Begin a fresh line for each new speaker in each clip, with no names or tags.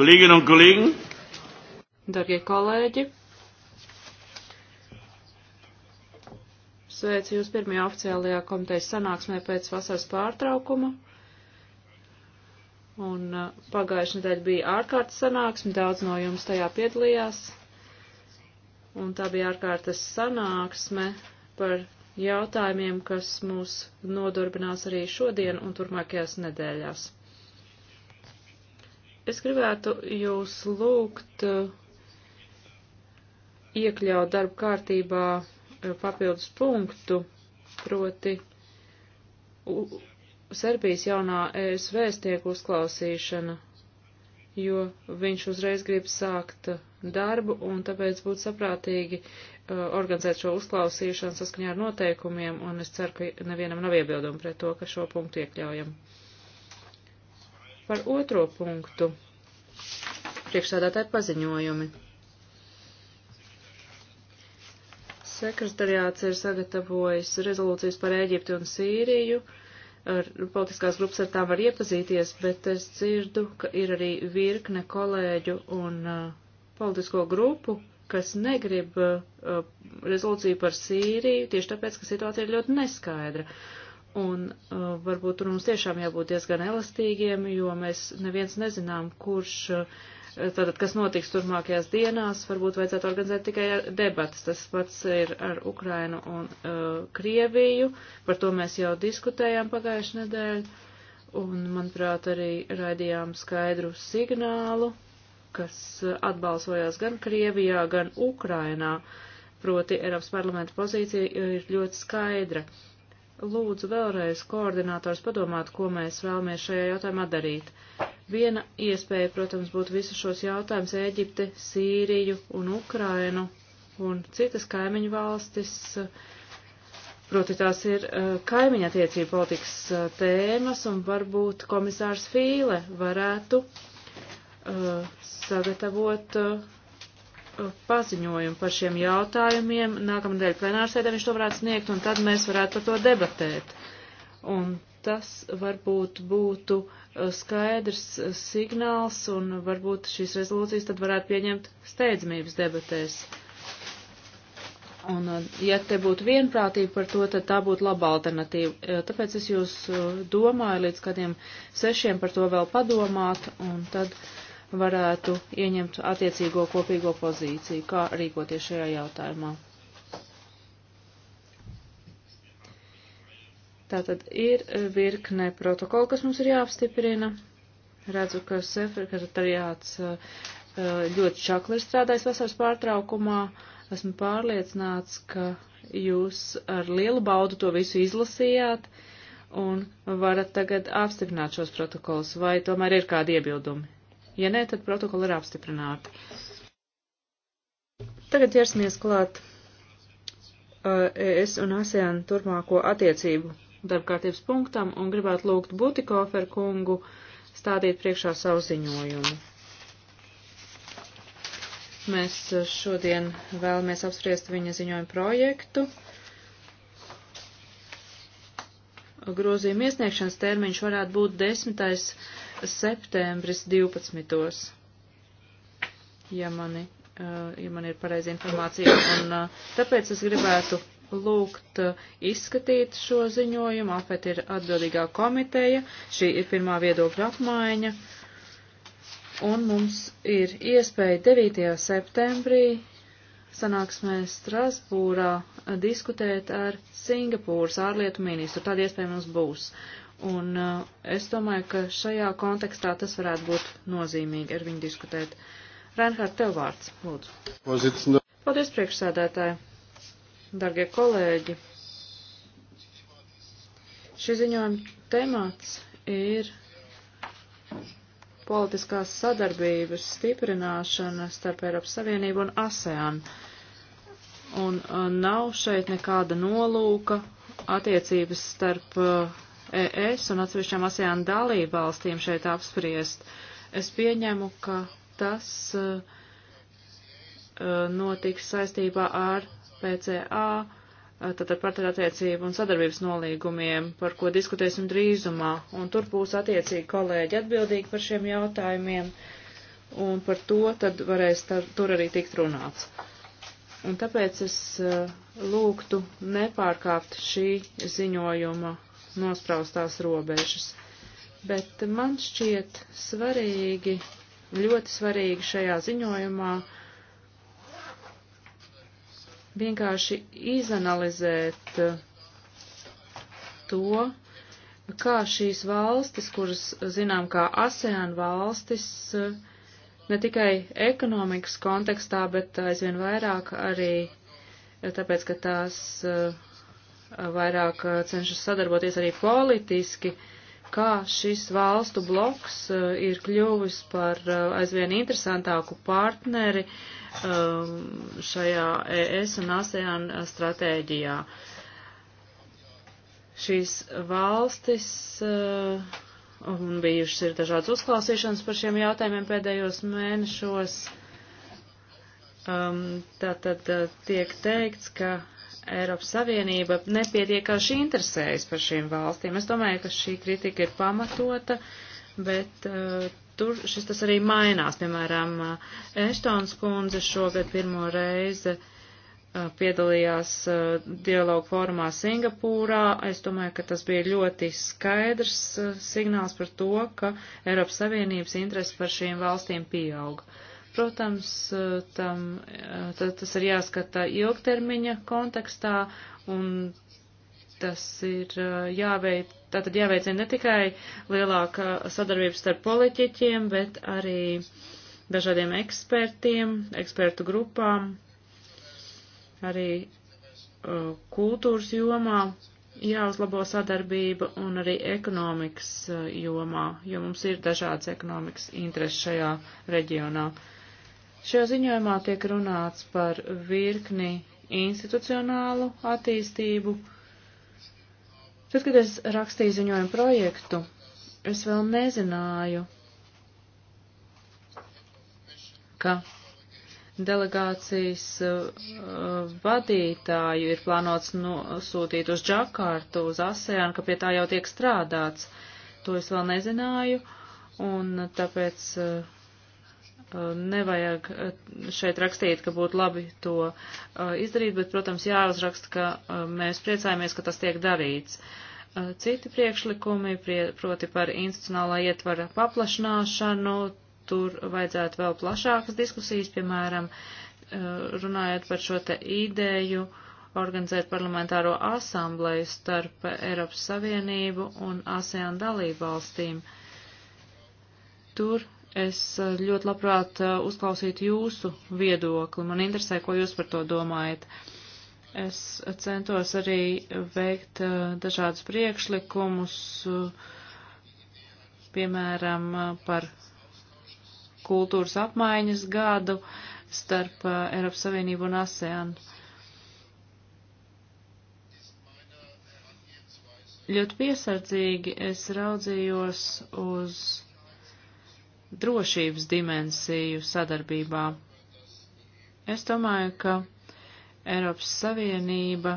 Kolleginnen un kolēģi! Darbie kolēģi! Sveicu jūs pirmajā oficiālajā komitejas sanāksmē pēc vasaras pārtraukuma. Un uh, pagājušajā nedēļā bija ārkārtas sanāksme, daudz no jums tajā piedalījās. Un tā bija ārkārtas sanāksme par jautājumiem, kas mūs nodarbinās arī šodien un turpmākajās nedēļās. Es gribētu jūs lūgt eh, iekļaut darba kārtībā eh, papildus punktu, proti Serbijas jaunā ES vēstnieku uzklausīšana, jo viņš uzreiz grib sākt eh, darbu, un tāpēc būtu saprātīgi organizēt šo uzklausīšanu saskaņā ar noteikumiem, un es ceru, ka nevienam nav iebildumu pret to, ka šo punktu iekļaujam. Par otro punktu priekšsādātāji paziņojumi. Sekretariāts ir sagatavojis rezolūcijas par Ēģipti un Sīriju. Ar politiskās grupas ar tām var iepazīties, bet es dzirdu, ka ir arī virkne kolēģu un uh, politisko grupu, kas negrib uh, uh rezolūciju par Sīriju, tieši tāpēc, ka situācija ir ļoti neskaidra. Uh, Un uh, varbūt tur mums tiešām jābūt diezgan elastīgiem, jo mēs neviens nezinām, kurš, uh, tātad, kas notiks turmākajās dienās, varbūt vajadzētu organizēt tikai debatas. Tas pats ir ar Ukrainu un uh, Krieviju, par to mēs jau diskutējām pagājušajā nedēļā, un, manuprāt, arī raidījām skaidru signālu, kas uh, atbalsojās gan Krievijā, gan Ukrainā, proti Eiropas parlamenta pozīcija ir ļoti skaidra. Uh, lūdzu vēlreiz koordinātors padomāt, ko mēs vēlamies šajā jautājumā darīt. Viena iespēja, protams, būtu visus šos jautājumus Ēģipte, Sīriju un Ukrainu un citas kaimiņu valstis. Proti tās ir uh, kaimiņa attiecība politikas uh, tēmas un varbūt komisārs Fīle varētu uh, sagatavot uh, paziņojumu par šiem jautājumiem. Nākamnedēļ plenārsēdē viņš to varētu sniegt, un tad mēs varētu par to debatēt. Un tas varbūt būtu uh, skaidrs uh, signāls, un varbūt šīs rezolūcijas tad varētu pieņemt steidzamības debatēs. Un, uh, ja te būtu vienprātība par to, tad tā būtu laba alternatīva. Tāpēc es jūs domāju līdz kādiem sešiem par to vēl padomāt, un tad varētu ieņemt attiecīgo kopīgo pozīciju, kā rīkoties šajā jautājumā. Tātad ir virkne protokolu, kas mums ir jāapstiprina. Redzu, ka sekretariāts uh, uh, ļoti čakli ir strādājis vasaras pārtraukumā. Esmu pārliecināts, ka jūs ar lielu baudu to visu izlasījāt un varat tagad apstiprināt šos protokolus, vai tomēr ir kādi iebildumi? Ja nē, tad protokoli ir apstiprināti. Tagad ķersimies klāt uh, ES un ASEAN turpmāko attiecību darbkārtības punktam un gribētu lūgt Butikofer kungu stādīt priekšā savu ziņojumu. Mēs eh, šodien vēlamies apspriest viņa ziņojumu projektu. Grozījuma iesniegšanas termiņš varētu būt 10 septembris 12. Ja, mani, eh, ja man ir pareizi informācija. Un eh, tāpēc es gribētu lūgt eh, izskatīt šo ziņojumu. Apet ir atbildīgā komiteja. Šī ir pirmā viedokļa apmaiņa. Un mums ir iespēja 9. septembrī sanāksmē Strasbūrā diskutēt ar Singapūras ārlietu ministru. Tāda iespēja mums būs. Uh, Un uh, es domāju, ka šajā kontekstā tas varētu būt nozīmīgi ar viņu diskutēt. Reinhard, tev vārds, lūdzu. Pozicinā. Paldies, priekšsēdētāji. Dargie kolēģi, šī ziņojuma temats ir politiskās sadarbības stiprināšana starp Eiropas Savienību un ASEAN. Un, un eh, nav šeit nekāda nolūka attiecības starp uh, ES un atsevišķām ASEAN dalību valstīm šeit apspriest. Es pieņemu, ka tas uh, uh notiks saistībā ar PCA, uh, tātad partnerattiecību un sadarbības nolīgumiem, par ko diskutēsim drīzumā, un tur būs attiecīgi kolēģi atbildīgi par šiem jautājumiem, un par to tad varēs tar, tur arī tikt runāts. Un tāpēc es uh, lūgtu nepārkāpt šī ziņojuma nospraustās robežas. Bet man šķiet svarīgi, ļoti svarīgi šajā ziņojumā vienkārši izanalizēt uh, to, kā šīs valstis, kuras zinām kā ASEAN valstis, uh, ne tikai ekonomikas kontekstā, bet aizvien vairāk arī uh, tāpēc, ka tās uh, vairāk eh, cenšas sadarboties arī politiski, kā šis valstu bloks eh, ir kļuvis par eh, aizvien interesantāku partneri ehm, šajā ES un ASEAN stratēģijā. Šīs valstis un bijušas ir dažādas uzklausīšanas par šiem jautājumiem pēdējos mēnešos. Um, Tātad tiek teikts, ka Eiropas Savienība nepietiekoši interesējas par šīm valstīm. Es domāju, ka šī kritika ir pamatota, bet uh, tur šis tas arī mainās. Piemēram, uh, Eštons kundze šogad pirmo reizi uh, piedalījās uh, dialogu formā Singapūrā. Es domāju, ka tas bija ļoti skaidrs uh, signāls par to, ka Eiropas Savienības interesi par šīm valstīm pieauga. Protams, eh, tam, eh, tā, tas ir jāskata ilgtermiņa kontekstā un tas ir eh, jāveic, tātad jāveicina ne tikai lielāka sadarbība starp politiķiem, bet arī dažādiem ekspertiem, ekspertu grupām, arī uh, kultūras jomā jāuzlabo sadarbība un arī ekonomikas uh, jomā, jo mums ir dažādas ekonomikas intereses šajā reģionā. Uh, Šajā ziņojumā tiek runāts par virkni institucionālu attīstību. Tad, kad es rakstīju ziņojumu projektu, es vēl nezināju, ka delegācijas uh, vadītāju ir plānots nosūtīt uz Džakārtu, uz ASEAN, ka pie tā jau tiek strādāts. To es vēl nezināju, un tāpēc uh, Eh, nevajag eh, šeit rakstīt, ka būtu labi to eh, izdarīt, bet, protams, jāuzraksta, ka mēs priecājamies, ka tas tiek darīts. Citi priekšlikumi, prie, proti par institucionālā ietvara paplašināšanu, tur vajadzētu vēl plašākas diskusijas, piemēram, runājot par šo te ideju organizēt parlamentāro asambleju starp Eiropas Savienību un ASEAN dalību valstīm. Tur Es eh, ļoti labprāt eh, uzklausītu jūsu viedokli. Man interesē, ko jūs par to domājat. Es eh, centos arī veikt dažādus priekšlikumus, piemēram, par kultūras apmaiņas gadu starp Eiropas Savienību un ASEAN. Ļoti piesardzīgi es raudzījos uz drošības dimensiju sadarbībā. Es domāju, ka Eiropas Savienība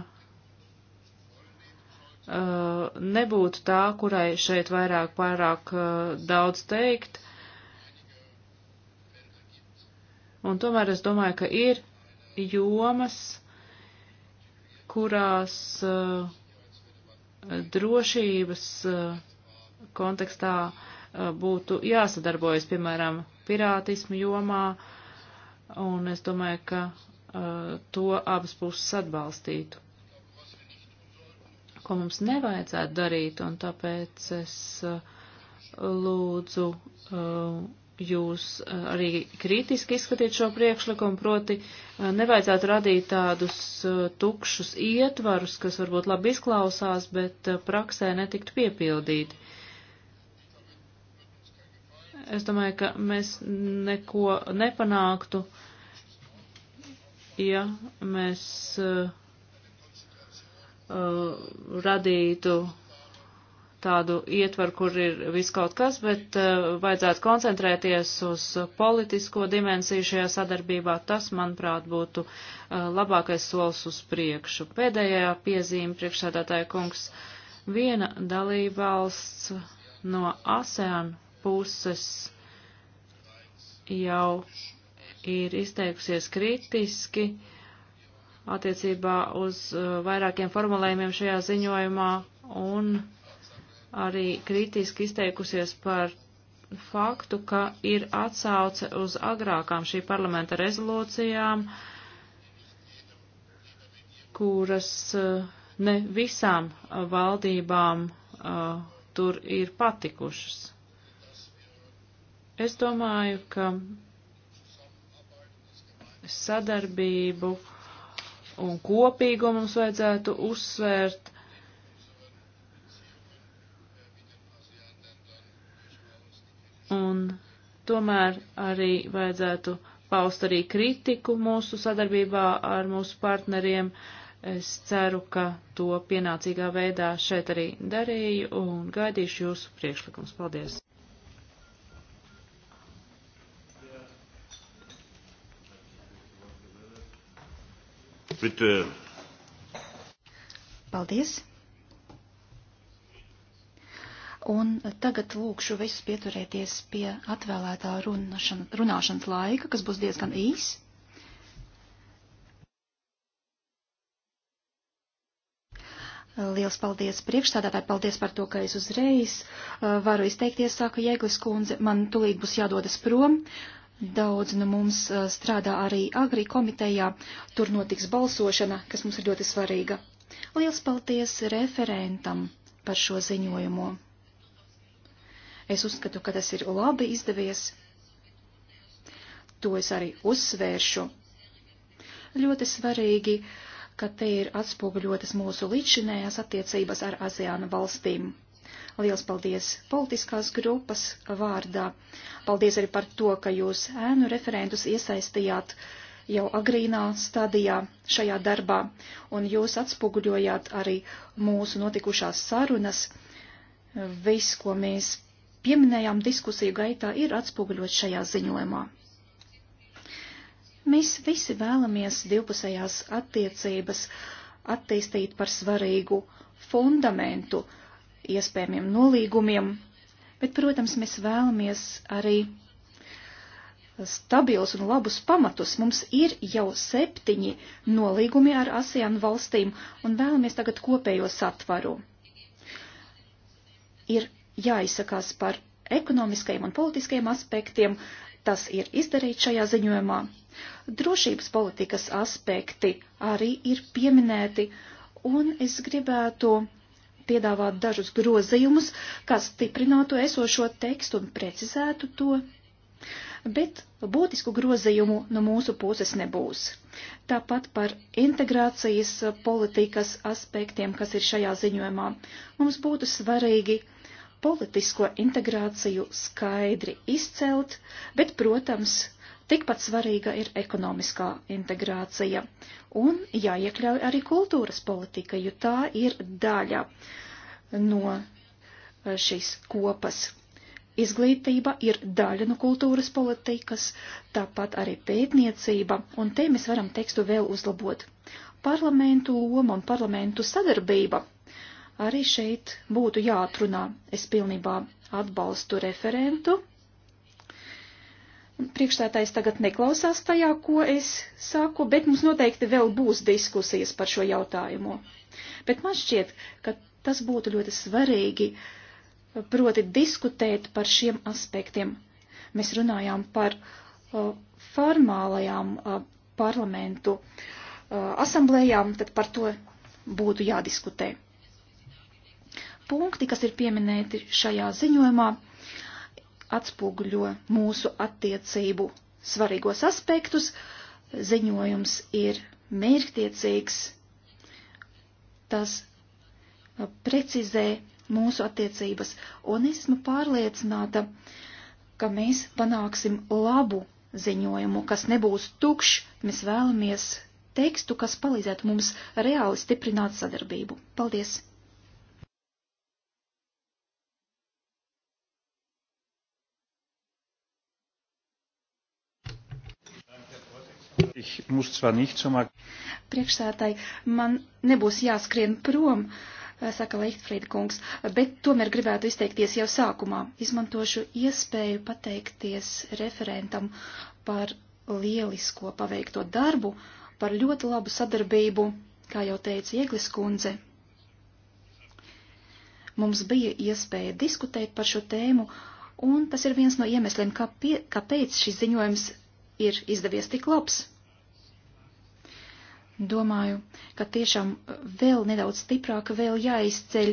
uh, nebūtu tā, kurai šeit vairāk pārāk uh, daudz teikt. Un tomēr es domāju, ka ir jomas, kurās uh, drošības uh, kontekstā uh, Eh, būtu jāsadarbojas, piemēram, pirātismu jomā, un es domāju, ka eh, to abas puses atbalstītu. Ko mums nevajadzētu darīt, un tāpēc es eh, lūdzu jūs arī kritiski izskatiet šo priekšlikumu, proti nevajadzētu radīt tādus tukšus ietvarus, kas varbūt labi izklausās, bet praksē netiktu piepildīti. Es domāju, ka mēs neko nepanāktu, ja mēs uh, uh, radītu tādu ietvaru, kur ir viskaut kas, bet uh, vajadzētu koncentrēties uz politisko dimensiju šajā sadarbībā. Tas, manuprāt, būtu uh, labākais solis uz priekšu. Pēdējā piezīme priekšsēdētāja kungs. Viena dalībvalsts no ASEAN puses jau ir izteikusies kritiski attiecībā uz uh, vairākiem formulējumiem šajā ziņojumā un arī kritiski izteikusies par faktu, ka ir atsauce uz agrākām šī parlamenta rezolūcijām, kuras uh, ne visām uh, valdībām uh, tur ir patikušas. Es domāju, ka sadarbību un kopīgumu mums vajadzētu uzsvērt. Un tomēr arī vajadzētu paust arī kritiku mūsu sadarbībā ar mūsu partneriem. Es ceru, ka to pienācīgā veidā šeit arī darīju un gaidīšu jūsu priekšlikums. Paldies! Bitte. Paldies.
Un tagad lūkšu visus pieturēties pie atvēlētā runašana, runāšanas laika, kas būs diezgan īs. Liels paldies priekšstādātāji, paldies par to, ka es uzreiz uh, varu izteikties, saka Jēglis kundze, man tulīt būs jādodas prom. Uh, Daudz no nu mums strādā arī agri komitejā, tur notiks balsošana, kas mums ir ļoti svarīga. Liels paldies referentam par šo ziņojumu. Es uzskatu, ka tas ir labi izdevies. To es arī uzsvēršu. Ļoti svarīgi, ka te ir atspoguļotas mūsu līdzinējās attiecības ar ASEANu valstīm. Liels paldies politiskās grupas vārdā. Paldies arī par to, ka jūs ēnu referentus iesaistījāt jau agrīnā stadijā šajā darbā, un jūs atspoguļojāt arī mūsu notikušās sarunas. Viss, ko mēs pieminējām diskusiju gaitā, ir atspoguļots šajā ziņojumā. Mēs visi vēlamies divpusējās attiecības attīstīt par svarīgu fundamentu, uh, iespējamiem nolīgumiem, bet, protams, mēs vēlamies arī stabilus un labus pamatus. Mums ir jau septiņi nolīgumi ar ASEAN valstīm un vēlamies tagad kopējo satvaru. Ir jāizsakās par ekonomiskajiem un politiskajiem aspektiem, tas ir izdarīts šajā ziņojumā. Drošības politikas aspekti arī ir pieminēti, un es gribētu piedāvāt dažus grozījumus, kas stiprinātu esošo tekstu un precizētu to, bet būtisku grozījumu no mūsu puses nebūs. Tāpat par integrācijas politikas aspektiem, kas ir šajā ziņojumā, mums būtu svarīgi politisko integrāciju skaidri izcelt, bet, protams, Tikpat svarīga ir ekonomiskā integrācija un jāiekļauj arī kultūras politika, jo tā ir daļa no eh, šīs kopas. Izglītība ir daļa no kultūras politikas, tāpat arī pētniecība, un te mēs varam tekstu vēl uzlabot. Parlamentu loma un parlamentu sadarbība arī šeit būtu jāatrunā. Es pilnībā atbalstu referentu Priekšstādājs tagad neklausās tajā, ko es saku, bet mums noteikti vēl būs diskusijas par šo jautājumu. Bet man šķiet, ka tas būtu ļoti svarīgi, proti diskutēt par šiem aspektiem. Mēs runājām par o, formālajām o, parlamentu o, asamblējām, tad par to būtu jādiskutē. Punkti, kas ir pieminēti šajā ziņojumā, atspoguļo mūsu attiecību svarīgos aspektus. Ziņojums ir mērķtiecīgs. Tas uh, precizē mūsu attiecības, un es esmu pārliecināta, ka mēs panāksim labu ziņojumu, kas nebūs tukšs. Mēs vēlamies tekstu, kas palīdzētu mums reāli stiprināt sadarbību. Paldies!
Priekšsētāji,
man nebūs jāskrien prom, eh, saka Leichtfried kungs, bet tomēr gribētu izteikties jau sākumā. Izmantošu iespēju pateikties referentam par lielisko paveikto darbu, par ļoti labu sadarbību, kā jau teica Ieglis kundze. Mums bija iespēja diskutēt par šo tēmu, un tas ir viens no iemesliem, kāpēc šis ziņojums ir izdevies tik labs. Domāju, ka tiešām vēl nedaudz stiprāk vēl jāizceļ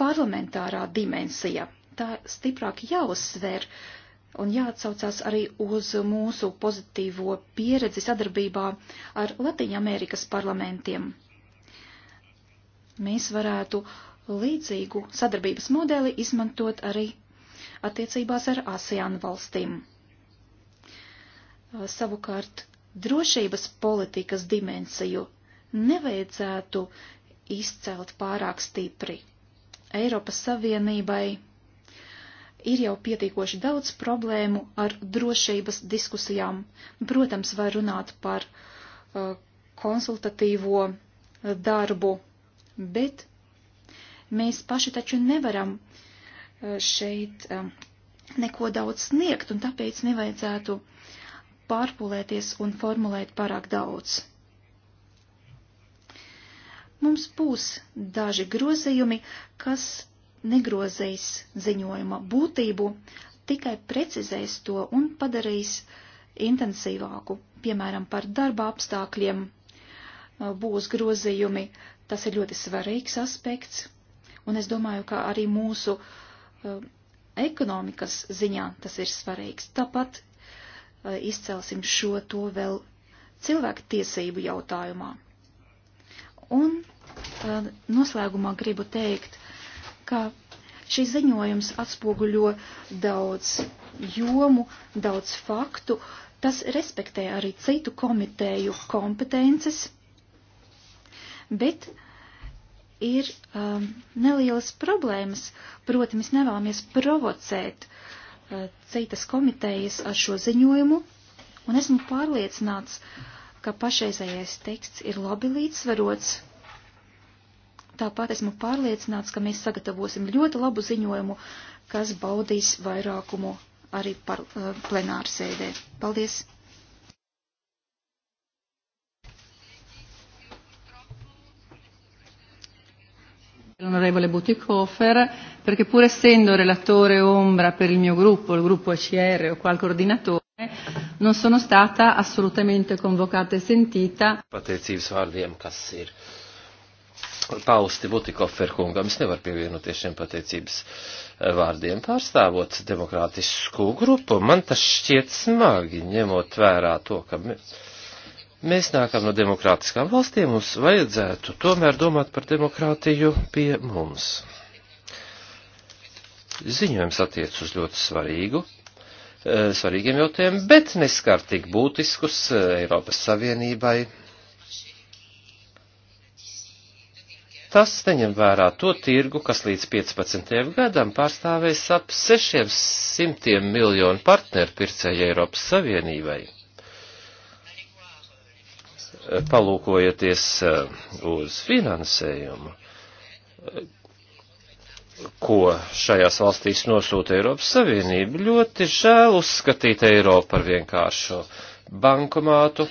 parlamentārā dimensija. Tā stiprāk jāuzsver un jāatsaucās arī uz mūsu pozitīvo pieredzi sadarbībā ar Latviju Amerikas parlamentiem. Mēs varētu līdzīgu sadarbības modeli izmantot arī attiecībās ar ASEAN valstīm. Savukārt drošības politikas dimensiju nevajadzētu izcelt pārāk stipri. Eiropas Savienībai ir jau pietiekoši daudz problēmu ar drošības diskusijām. Protams, var runāt par uh, konsultatīvo darbu, bet mēs paši taču nevaram uh, šeit uh, neko daudz sniegt, un tāpēc nevajadzētu uh, pārpūlēties un formulēt pārāk daudz. Mums būs daži grozījumi, kas negrozīs ziņojuma būtību, tikai precizēs to un padarīs intensīvāku, piemēram, par darba apstākļiem uh, būs grozījumi. Tas ir ļoti svarīgs aspekts, un es domāju, ka arī mūsu uh, ekonomikas ziņā tas ir svarīgs. Tāpat Uh, izcelsim šo to vēl cilvēku tiesību jautājumā. Un uh, noslēgumā gribu teikt, ka šis ziņojums atspoguļo daudz jomu, daudz faktu. Tas respektē arī citu komiteju kompetences, bet ir um, nelielas problēmas. Proti, mēs nevēlamies provocēt uh, Eh, citas komitejas ar šo ziņojumu, un esmu pārliecināts, ka pašreizējais teksts ir labi līdzsvarots. Tāpat esmu pārliecināts, ka mēs sagatavosim ļoti labu ziņojumu, kas baudīs vairākumu arī par, eh, plenārsēdē. Paldies!
Onorevole Butikofer, perché pur essendo relatore ombra per il mio gruppo, il gruppo ECR o qual coordinatore,
non sono stata assolutamente convocata e sentita.
Pateicības vārdiem, kas ir pausti Butikofer kungam, es nevaru pievienoties šiem pateicības eh, vārdiem. Pārstāvot demokrātisku grupu, man tas šķiet smagi, ņemot vērā to, ka. Mēs Mēs nākam no demokrātiskām valstīm, mums vajadzētu tomēr domāt par demokrātiju pie mums. Ziņojums attiec uz ļoti svarīgu, eh, svarīgiem jautājumiem, bet neskar tik būtiskus eh, Eiropas Savienībai. Tas neņem vērā to tirgu, kas līdz 15. gadam pārstāvēs ap 600 miljonu partneru pircēju Eiropas Savienībai palūkojaties eh, uz finansējumu, ko šajās valstīs nosūta Eiropas Savienība, ļoti žēl uzskatīt Eiropu par vienkāršu bankomātu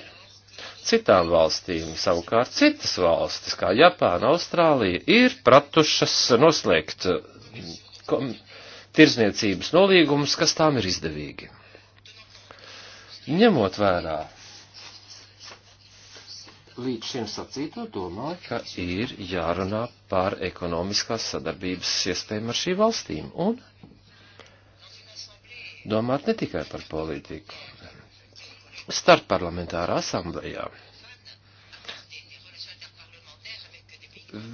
citām valstīm. Savukārt citas valstis, kā Japāna, Austrālija, ir pratušas noslēgt eh, kom, tirzniecības nolīgumus, kas tām ir izdevīgi. Ņemot vērā līdz šim sacīto domāju, ka ir jārunā par ekonomiskās sadarbības iespējām ar šīm valstīm un domāt ne tikai par politiku. Starp parlamentārā asamblējā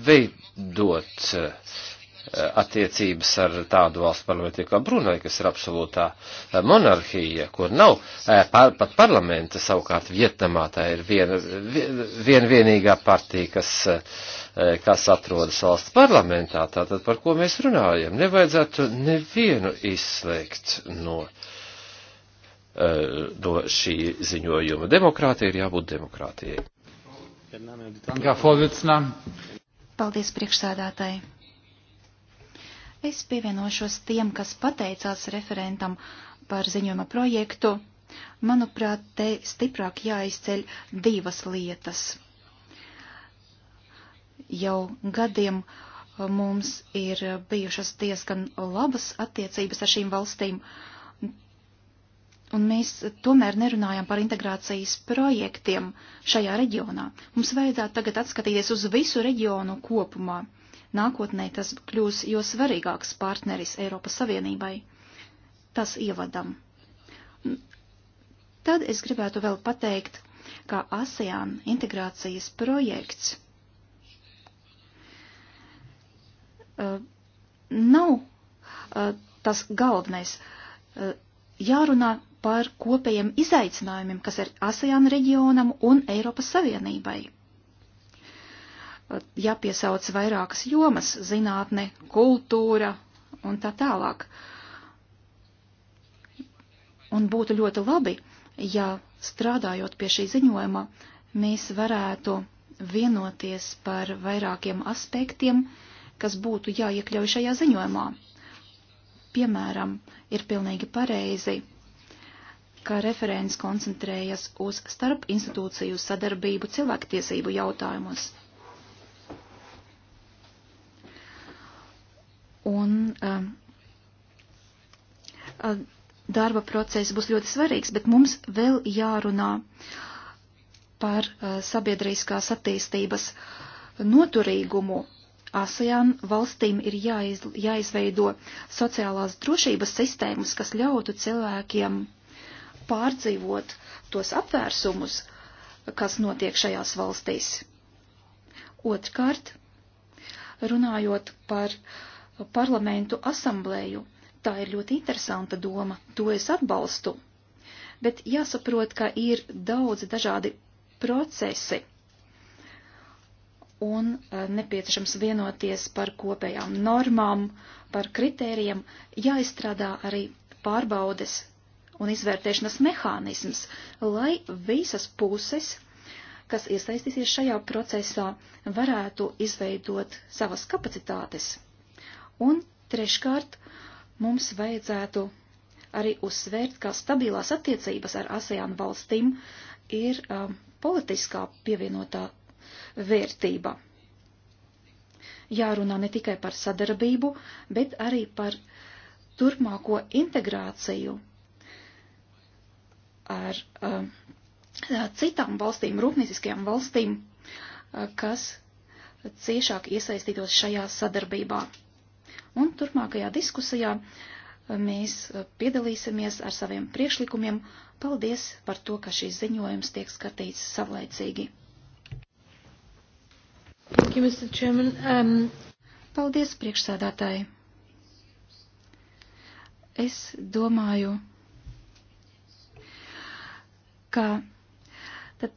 veidot Eh, attiecības ar tādu valstu parlamentu kā Brunei, kas ir absolūtā eh, monarhija, kur nav eh, par, pat parlamenta, savukārt Vietnamā tā ir viena vien, vienīgā partija, kas, kas atrodas valsts parlamentā. Tātad par ko mēs runājam? Nevajadzētu nevienu izslēgt no, no šī ziņojuma. Demokrātija ir jābūt demokrātijai.
Paldies priekšsēdātāji. Es pievienošos tiem, kas pateicās referentam par ziņojuma projektu. Manuprāt, te stiprāk jāizceļ divas lietas. Jau gadiem mums ir bijušas diezgan labas attiecības ar šīm valstīm, un mēs tomēr nerunājam par integrācijas projektiem šajā reģionā. Mums vajadzētu tagad atskatīties uz visu reģionu kopumā Nākotnē tas kļūs jo svarīgāks partneris Eiropas Savienībai. Tas ievadam. Tad es gribētu vēl pateikt, ka ASEAN integrācijas projekts uh, nav uh, tas galvenais. Uh, jārunā par kopējiem izaicinājumiem, kas ir ASEAN reģionam un Eiropas Savienībai jāpiesauc vairākas jomas - zinātne, kultūra un tā tālāk. Un būtu ļoti labi, ja strādājot pie šī ziņojuma, mēs varētu vienoties par vairākiem aspektiem, kas būtu jāiekļauj šajā ziņojumā. Piemēram, ir pilnīgi pareizi, ka referents koncentrējas uz starp institūciju sadarbību cilvēktiesību jautājumos Un uh, darba process būs ļoti svarīgs, bet mums vēl jārunā par uh, sabiedriskās attīstības noturīgumu. ASEAN valstīm ir jāiz, jāizveido sociālās drošības sistēmas, kas ļautu cilvēkiem pārdzīvot tos apvērsumus, kas notiek šajās valstīs. Otrkārt, runājot par uh, parlamentu asamblēju. Tā ir ļoti interesanta doma, to es atbalstu. Bet jāsaprot, ka ir daudzi dažādi procesi un eh, nepieciešams vienoties par kopējām normām, par kritērijiem, jāizstrādā arī pārbaudes un izvērtēšanas mehānisms, lai visas puses, kas iesaistīsies šajā procesā, varētu izveidot savas kapacitātes Un treškārt, mums vajadzētu arī uzsvērt, ka stabilās attiecības ar ASEAN valstīm ir um, politiskā pievienotā vērtība. Jārunā ne tikai par sadarbību, bet arī par turpmāko integrāciju ar um, citām valstīm, rūpnieciskajām valstīm, uh, kas ciešāk iesaistītos šajā sadarbībā un turpmākajā diskusijā eh, mēs eh, piedalīsimies ar saviem priekšlikumiem. Paldies par to, ka šīs ziņojums tiek skatīts savlaicīgi. Thank you, Mr. Chairman. Um... Paldies, priekšsēdātāji. Es domāju, ka tad,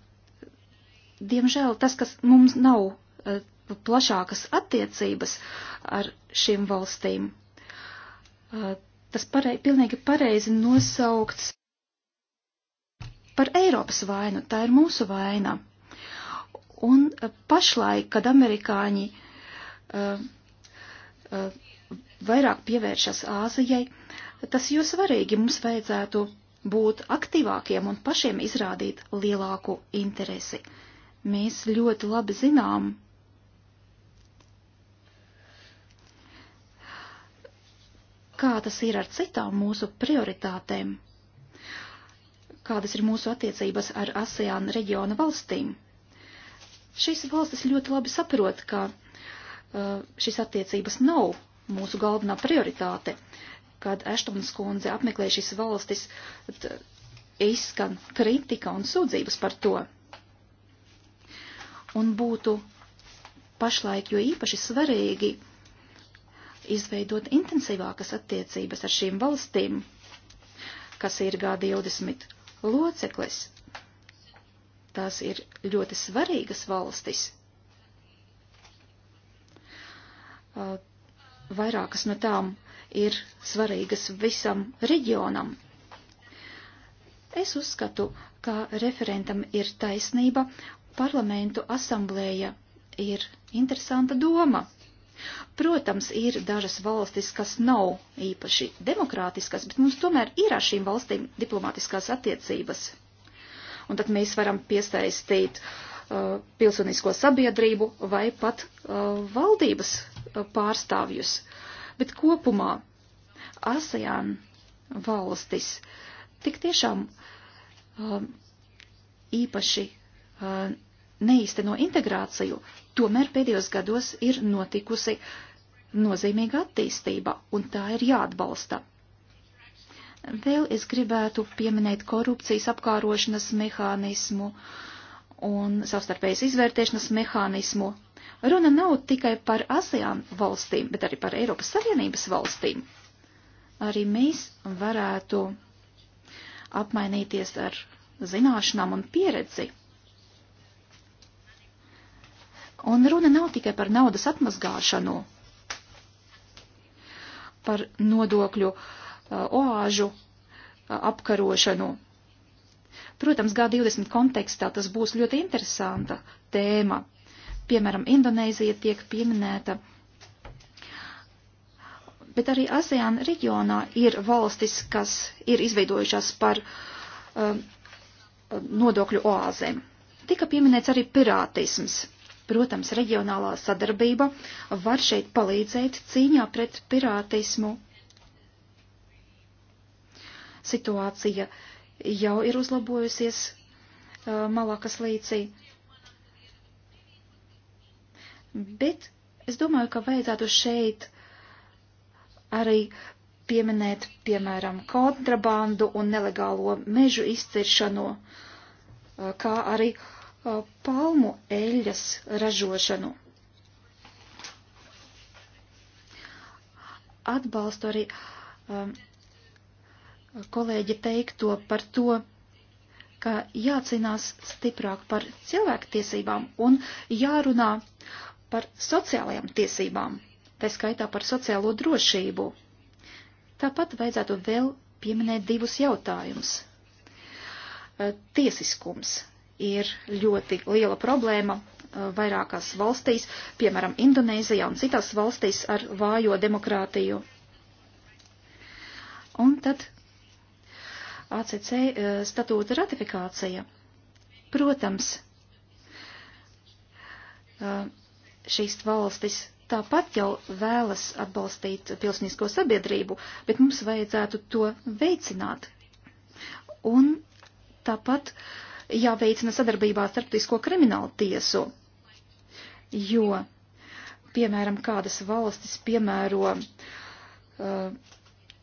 diemžēl tas, kas mums nav eh, plašākas attiecības ar šīm valstīm. Uh, tas parei, pilnīgi pareizi nosaukts par Eiropas vainu, tā ir mūsu vaina. Un uh, pašlaik, kad amerikāņi uh, uh, vairāk pievēršas Āzijai, tas jo svarīgi mums vajadzētu būt aktīvākiem un pašiem izrādīt lielāku interesi. Mēs ļoti labi zinām, kā tas ir ar citām mūsu prioritātēm, kādas ir mūsu attiecības ar ASEAN reģiona valstīm. Šīs valstis ļoti labi saprot, ka uh, šīs attiecības nav mūsu galvenā prioritāte. Kad Eštons kundze apmeklē šīs valstis, izskan kritika un sūdzības par to. Un būtu pašlaik jo īpaši svarīgi izveidot intensīvākas attiecības ar šīm valstīm, kas ir G20 loceklis. Tās ir ļoti svarīgas valstis. Vairākas no tām ir svarīgas visam reģionam. Es uzskatu, ka referentam ir taisnība, parlamentu asamblēja ir interesanta doma. Protams, ir dažas valstis, kas nav īpaši demokrātiskas, bet mums tomēr ir ar šīm valstīm diplomātiskās attiecības. Un tad mēs varam piesaistīt uh, pilsonisko sabiedrību vai pat uh, valdības uh, pārstāvjus. Bet kopumā ASEAN valstis tik tiešām uh, īpaši uh, neīsteno integrāciju, Tomēr pēdējos gados ir notikusi nozīmīga attīstība, un tā ir jāatbalsta. Vēl es gribētu pieminēt korupcijas apkārošanas mehānismu un savstarpējas izvērtēšanas mehānismu. Runa nav tikai par ASEAN valstīm, bet arī par Eiropas Savienības valstīm. Arī mēs varētu apmainīties ar zināšanām un pieredzi Un runa nav tikai par naudas atmazgāšanu, par nodokļu uh, oāžu uh, apkarošanu. Protams, G20 kontekstā tas būs ļoti interesanta tēma. Piemēram, Indonēzija tiek pieminēta, bet arī ASEAN reģionā ir valstis, kas ir izveidojušās par um, nodokļu oāzēm. Tika pieminēts arī pirātisms. Protams, reģionālā sadarbība var šeit palīdzēt cīņā pret pirātismu. Situācija jau ir uzlabojusies Malakas līcī. Bet es domāju, ka vajadzētu šeit arī pieminēt, piemēram, kontrabandu un nelegālo mežu izciršanu, kā arī uh, Uh, palmu eļļas ražošanu. Atbalstu arī um, kolēģi teikto par to, ka jācīnās stiprāk par cilvēktiesībām un jārunā par sociālajām tiesībām, tā skaitā par sociālo drošību. Tāpat vajadzētu vēl pieminēt divus jautājumus. Uh, tiesiskums ir ļoti liela problēma uh, vairākās valstīs, piemēram, Indonēzijā un citās valstīs ar vājo demokrātiju. Un tad ACC uh, statūta ratifikācija. Protams, uh, šīs valstis tāpat jau vēlas atbalstīt pilsnisko sabiedrību, bet mums vajadzētu to veicināt. Un tāpat uh, jāveicina sadarbībā starptisko kriminālu tiesu, jo, piemēram, kādas valstis piemēro uh,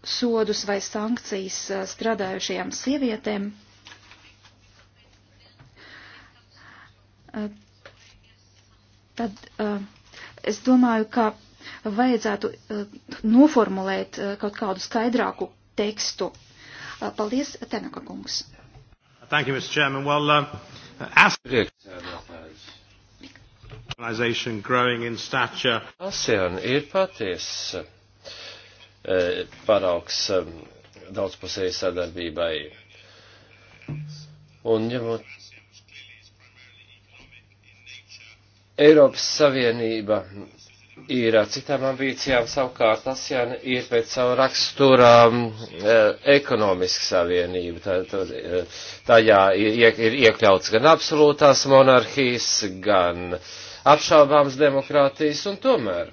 sodus vai sankcijas uh, strādājušajām sievietēm, uh, tad uh, es domāju, ka vajadzētu uh, noformulēt uh, kaut kādu skaidrāku tekstu. Paldies, Tenaka kungs!
Thank you, Mr. Chairman. Well, um, as organization growing in stature. ASEAN ir paties e, paraugs e, daudzpusēji sadarbībai. Un ņemot Eiropas Savienība ir ar citām ambīcijām, savukārt ASEAN ir pēc savu raksturām mm, e, eh, ekonomiska savienība. Tā, tā, eh, tajā ir, ir iekļauts gan absolūtās monarhijas, gan apšaubāms demokrātijas, un tomēr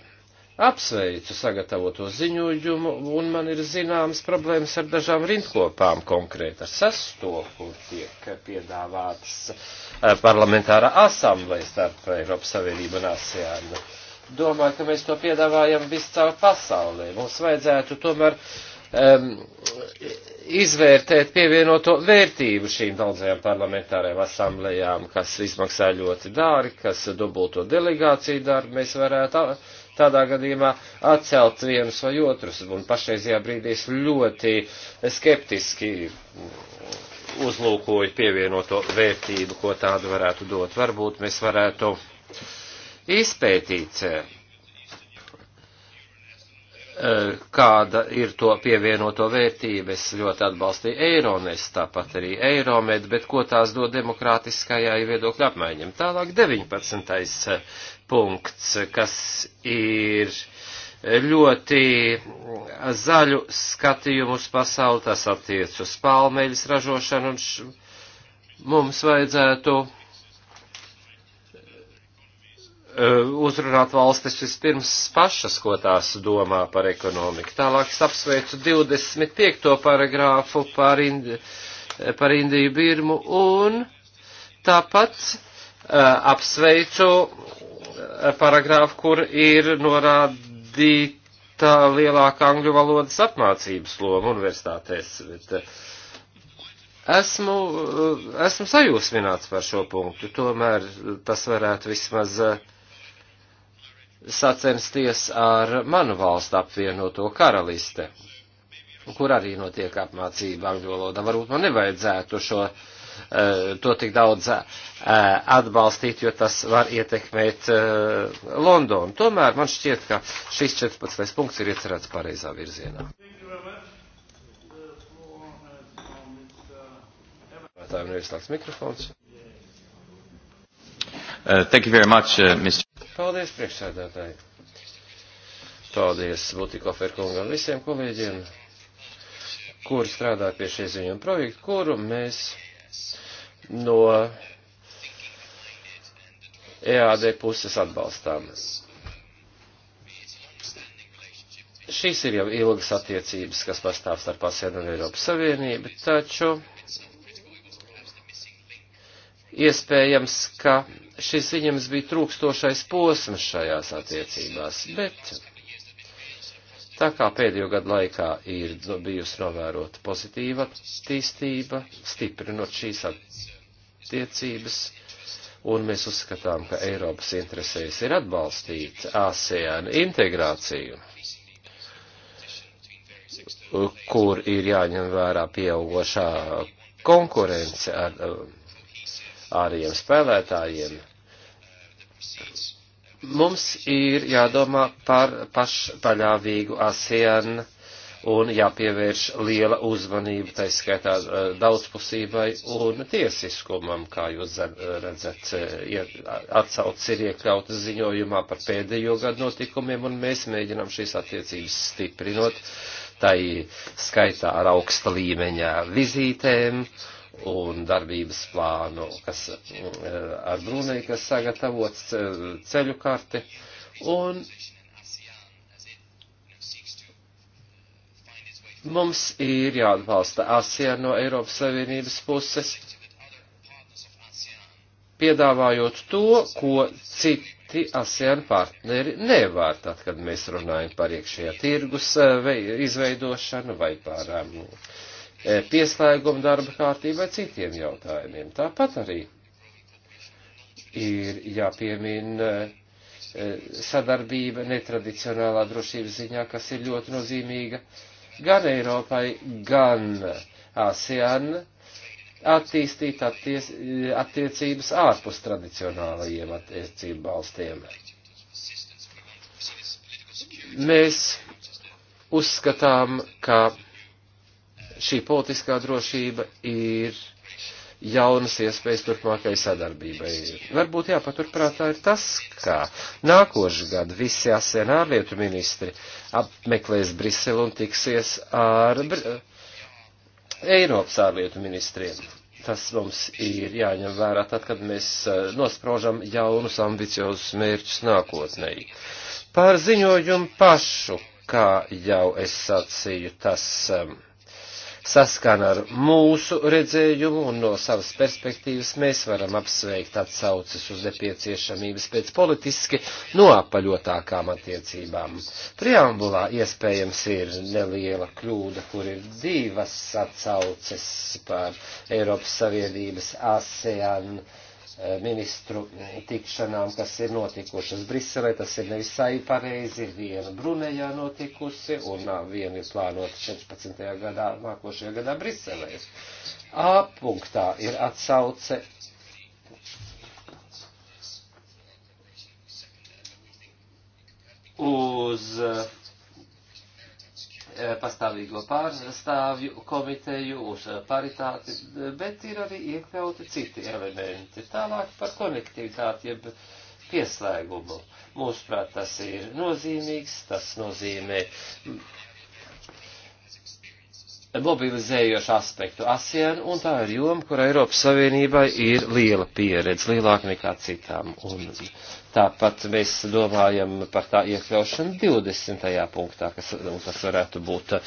apsveicu sagatavoto ziņojumu, un man ir zināmas problēmas ar dažām rindkopām, konkrēti ar sesto, kur tiek piedāvātas eh, parlamentārā asambleja starp Eiropas Savienību un ASEANu domāju, ka mēs to piedāvājam viscaur pasaulē. Mums vajadzētu tomēr um, izvērtēt pievienoto vērtību šīm daudzajām parlamentārajām asamblējām, kas izmaksā ļoti dārgi, kas dubulto delegāciju darbu. Mēs varētu tādā gadījumā atcelt vienus vai otrus, un pašreizajā brīdī es ļoti skeptiski uzlūkoju pievienoto vērtību, ko tādu varētu dot. Varbūt mēs varētu izpētīt, eh, kāda ir to pievienoto vērtība. Es ļoti atbalstīju Eironest, tāpat arī Eiromed, bet ko tās dod demokrātiskajai viedokļu apmaiņam. Tālāk 19. Eh, punkts, kas ir ļoti zaļu skatījumu uz pasauli, tas attiec uz palmeļas ražošanu, un š... mums vajadzētu Eh, uzrunāt valstis vispirms pašas, ko tās domā par ekonomiku. Tālāk es apsveicu 25. paragrāfu par, Indi, par Indiju Birmu un tāpat uh, apsveicu eh, paragrāfu, kur ir norādīta lielāka angļu valodas apmācības loma universitātēs. Bet, uh, Esmu, esmu sajūsmināts par šo punktu, tomēr tas varētu vismaz uh, sacensties ar manu valstu apvienoto karaliste, kur arī notiek apmācība angļu valodā. Varbūt man nevajadzētu šo, eh, to tik daudz eh, atbalstīt, jo tas var ietekmēt eh, Londonu. Tomēr man šķiet, ka šis 14. punkts ir iecerēts pareizā virzienā. Tā ir nevis tāds mikrofons. Uh, thank you very much, uh, Mr. Paldies, priekšsēdētāji. Paldies Butikofer kungam visiem kolēģiem, kuri strādā pie šie ziņojuma projekta, kuru mēs no EAD puses atbalstām. Šīs ir jau ilgas attiecības, kas pastāv starp ASEAN un Eiropas Savienību, taču iespējams, ka šis viņam bija trūkstošais posms šajās attiecībās, bet tā kā pēdējo gadu laikā ir bijusi novērota pozitīva attīstība, stiprinot šīs attiecības, un mēs uzskatām, ka Eiropas interesēs ir atbalstīt ASEAN integrāciju kur ir jāņem vērā pieaugošā konkurence ar uh, ārējiem spēlētājiem, mums ir jādomā par pašpaļāvīgu ASEAN un jāpievērš liela uzmanība, tā skaitā eh, daudzpusībai un tiesiskumam, kā jūs redzat, eh, atsauc ir iekļauta ziņojumā par pēdējo gadu notikumiem, un mēs mēģinām šīs attiecības stiprinot, tai skaitā ar augsta līmeņa vizītēm un darbības plānu, kas eh, ar Brunei, kas sagatavots eh, ceļu karti. Un mums ir jāatbalsta ASEAN no Eiropas Savienības puses, piedāvājot to, ko citi ASEAN partneri nevar, tad, kad mēs runājam par iekšējā tirgus eh, izveidošanu vai par um, uh, E, pieslēguma darba kārtībai citiem jautājumiem. Tāpat arī ir jāpiemina e, sadarbība netradicionālā drošības ziņā, kas ir ļoti nozīmīga gan Eiropai, gan ASEAN attīstīt atties, attiecības ārpus tradicionālajiem attiecību balstiem. Mēs uzskatām, ka šī politiskā drošība ir jaunas iespējas turpmākai sadarbībai. Varbūt jāpaturprātā ir tas, ka nākošu gadu visi ASEN ārlietu ministri apmeklēs Briselu un tiksies ar Br Eiropas ārlietu ministriem. Tas mums ir jāņem vērā tad, kad mēs eh, nosprožam jaunus ambiciozus mērķus nākotnē. Pār ziņojumu pašu, kā jau es sacīju, tas. Um, saskana ar mūsu redzējumu un no savas perspektīvas mēs varam apsveikt atsaucis uz nepieciešamības pēc politiski noapaļotākām attiecībām. Preambulā iespējams ir neliela kļūda, kur ir divas atsauces par Eiropas Savienības ASEAN. Uh, Eh, ministru tikšanām, kas ir notikušas Briselē, tas ir nevisai pareizi, ir viena Brunejā notikusi un viena ir plānota 16. gadā, nākošajā gadā Briselē. A punktā ir atsauce. Uz uh, Eh, pastāvīgo pārstāvju komiteju uz eh, paritāti, eh, bet ir arī iekļauti citi elementi. Tālāk par konektivitāti, jeb pieslēgumu. Mūsuprāt, tas ir nozīmīgs, tas nozīmē mobilizējošu aspektu ASEAN, un tā ir joma, kur Eiropas Savienībai ir liela pieredze, lielāka nekā citām. Un tāpat mēs domājam par tā iekļaušanu 20. punktā, kas, un tas varētu būt e,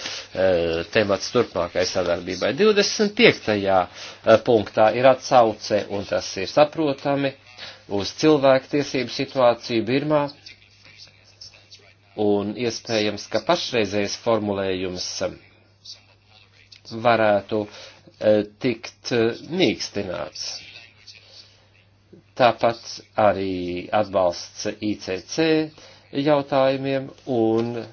temats turpmākai sadarbībai. 25. Eh, punktā ir atsauce, un tas ir saprotami, uz cilvēktiesību situāciju Birmā, un iespējams, ka pašreizējais formulējums varētu eh, tikt eh, mīkstināts. Tāpat arī atbalsts ICC jautājumiem un eh,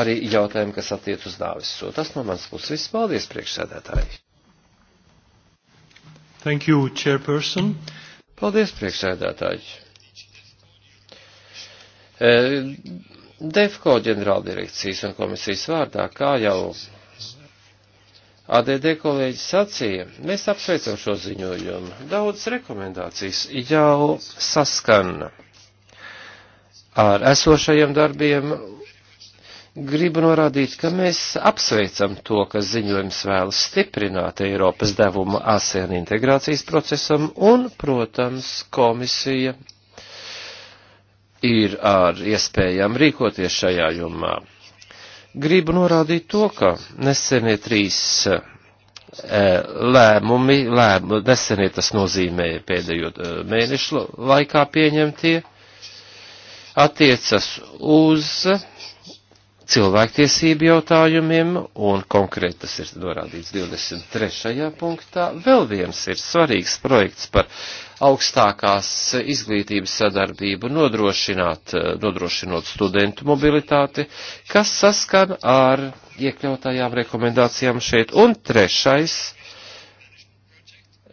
arī jautājumi, kas attiec uz nāvis sodu. Tas no manas puses viss. Paldies, priekšsēdētāji! Thank you, chairperson. Paldies, priekšsēdētāji! E, DEFCO ģenerāldirekcijas un komisijas vārdā, kā jau ADD kolēģis sacīja, mēs apsveicam šo ziņojumu. Daudzas rekomendācijas jau saskana ar esošajiem darbiem. Gribu norādīt, ka mēs apsveicam to, ka ziņojums vēlas stiprināt Eiropas devumu ASEAN integrācijas procesam un, protams, komisija ir ar iespējām rīkoties šajā jomā. Gribu norādīt to, ka nesenie trīs eh, lēmumi, lēmumi nesenie tas nozīmēja pēdējo eh, mēnešu laikā pieņemtie, attiecas uz cilvēktiesību jautājumiem, un konkrēti tas ir norādīts 23. punktā. Vēl viens ir svarīgs projekts par augstākās izglītības sadarbību nodrošināt, nodrošinot studentu mobilitāti, kas saskan ar iekļautajām rekomendācijām šeit. Un trešais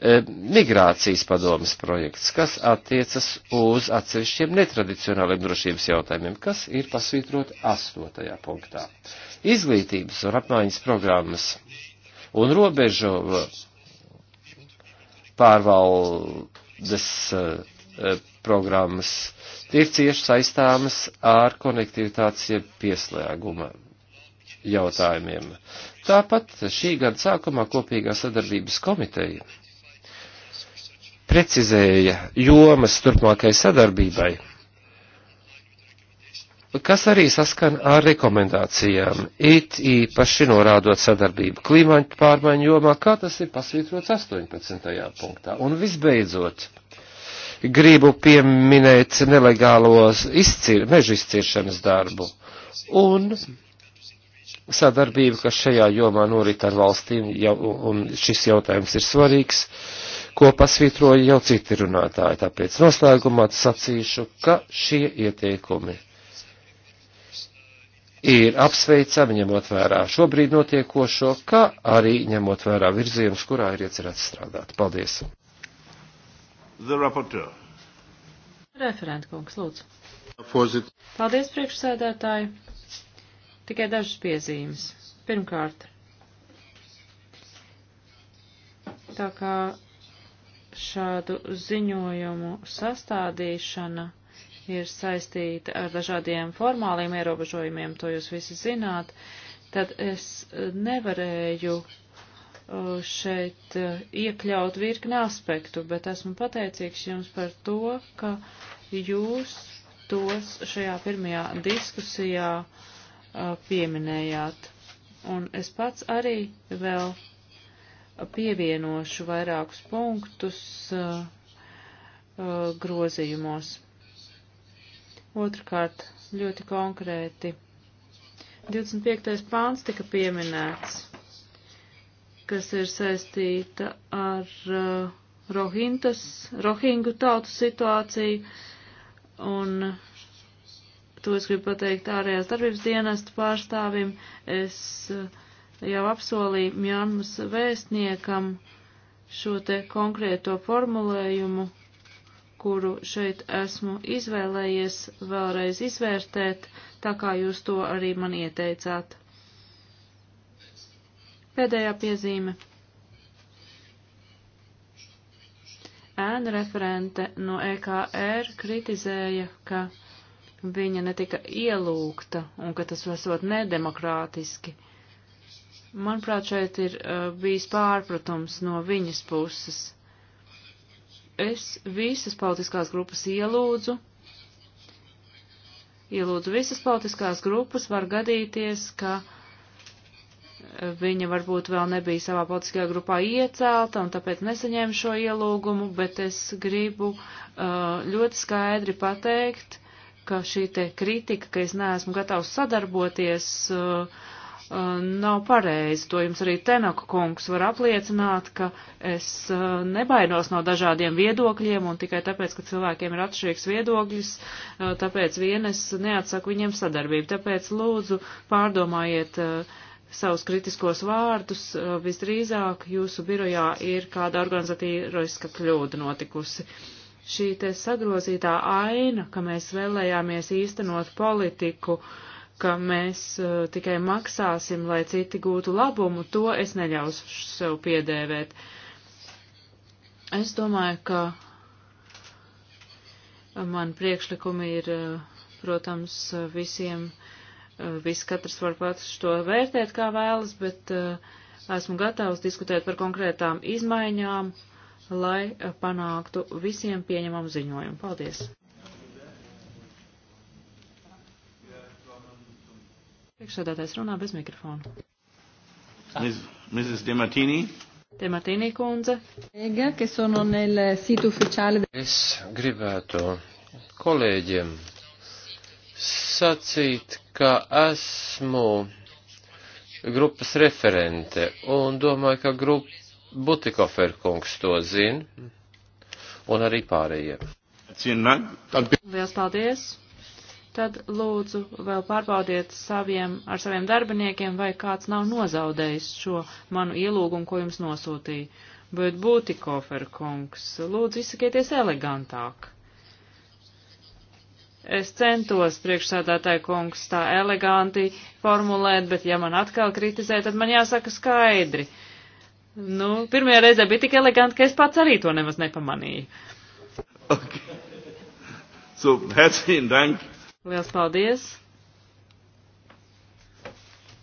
E, migrācijas padomas projekts, kas attiecas uz atsevišķiem netradicionāliem drošības jautājumiem, kas ir pasvītrot astotajā punktā. Izglītības un apmaiņas programmas un robežu e, pārvaldes e, programmas ir cieši saistāmas ar konektivitāciju pieslēguma jautājumiem. Tāpat šī gada sākumā kopīgā sadarbības komiteja precizēja jomas turpmākai sadarbībai, kas arī saskan ar rekomendācijām, it īpaši norādot sadarbību klimāņu pārmaiņu jomā, kā tas ir pasvītrots 18. punktā. Un visbeidzot, gribu pieminēt nelegālos izcir, mežu izciršanas darbu un sadarbību, kas šajā jomā norit ar valstīm, jau, un šis jautājums ir svarīgs ko pasvītroja jau citi runātāji. Tāpēc noslēgumā sacīšu, ka šie ieteikumi ir apsveicami, ņemot vērā šobrīd notiekošo, kā arī ņemot vērā virzienus, kurā ir iecerēts strādāt. Paldies!
Referenta kungs, lūdzu. Fozit. Paldies, priekšsēdētāji. Tikai dažas piezīmes. Pirmkārt, tā kā šādu ziņojumu sastādīšana ir saistīta ar dažādiem formāliem ierobežojumiem, to jūs visi zināt, tad es nevarēju uh, šeit uh, iekļaut virkni aspektu, bet esmu pateicīgs jums par to, ka jūs tos šajā pirmajā diskusijā uh, pieminējāt. Un es pats arī vēl pievienošu vairākus punktus uh, uh, grozījumos. Otrakārt, ļoti konkrēti. 25. pāns tika pieminēts, kas ir saistīta ar uh, Rohintas, Rohingu tautu situāciju, un to es gribu pateikt ārējās darbības dienestu pārstāvim. Es uh, jau apsolīja Mjānmas vēstniekam šo te konkrēto formulējumu, kuru šeit esmu izvēlējies vēlreiz izvērtēt, tā kā jūs to arī man ieteicāt. Pēdējā piezīme. Ēna referente no EKR kritizēja, ka viņa netika ielūgta un ka tas esot nedemokrātiski. Manuprāt, šeit ir uh, bijis pārpratums no viņas puses. Es visas politiskās grupas ielūdzu, ielūdzu visas politiskās grupas, var gadīties, ka eh, viņa varbūt vēl nebija savā politiskajā grupā iecelta un tāpēc nesaņēma šo ielūgumu, bet es gribu eh, ļoti skaidri pateikt, ka šī te kritika, ka es neesmu gatavs sadarboties, uh, Uh, nav pareizi. To jums arī Tenoka kungs var apliecināt, ka es uh, nebaidos no dažādiem viedokļiem un tikai tāpēc, ka cilvēkiem ir atšķirīgs viedokļus, uh, tāpēc vien es neatsaku viņiem sadarbību. Tāpēc lūdzu pārdomājiet savus kritiskos vārdus. Visdrīzāk jūsu birojā ir kāda organizatīriska kļūda notikusi. Šī te sagrozītā aina, ka mēs vēlējāmies īstenot politiku, uh, ka mēs uh, tikai maksāsim, lai citi gūtu labumu, to es neļaušu sev piedēvēt. Es domāju, ka man priekšlikumi ir, eh, protams, visiem, eh, viss katrs var pats to vērtēt, kā vēlas, bet uh, esmu gatavs diskutēt par konkrētām izmaiņām, lai panāktu visiem pieņemamu ziņojumu. Paldies! Priekšsēdētājs runā bez mikrofona. Miz,
Mrs. Demartini.
Demartini kundze.
Es gribētu kolēģiem sacīt, ka esmu grupas referente un domāju, ka grupa Butikofer kungs to zina un arī pārējie. Liels
paldies! tad lūdzu vēl pārbaudiet saviem, ar saviem darbiniekiem, vai kāds nav nozaudējis šo manu ielūgumu, ko jums nosūtīju. Bet būtikofer kungs, lūdzu izsakieties elegantāk. Es centos priekšsādātāju kungs tā eleganti formulēt, bet ja man atkal kritizē, tad man jāsaka skaidri. Nu, pirmajā reizē bija tik eleganti, ka es pats arī to nemaz nepamanīju. Okay. So, herzlichen Dank. Liels paldies!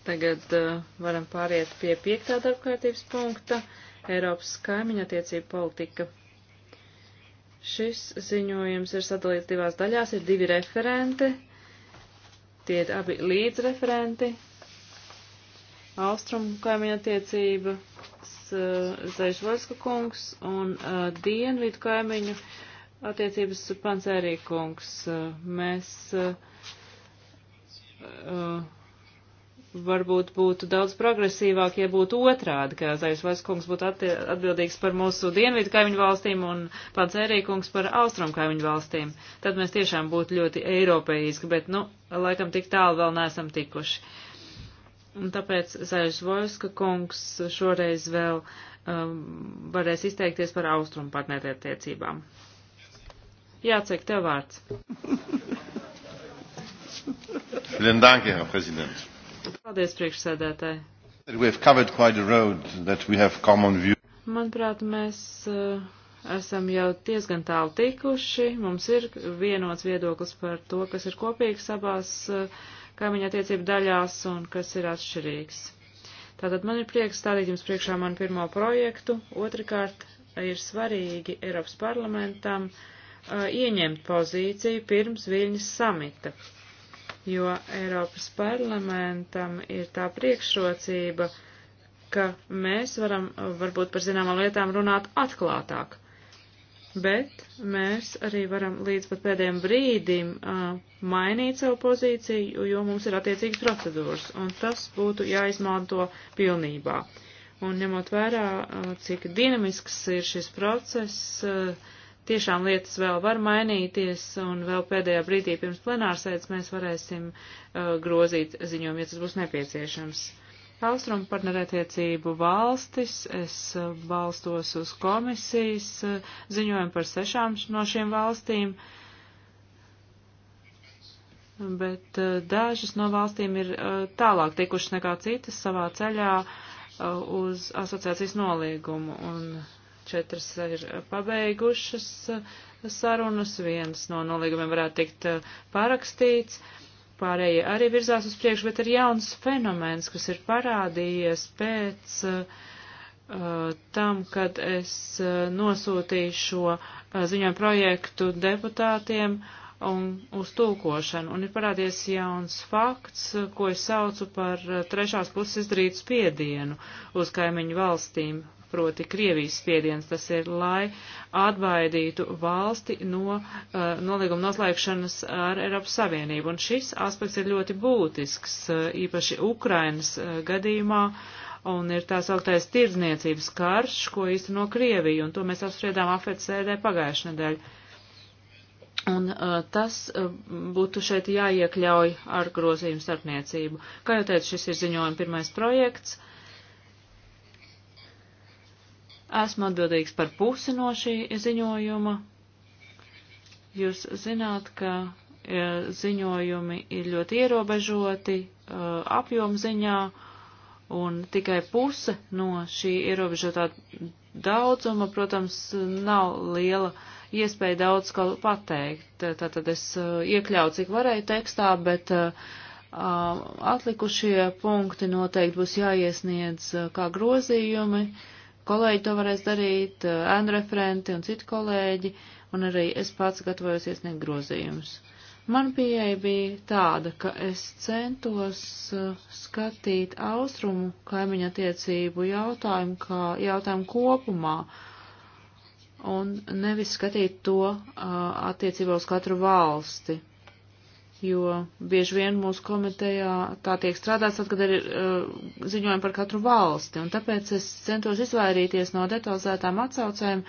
Tagad uh, varam pāriet pie piektā darbkārtības punkta - Eiropas kaimiņa attiecība politika. Šis ziņojums ir sadalīts divās daļās, ir divi referenti, tie ir abi līdzreferenti - Austrumu kaimiņa attiecība uh, Zaļšvalska kungs un uh, Dienvidu kaimiņu attiecības pancērīkungs. Mēs uh, varbūt būtu daudz progresīvāk, ja būtu otrādi, ka Zaļais Vaiskungs būtu atbildīgs par mūsu dienvidu kaimiņu valstīm un pancērīkungs par austrumu kaimiņu valstīm. Tad mēs tiešām būtu ļoti eiropeiski, bet, nu, laikam tik tālu vēl neesam tikuši. Un tāpēc Zaļais Vaiska kungs šoreiz vēl um, varēs izteikties par austrumu partnerattiecībām. Jācek, tev vārds. Paldies, priekšsēdētāji. Manuprāt, mēs uh, esam jau diezgan tālu tikuši. Mums ir vienots viedoklis par to, kas ir kopīgs abās uh, kaimiņa attiecību daļās un kas ir atšķirīgs. Tātad man ir prieks stādīt jums priekšā manu pirmo projektu. Otrakārt, ir svarīgi Eiropas parlamentam uh, uh, ieņemt pozīciju pirms Viļņas samita, jo Eiropas parlamentam ir tā priekšrocība, ka mēs varam varbūt par zināmām lietām runāt atklātāk. Bet mēs arī varam līdz pat pēdējiem brīdim uh, mainīt savu pozīciju, jo mums ir attiecīgas procedūras, un tas būtu jāizmanto pilnībā. Un ņemot vērā, uh, cik dinamisks ir šis process, uh, tiešām lietas vēl var mainīties, un vēl pēdējā brīdī pirms plenārsēdes mēs varēsim uh, grozīt ziņojumu, ja tas būs nepieciešams. Austrumu partnerētiecību valstis, es uh, balstos uz komisijas uh, ziņojumu par sešām no šiem valstīm, bet uh, dažas no valstīm ir uh, tālāk tikušas nekā citas savā ceļā uh, uz asociācijas nolīgumu, un Četras ir pabeigušas sarunas, viens no nolīgumiem varētu tikt eh, parakstīts. Pārējie arī virzās uz priekšu, bet ir jauns fenomens, kas ir parādījies pēc uh, tam, kad es eh, nosūtīju šo ziņojumu projektu deputātiem un uz tūkošanu. Un ir parādies jauns fakts, ko es saucu par trešās puses izdarītu spiedienu uz kaimiņu valstīm proti Krievijas spiediens, tas ir, lai atbaidītu valsti no uh, nolīguma noslēgšanas ar Eiropas Savienību. Un šis aspekts ir ļoti būtisks, uh, īpaši Ukrainas uh, gadījumā. Un ir tā sauktais tirdzniecības karš, ko īsteno Krievija, un to mēs apspriedām afetsēdē pagājušajā nedēļā. Un uh, tas uh, būtu šeit jāiekļauj ar grozījumu starpniecību. Kā jau teicu, šis ir ziņojuma pirmais projekts. Uh, Esmu atbildīgs par pusi no šī ziņojuma. Jūs zināt, ka ziņojumi ir ļoti ierobežoti uh, apjomziņā, un tikai puse no šī ierobežotā daudzuma, protams, nav liela iespēja daudz ko pateikt. Tātad es uh, iekļauju, cik varēju tekstā, bet uh, atlikušie punkti noteikti būs jāiesniedz kā grozījumi. Uh, kolēģi to varēs darīt, eh, ēnu referenti un citi kolēģi, un arī es pats gatavojos iesniegt grozījumus. Man pieeja bija tāda, ka es centos eh, skatīt austrumu kaimiņa attiecību jautājumu kā jautājumu kopumā, un nevis skatīt to eh, attiecībā uz katru valsti jo bieži vien mūsu komitejā tā tiek strādāts, tad, kad ir uh, ziņojumi par katru valsti, un tāpēc es centos izvairīties no detalizētām atsaucēm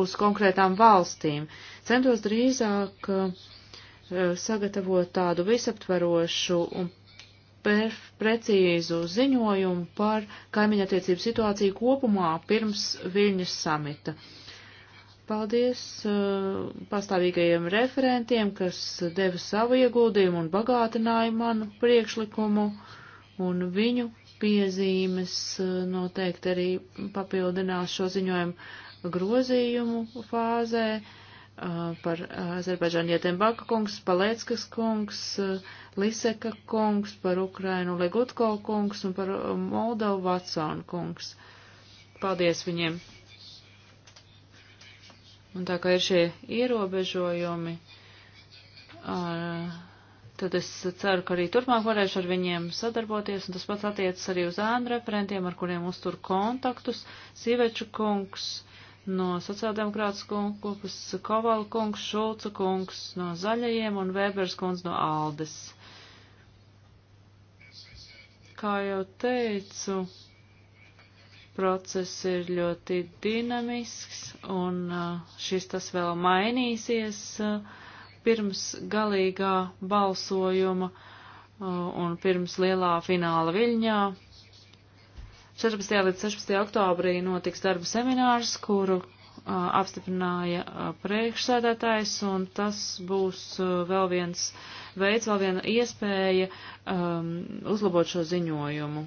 uz konkrētām valstīm. Centos drīzāk uh, sagatavot tādu visaptverošu un precīzu ziņojumu par kaimiņattiecību situāciju kopumā pirms Viļņas samita. Uh, Paldies uh, pastāvīgajiem referentiem, kas deva savu ieguldījumu un bagātināja manu priekšlikumu, un viņu piezīmes uh, noteikti arī papildinās šo ziņojumu grozījumu fāzē uh, par Azerbaidžānu Ietembaka kungs, Paleckas kungs, Liseka kungs, par Ukrainu Legutko kungs un par Moldovu Vatsonu kungs. Paldies viņiem! Un tā kā ir šie ierobežojumi, tad es ceru, ka arī turpmāk varēšu ar viņiem sadarboties, un tas pats attiecas arī uz ēnu referentiem, ar kuriem uztur kontaktus. Sīveču kungs no sociāldemokrātas kungas, Kovala kungs, Šulca kungs no zaļajiem un Vēbers kungs no Aldes. Kā jau teicu, Process ir ļoti dinamisks, un uh, šis tas vēl mainīsies uh, pirms galīgā balsojuma uh, un pirms lielā fināla viļņā. 14. līdz 16. oktobrī notiks darba seminārs, kuru apstiprināja priekšsēdētājs, un tas būs vēl viens veids, vēl viena iespēja um, uzlabot šo ziņojumu.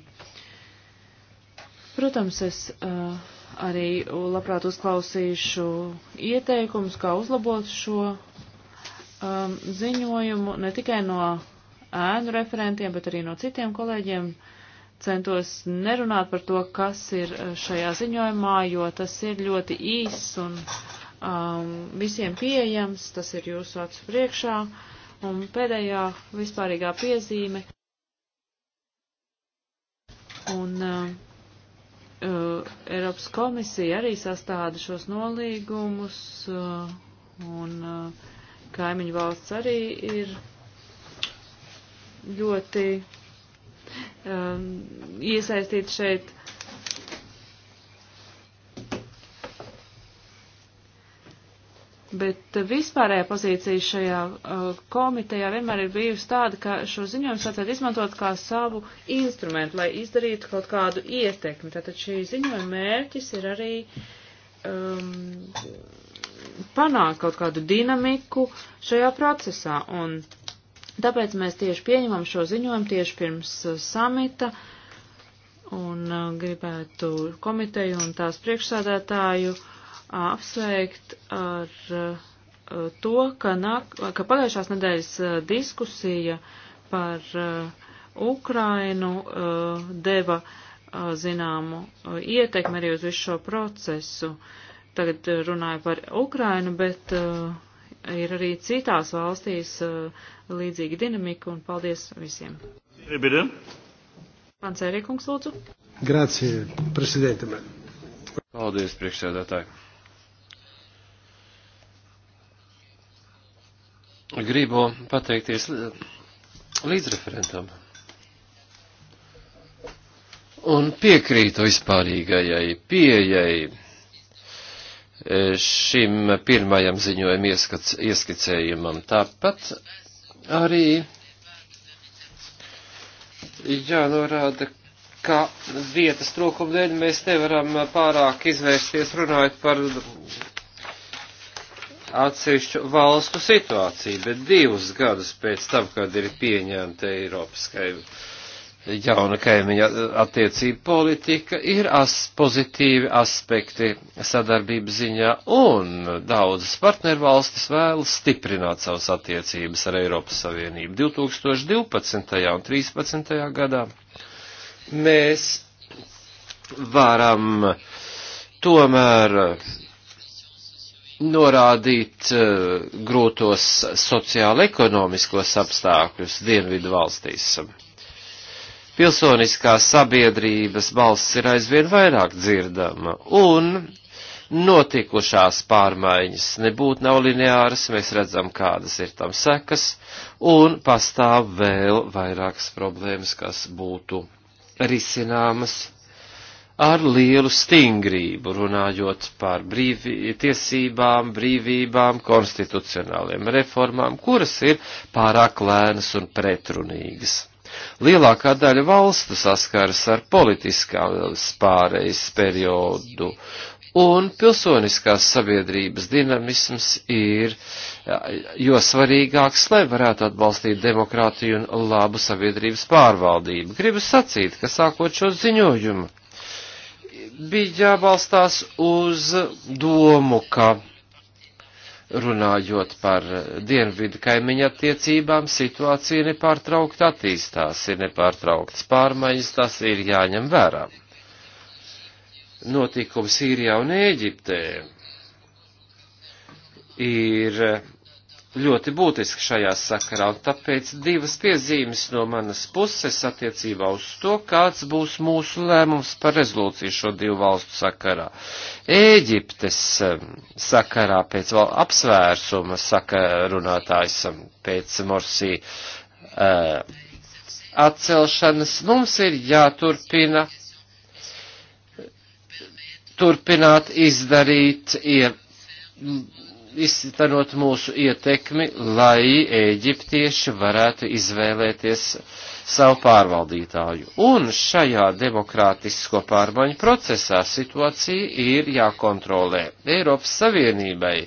Protams, es uh, arī labprāt uzklausīšu ieteikumus, kā uzlabot šo um, ziņojumu ne tikai no ēnu referentiem, bet arī no citiem kolēģiem. Centos nerunāt par to, kas ir eh, šajā ziņojumā, jo tas ir ļoti īss un um, visiem pieejams, tas ir jūsu acu priekšā. Un pēdējā vispārīgā piezīme. Un, uh, uh, Eiropas komisija arī sastāda šos nolīgumus, uh, un uh, kaimiņu valsts arī ir ļoti um, iesaistīt šeit Bet vispārējā pozīcija šajā uh, komitejā vienmēr ir bijusi tāda, ka šo ziņojumu sācētu izmantot kā savu instrumentu, lai izdarītu kaut kādu ietekmi. Tātad šī ziņojuma mērķis ir arī um, panākt kaut kādu dinamiku šajā procesā. Un tāpēc mēs tieši pieņemam šo ziņojumu tieši pirms uh, samita. Un uh, gribētu komiteju un tās priekšsādātāju uh, apsveikt ar eh, to, ka, nāk, ka pagājušās nedēļas eh, diskusija par eh, Ukrainu deva zināmu ietekmi arī uz visu šo procesu. Tagad runāju par Ukrainu, bet ir arī citās valstīs līdzīga dinamika, un paldies visiem. Pants Ērīkungs, lūdzu.
Grācija, prezidenta. Paldies, priekšsēdētāji. gribu pateikties līdzreferentam. Un piekrītu vispārīgajai pieejai e, šim pirmajam ziņojuma ieskicējumam. Tāpat arī jānorāda, ka vietas trūkuma dēļ mēs nevaram pārāk izvērsties runājot par atsevišķu valstu situāciju, bet divus gadus pēc tam, kad ir pieņemta Eiropas kaimiņa jauna kaimiņa attiecība politika, ir as pozitīvi aspekti sadarbības ziņā, un daudzas partnervalstis vēlas stiprināt savas attiecības ar Eiropas Savienību. 2012. un 2013. gadā mēs varam tomēr norādīt eh, grūtos sociāla-ekonomiskos apstākļus dienvidu valstīs. Pilsoniskās sabiedrības balss ir aizvien vairāk dzirdama, un notikušās pārmaiņas nebūtu nav lineāras, mēs redzam, kādas ir tam sekas, un pastāv vēl vairākas problēmas, kas būtu risināmas ar lielu stingrību, runājot par brīvi, tiesībām, brīvībām, konstitucionāliem reformām, kuras ir pārāk lēnas un pretrunīgas. Lielākā daļa valstu saskaras ar politiskās pārejas periodu, un pilsoniskās sabiedrības dinamisms ir jo svarīgāks, lai varētu atbalstīt demokrātiju un labu sabiedrības pārvaldību. Gribu sacīt, ka sākot šo ziņojumu bija jābalstās uz domu, ka runājot par dienvidu kaimiņa attiecībām, situācija nepārtraukt attīstās, ir nepārtrauktas pārmaiņas, tas ir jāņem vērā. Notikumi Sīrijā un Ēģiptē ir ļoti būtiski šajā sakarā, un tāpēc divas piezīmes no manas puses attiecībā uz to, kāds būs mūsu lēmums par rezolūciju šo divu valstu sakarā. Ēģiptes sakarā pēc vēl apsvērsuma sakarunātājs pēc Morsī uh, atcelšanas mums ir jāturpina turpināt izdarīt ie, ja, iztenot mūsu ietekmi, lai eģiptieši varētu izvēlēties savu pārvaldītāju. Un šajā demokrātisko pārmaiņu procesā situācija ir jākontrolē. Eiropas Savienībai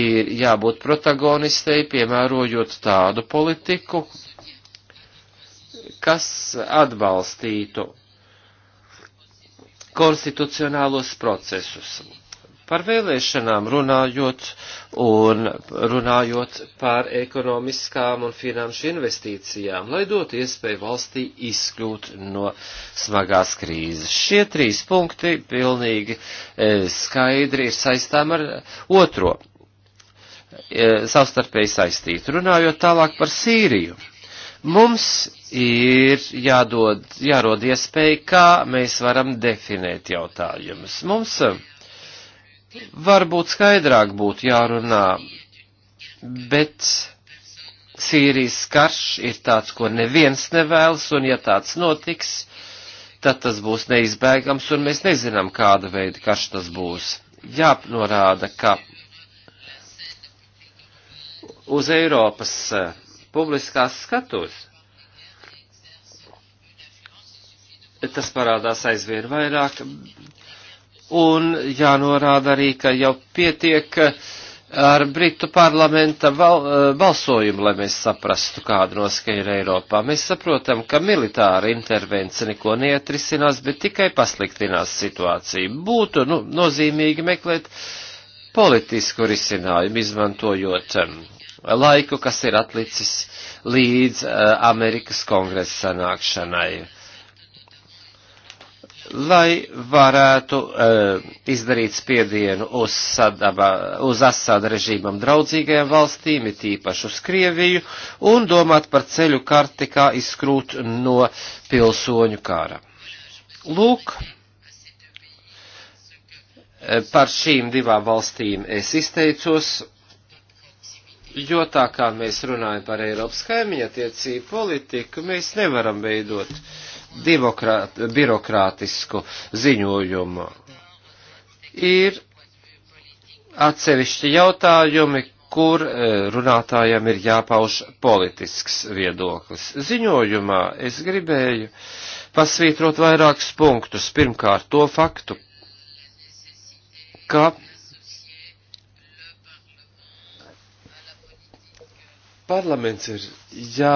ir jābūt protagonistei, piemērojot tādu politiku, kas atbalstītu konstitucionālos procesus Par vēlēšanām runājot un runājot par ekonomiskām un finanšu investīcijām, lai dotu iespēju valstī izkļūt no smagās krīzes. Šie trīs punkti pilnīgi e, skaidri ir saistām ar otro e, savstarpēji saistītu. Runājot tālāk par Sīriju. Mums ir jādod, jārod iespēja, kā mēs varam definēt jautājumus. Mums Varbūt skaidrāk būtu jārunā, bet Sīrijas karš ir tāds, ko neviens nevēlas, un ja tāds notiks, tad tas būs neizbēgams, un mēs nezinām, kāda veida karš tas būs. Jānorāda, ka uz Eiropas eh, publiskās skatos tas parādās aizvien vairāk, Un jānorāda arī, ka jau pietiek ar Britu parlamenta val, eh, balsojumu, lai mēs saprastu, kāda noskaņa ir Eiropā. Mēs saprotam, ka militāra intervence neko neatrisinās, bet tikai pasliktinās situāciju. Būtu nu, nozīmīgi meklēt politisku risinājumu, izmantojot eh, laiku, kas ir atlicis līdz eh, Amerikas kongresa sanākšanai lai varētu uh, izdarīt spiedienu uz, sadaba, uz Asāda režīmam draudzīgajām valstīm, it īpaši uz Krieviju, un domāt par ceļu karti, kā izskrūt no pilsoņu kara. Lūk, eh, par šīm divām valstīm es izteicos, jo tā kā mēs runājam par Eiropas kaimiņatiecību politiku, mēs nevaram veidot uh, birokrātisku ziņojumu. Ir atsevišķi jautājumi, kur e, runātājam ir jāpauž politisks viedoklis. Ziņojumā es gribēju pasvītrot vairākus punktus. Pirmkārt, to faktu, ka parlaments ir jā. Ja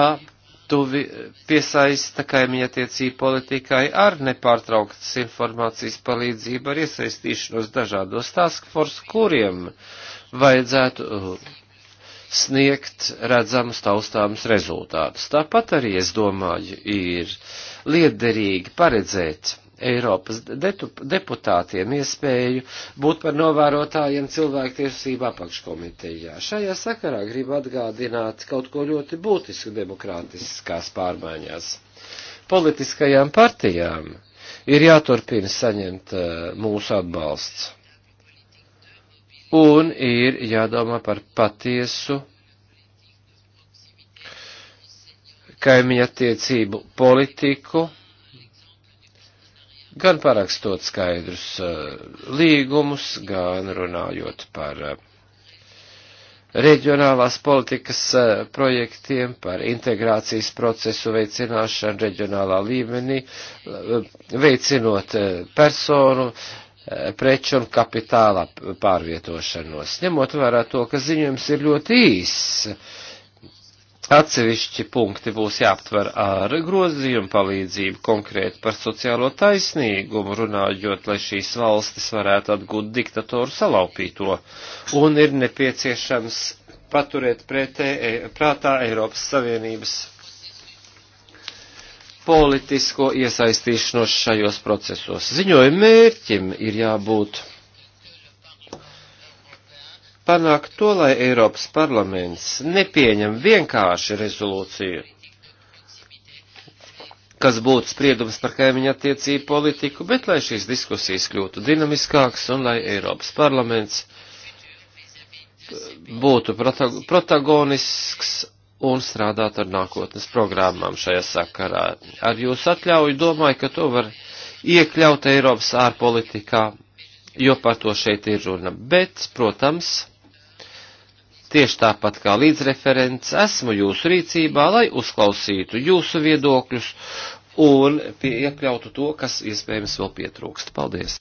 tuvi eh, piesaista kaimiņattiecību politikai ar nepārtrauktas informācijas palīdzību, ar iesaistīšanos dažādos taskfors, kuriem vajadzētu eh, sniegt redzamus taustāmus rezultātus. Tāpat arī, es domāju, ir liederīgi paredzēt Eiropas deputātiem iespēju būt par novērotājiem cilvēktiesību apakškomitejā. Šajā sakarā gribu atgādināt kaut ko ļoti būtisku demokrātiskās pārmaiņās. Politiskajām partijām ir jāturpina saņemt eh, mūsu atbalsts. Un ir jādomā par patiesu kaimiņattiecību politiku gan parakstot skaidrus eh, līgumus, gan runājot par eh, reģionālās politikas eh, projektiem, par integrācijas procesu veicināšanu reģionālā līmenī, veicinot personu, preču un kapitāla pārvietošanos. Ņemot vērā to, ka ziņojums ir ļoti īss, Atsevišķi punkti būs jāaptver ar grozījumu palīdzību konkrēti par sociālo taisnīgumu, runājot, lai šīs valstis varētu atgūt diktatoru salaupīto, un ir nepieciešams paturēt pretē, e, prātā Eiropas Savienības politisko iesaistīšanos šajos procesos. Ziņojuma mērķim ir jābūt panākt to, lai Eiropas parlaments nepieņem vienkārši rezolūciju, kas būtu spriedums par kaimiņu attiecību politiku, bet lai šīs diskusijas kļūtu dinamiskākas un lai Eiropas parlaments būtu protagonisks un strādāt ar nākotnes programmām šajā sakarā. Ar jūsu atļauju domāju, ka to var iekļaut Eiropas ārpolitikā, jo par to šeit ir runa. Bet, protams, Tieši tāpat kā līdzreferents esmu jūsu rīcībā, lai uzklausītu jūsu viedokļus un iekļautu to, kas iespējams vēl pietrūkst. Paldies!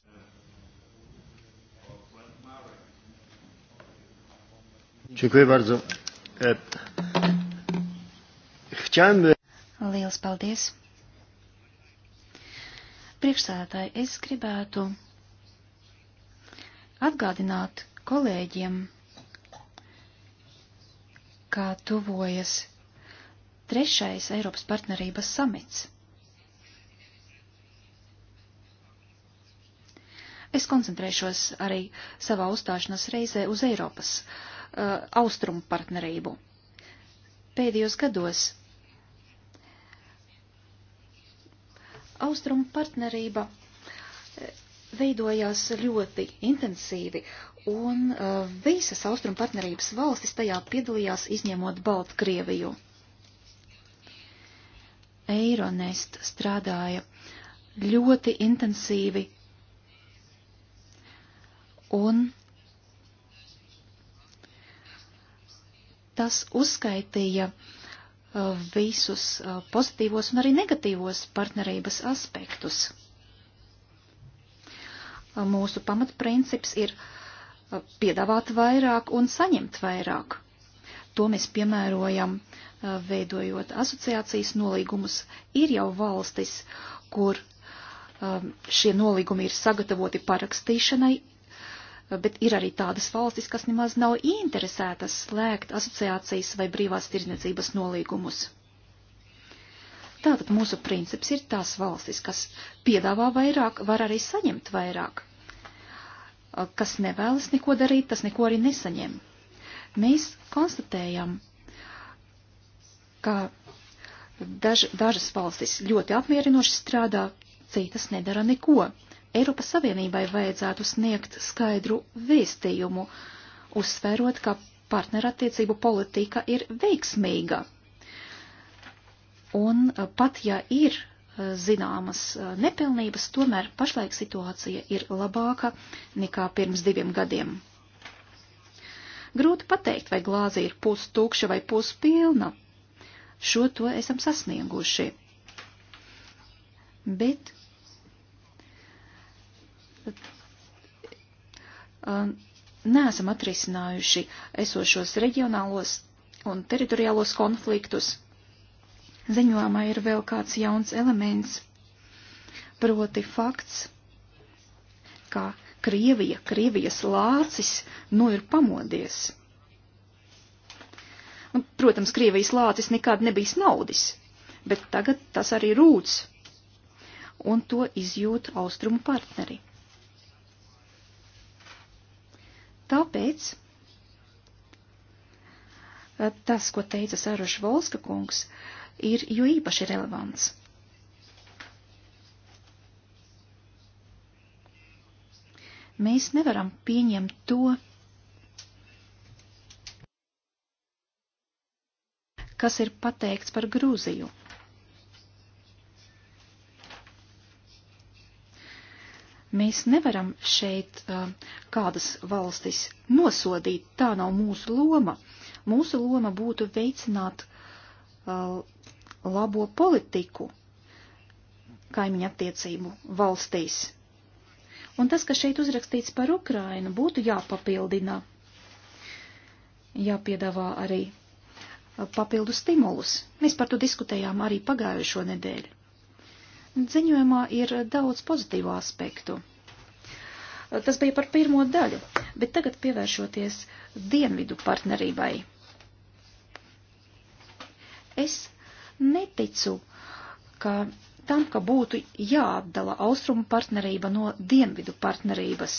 Dziękuję bardzo. E,
chciałem... Liels paldies! Priekšsēdētāji, es gribētu atgādināt kolēģiem, kā tuvojas trešais Eiropas partnerības samits. Es koncentrēšos arī savā uzstāšanās reizē uz Eiropas uh, austrumu partnerību. Pēdējos gados austrumu partnerība uh, veidojās ļoti intensīvi, un uh, visas austrumu partnerības valstis tajā piedalījās izņemot Baltkrieviju. Eironest strādāja ļoti intensīvi un tas uzskaitīja uh, visus uh, pozitīvos un arī negatīvos partnerības aspektus. Uh, mūsu pamatprincips ir uh, piedāvāt vairāk un saņemt vairāk. To mēs piemērojam, veidojot asociācijas nolīgumus. Ir jau valstis, kur šie nolīgumi ir sagatavoti parakstīšanai, bet ir arī tādas valstis, kas nemaz nav interesētas slēgt asociācijas vai brīvās tirdzniecības nolīgumus. Tātad mūsu princips ir tās valstis, kas piedāvā vairāk, var arī saņemt vairāk kas nevēlas neko darīt, tas neko arī nesaņem. Mēs konstatējam, ka daž, dažas valstis ļoti apmierinoši strādā, citas nedara neko. Eiropas Savienībai vajadzētu sniegt skaidru vēstījumu, uzsverot, ka partnerattiecību politika ir veiksmīga. Un uh, pat ja ir zināmas nepilnības, tomēr pašlaik situācija ir labāka nekā pirms diviem gadiem. Grūti pateikt, vai glāze ir pustukša vai puspilna. Šo to esam sasnieguši. Bet neesam atrisinājuši esošos reģionālos un teritoriālos konfliktus ziņojumā ir vēl kāds jauns elements, proti fakts, ka Krievija, Krievijas lācis, nu ir pamodies. Un, protams, Krievijas lācis nekad nebija snaudis, bet tagad tas arī rūts, un to izjūt austrumu partneri. Tāpēc eh, tas, ko teica Sāraša Volska kungs, uh, ir jo īpaši relevants. Mēs nevaram pieņemt to, kas ir pateikts par Grūziju. Mēs nevaram šeit uh, kādas valstis nosodīt, tā nav mūsu loma. Mūsu loma būtu veicināt uh, Uh, labo politiku kaimiņa attiecību valstīs. Un tas, kas šeit uzrakstīts par Ukrainu, būtu jāpapildina. Jāpiedāvā arī uh, papildu stimulus. Mēs par to diskutējām arī pagājušo nedēļu. Ziņojumā ir daudz pozitīvu aspektu. Uh, tas bija par pirmo daļu, bet tagad pievēršoties dienvidu partnerībai. Es neticu, ka tam, ka būtu jāatdala austrumu partnerība no dienvidu partnerības.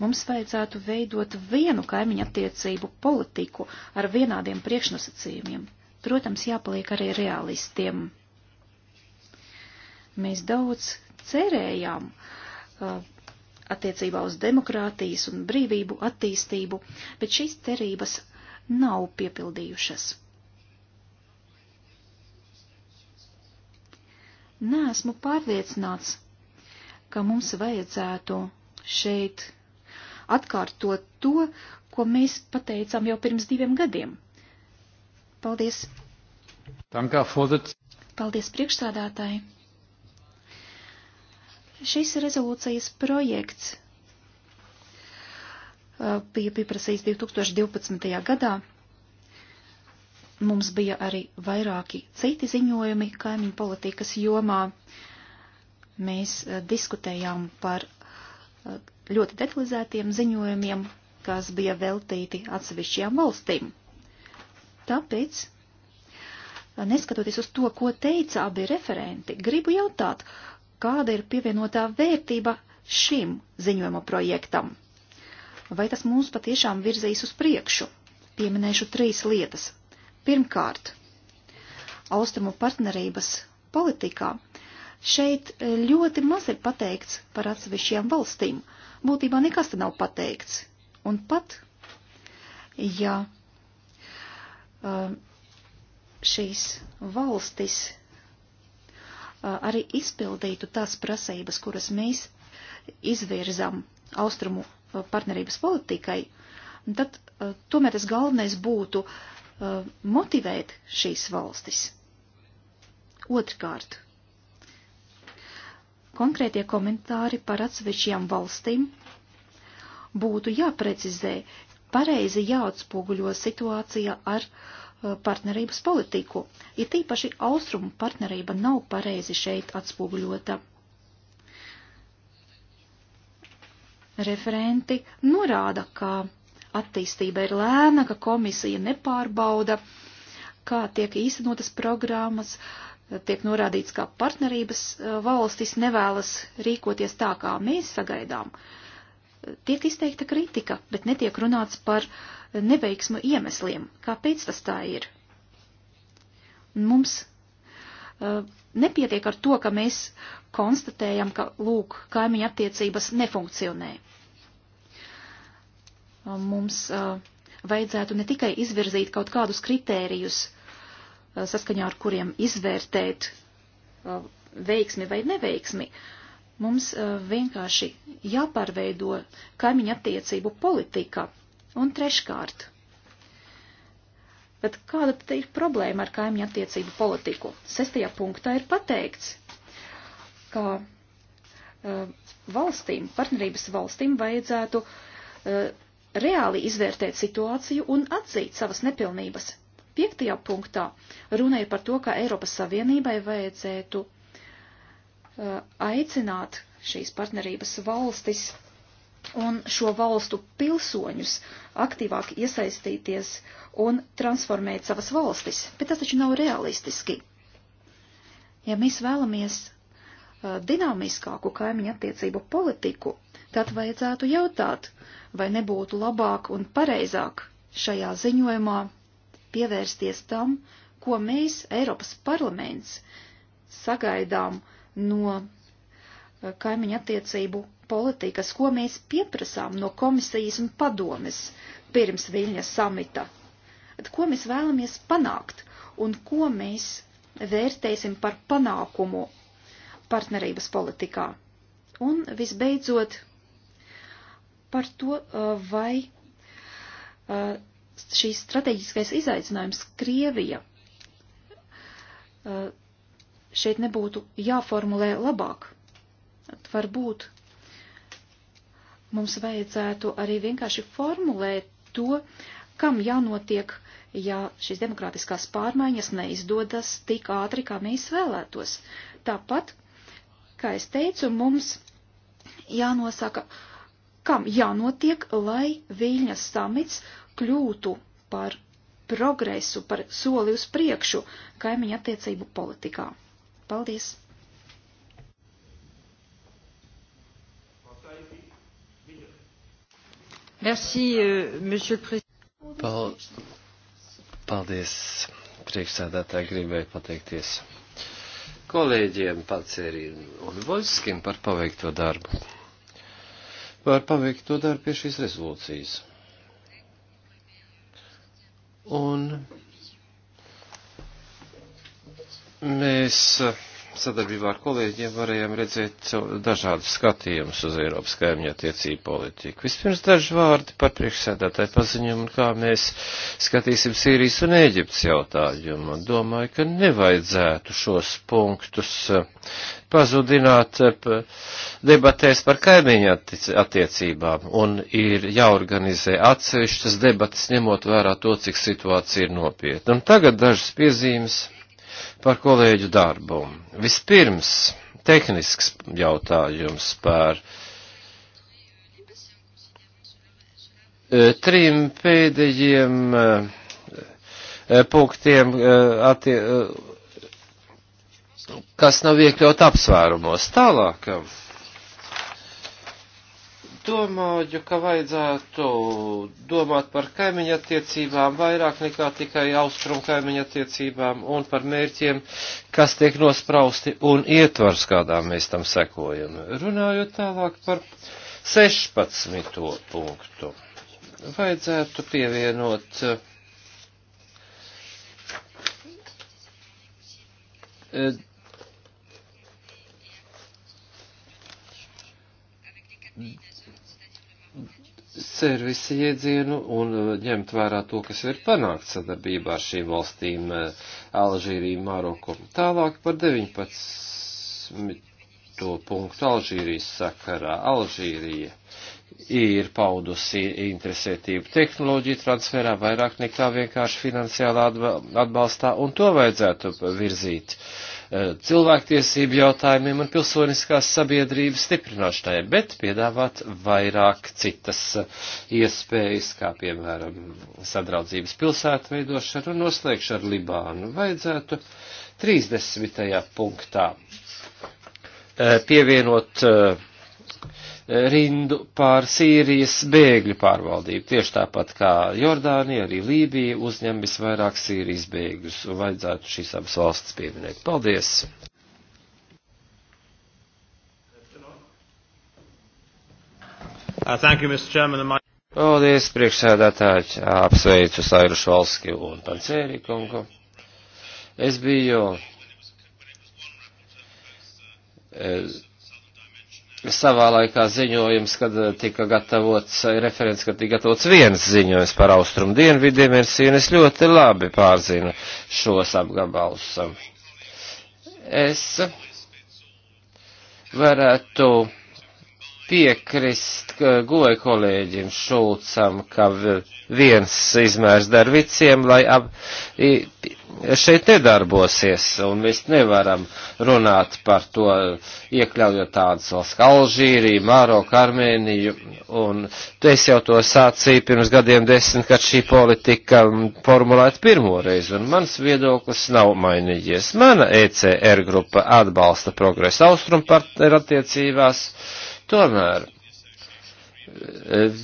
Mums vajadzētu veidot vienu kaimiņu attiecību politiku ar vienādiem priekšnosacījumiem. Protams, jāpaliek arī realistiem. Mēs daudz cerējām uh, attiecībā uz demokrātijas un brīvību attīstību, bet šīs cerības nav piepildījušas. Nēsmu pārliecināts, ka mums vajadzētu šeit atkārtot to, ko mēs pateicām jau pirms diviem gadiem. Paldies! Tankā, Paldies priekšstādātāji! Šis rezolūcijas projekts uh, bija pieprasījis 2012. gadā. Mums bija arī vairāki citi ziņojumi kaimiņu politikas jomā. Mēs eh, diskutējām par eh, ļoti detalizētiem ziņojumiem, kas bija veltīti atsevišķajām valstīm. Tāpēc, eh, neskatoties uz to, ko teica abi referenti, gribu jautāt, kāda ir pievienotā vērtība šim ziņojuma projektam? Vai tas mūs patiešām virzīs uz priekšu? Pieminēšu trīs lietas, Pirmkārt, austrumu partnerības politikā šeit e, ļoti maz ir pateikts par atsevišķiem valstīm. Būtībā nekas te nav pateikts. Un pat, ja e, šīs valstis e, arī izpildītu tās prasības, kuras mēs izvirzam austrumu partnerības politikai, tad tomēr tas galvenais būtu uh, Uh, motivēt šīs valstis. Otrkārt, konkrētie komentāri par atsevišķiem valstīm būtu jāprecizē, pareizi jāatspoguļo situācija ar uh, partnerības politiku, ja tīpaši austrumu partnerība nav pareizi šeit atspoguļota. Referenti norāda, ka attīstība ir lēna, ka komisija nepārbauda, kā tiek īstenotas programmas, tiek norādīts, ka partnerības eh, valstis nevēlas rīkoties tā, kā mēs sagaidām. Tiek izteikta kritika, bet netiek runāts par neveiksmu iemesliem, kāpēc tas tā ir. Mums eh, nepietiek ar to, ka mēs konstatējam, ka, lūk, kaimiņa attiecības nefunkcionē. Uh, mums uh, vajadzētu ne tikai izvirzīt kaut kādus kritērijus, uh, saskaņā ar kuriem izvērtēt veiksmi vai neveiksmi, mums vienkārši jāpārveido kaimiņu attiecību politika. Un treškārt, bet kāda tad ir problēma ar kaimiņu attiecību politiku? Sestajā punktā ir pateikts, ka valstīm, partnerības valstīm vajadzētu uh, reāli izvērtēt situāciju un atzīt savas nepilnības. Piektajā punktā runāja par to, ka Eiropas Savienībai vajadzētu uh, aicināt šīs partnerības valstis un šo valstu pilsoņus aktīvāk iesaistīties un transformēt savas valstis, bet tas taču nav realistiski. Ja mēs vēlamies uh, dinamiskāku kaimiņu attiecību politiku, tad vajadzētu jautāt, vai nebūtu labāk un pareizāk šajā ziņojumā pievērsties tam, ko mēs, Eiropas parlaments, sagaidām no eh, kaimiņu attiecību politikas, ko mēs pieprasām no komisijas un padomes pirms Viļņa samita, ko mēs vēlamies panākt un ko mēs vērtēsim par panākumu partnerības politikā. Un visbeidzot, par to, vai šīs strateģiskais izaicinājums Krievija šeit nebūtu jāformulē labāk. Varbūt mums vajadzētu arī vienkārši formulēt to, kam jānotiek, ja šīs demokrātiskās pārmaiņas neizdodas tik ātri, kā mēs vēlētos. Tāpat, kā es teicu, mums jānosaka uh, kam jānotiek, lai Viļņas samits kļūtu par progresu, par soli uz priekšu kaimiņa attiecību politikā. Paldies!
Merci, euh, monsieur le président.
Paldies, priekšsēdētāji, gribēju pateikties kolēģiem Pacerīnu un Voļskim par paveikto darbu par paveikto darbu pie šīs rezolūcijas. Un mēs sadarbībā ar kolēģiem varējām redzēt dažādus skatījumus uz Eiropas kaimiņa attiecību politiku. Vispirms daži vārdi par priekšsēdētāju paziņojumu, kā mēs skatīsim Sīrijas un Ēģiptes jautājumu. Domāju, ka nevajadzētu šos punktus eh, pazudināt eh, debatēs par kaimiņa attiecībām un ir jāorganizē atsevišķas debatas, ņemot vērā to, cik situācija ir nopietna. Un tagad dažas piezīmes par kolēģu darbu. Vispirms tehnisks jautājums par e, trim pēdējiem e, e, punktiem, kas nav iekļaut apsvērumos. Tālākam domāju, ka vajadzētu domāt par kaimiņa attiecībām vairāk nekā tikai austrumu kaimiņa attiecībām un par mērķiem, kas tiek nosprausti un ietvars, kādā mēs tam sekojam. Runājot tālāk par 16. punktu, vajadzētu pievienot uh, servisa iedzienu un uh, ņemt vērā to, kas ir panākts sadarbībā ar šīm valstīm uh, - Alžīriju, Maroku. Tālāk par 19. punktu Alžīrijas sakarā. Alžīrija ir paudusi interesētību tehnoloģiju transferā vairāk nekā vienkārši finansiālā atbalstā, un to vajadzētu virzīt. Uh, Eh, cilvēktiesību jautājumiem un pilsoniskās sabiedrības stiprināšanai, bet piedāvāt vairāk citas eh, iespējas, kā piemēram sadraudzības pilsētu veidošanu un noslēgšanu ar Libānu. Vajadzētu 30. punktā eh, pievienot rindu pār Sīrijas bēgļu pārvaldību. Tieši tāpat kā Jordānija, arī Lībija uzņem visvairāk Sīrijas bēgļus, un vajadzētu šīs abas valstis pieminēt. Paldies! Uh, you, my... Paldies, priekšsēdētāji, apsveicu Sairu Švalski un Pancēri kungu. Es biju. Es, eh, savā laikā ziņojums, kad eh, tika gatavots eh, referents, kad tika gatavots viens ziņojums par austrumu dienvidu dimensiju, un es ļoti labi pārzinu šos apgabalus. Es varētu piekrist goja kolēģim Šulcam, ka viens izmērs dar viciem, lai ab, šeit nedarbosies, un mēs nevaram runāt par to, iekļaujot tādas valsts kā Alžīriju, Māroku, Armēniju, un es jau to sācīju pirms gadiem desmit, kad šī politika formulēta pirmoreiz, un mans viedoklis nav mainījies. Mana ECR grupa atbalsta progresu austrumu partneru attiecībās, Tomēr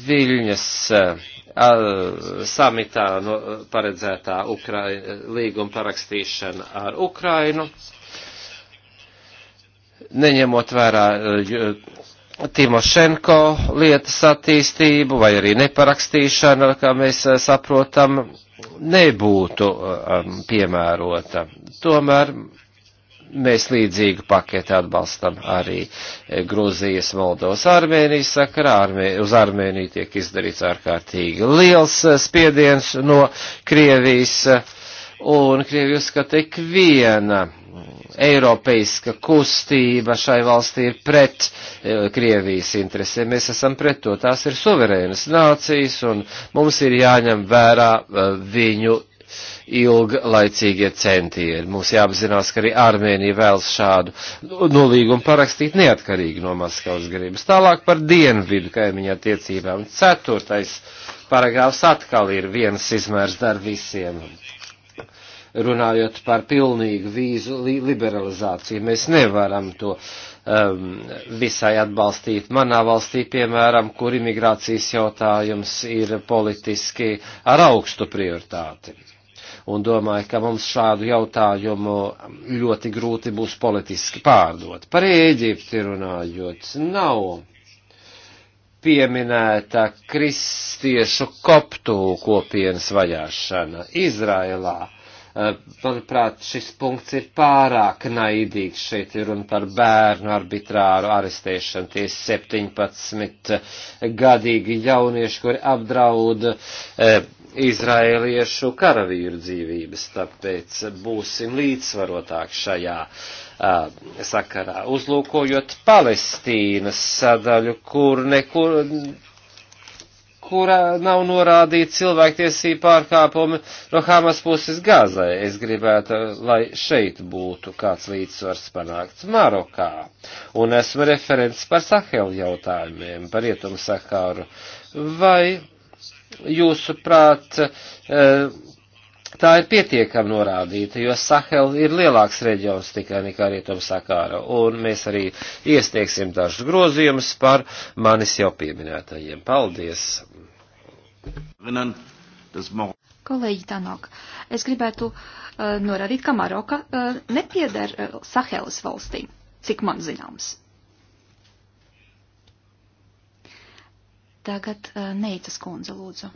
Viļņas samitā no, paredzētā Ukrai, līguma parakstīšana ar Ukrainu, neņemot vērā Timošenko lietas attīstību vai arī neparakstīšana, kā mēs saprotam, nebūtu piemērota. Tomēr mēs līdzīgu paketu atbalstam arī e, Grūzijas, Moldovas, Armēnijas sakarā. Armē, uz Armēniju tiek izdarīts ārkārtīgi liels e, spiediens no Krievijas, e, un Krievija uzskata ikviena Eiropeiska kustība šai valstī ir pret Krievijas interesēm. Mēs esam pret to. Tās ir suverēnas nācijas, un mums ir jāņem vērā viņu ilglaicīgie centieni. Mums jāapzinās, ka arī Armēnija vēlas šādu nolīgumu parakstīt neatkarīgi no Maskavas gribas. Tālāk par dienvidu kaimiņa attiecībām. Ceturtais paragrāfs atkal ir viens izmērs dar visiem runājot par pilnīgu vīzu liberalizāciju. Mēs nevaram to um, visai atbalstīt. Manā valstī, piemēram, kur imigrācijas jautājums ir politiski ar augstu prioritāti un domāju, ka mums šādu jautājumu ļoti grūti būs politiski pārdot. Par Ēģipti runājot, nav pieminēta kristiešu koptu kopienas vajāšana Izrēlā. Eh, manuprāt, šis punkts ir pārāk naidīgs. Šeit ir runa par bērnu arbitrāru arestēšanu. Tie 17 gadīgi jaunieši, kuri apdraud eh, izraēliešu karavīru dzīvības, tāpēc būsim līdzsvarotāk šajā uh, sakarā, uzlūkojot Palestīnas sadaļu, kur nekur kurā nav norādīti cilvēktiesību pārkāpumi no Hamas puses Gazai. Es gribētu, lai šeit būtu kāds līdzsvars panākts Marokā. Un esmu referents par Sahelu jautājumiem, par Rietumu Sahāru. Vai jūsuprāt, e, tā ir pietiekami norādīta, jo Sahel ir lielāks reģions tikai nekā Rietum Sakāra, un mēs arī iestieksim dažus grozījumus par manis jau pieminētajiem. Paldies!
Kolēģi Tanok, es gribētu uh, norādīt, ka Maroka uh, nepieder uh, Sahelas valstīm, cik man zināms. Tagad uh, Neicas kundze, lūdzu.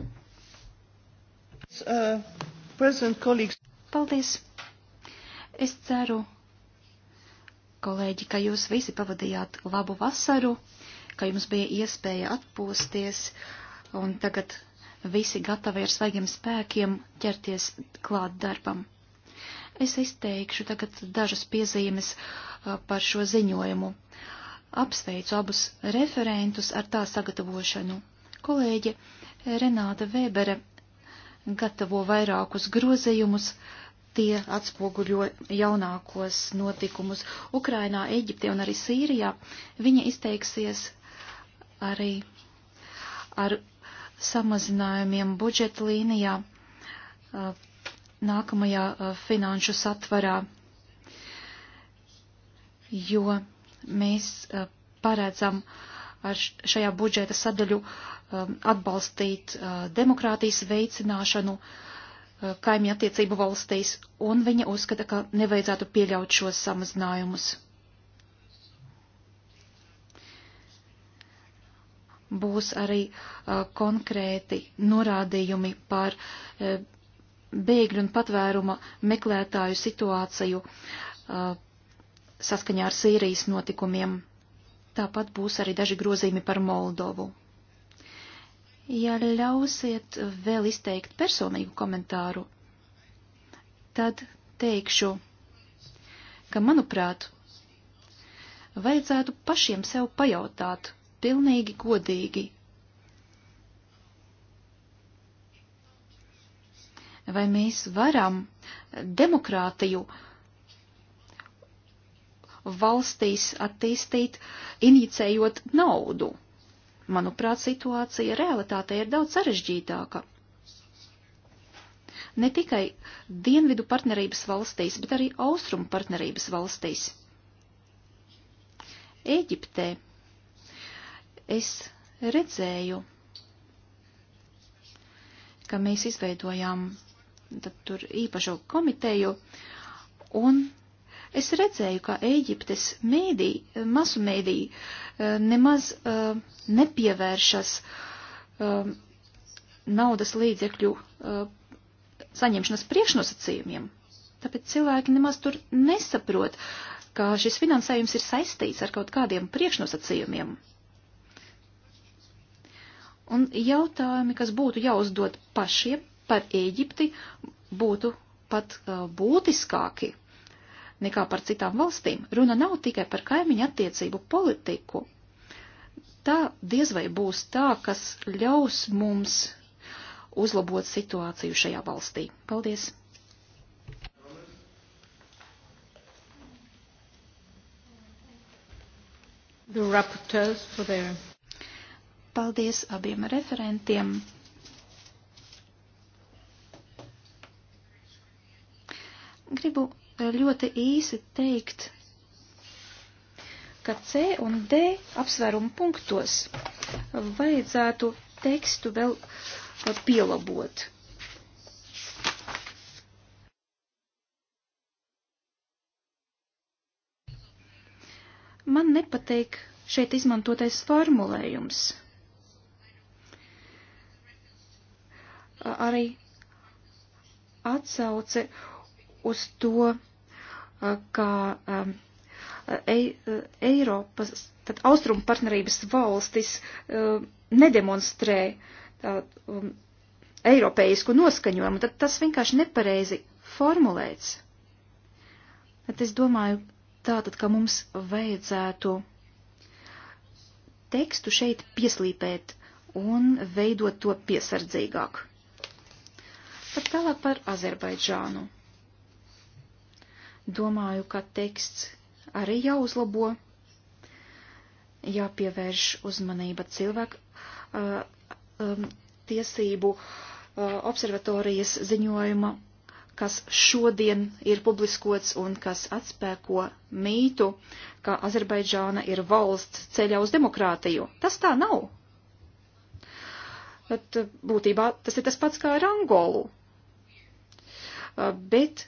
Uh, Paldies. Es ceru, kolēģi, ka jūs visi pavadījāt labu vasaru, ka jums bija iespēja atpūsties un tagad visi gatavi ar svaigiem spēkiem ķerties klāt darbam. Es izteikšu tagad dažas piezīmes uh, par šo ziņojumu. Uh, apsveicu abus referentus ar tā sagatavošanu. Kolēģe Renāta Vēbere gatavo vairākus grozējumus, tie atspoguļo jaunākos notikumus Ukrainā, Eģipte un arī Sīrijā. Viņa izteiksies arī ar samazinājumiem budžeta līnijā nākamajā finanšu satvarā, jo Mēs eh, paredzam ar šajā budžeta sadaļu eh, atbalstīt eh, demokrātijas veicināšanu kaimiņu attiecību valstīs, un viņa uzskata, ka nevajadzētu pieļaut šos samazinājumus. Būs arī uh, konkrēti norādījumi par uh, bēgļu un patvēruma meklētāju situāciju uh, saskaņā ar Sīrijas notikumiem. Tāpat būs arī daži grozījumi par Moldovu. Ja ļausiet vēl izteikt personīgu komentāru, tad teikšu, ka, manuprāt, vajadzētu pašiem sev pajautāt pilnīgi godīgi. Vai mēs varam demokrātiju uh, valstīs attīstīt, inicējot naudu. Manuprāt, situācija realitātē ir daudz sarežģītāka. Ne tikai dienvidu partnerības valstīs, bet arī austrumu partnerības valstīs. Ēģiptē es redzēju, ka mēs izveidojām tad tur īpašo komiteju, un Es redzēju, ka Ēģiptes mēdī, eh, masu mēdī eh, nemaz uh, nepievēršas uh, naudas līdzekļu uh, saņemšanas priekšnosacījumiem. Tāpēc cilvēki nemaz tur nesaprot, ka šis finansējums ir saistīts ar kaut kādiem priekšnosacījumiem. Un jautājumi, kas būtu jāuzdod pašiem par Ēģipti, būtu pat uh, būtiskāki nekā par citām valstīm. Runa nav tikai par kaimiņu attiecību politiku. Tā diez vai būs tā, kas ļaus mums uzlabot situāciju šajā valstī. Paldies!
Their...
Paldies abiem referentiem. Gribu ļoti īsi teikt, ka C un D apsvērumu punktos vajadzētu tekstu vēl pielabot. Man nepateik šeit izmantotais formulējums. Arī atsauce uz to ka Ei, Eiropas, tad austrumu partnerības valstis nedemonstrē tādu um, eiropeisku noskaņojumu, tad tas vienkārši nepareizi formulēts. Bet es domāju, tātad, ka mums vajadzētu tekstu šeit pieslīpēt un veidot to piesardzīgāk. Tad tālāk par Azerbaidžānu. Domāju, ka teksts arī jāuzlabo, jāpievērš uzmanība cilvēku uh, um, tiesību uh, observatorijas ziņojuma, kas šodien ir publiskots un kas atspēko mītu, ka Azerbaidžāna ir valsts ceļā uz demokrātiju. Tas tā nav. Bet uh, būtībā tas ir tas pats kā ar Angolu. Uh, bet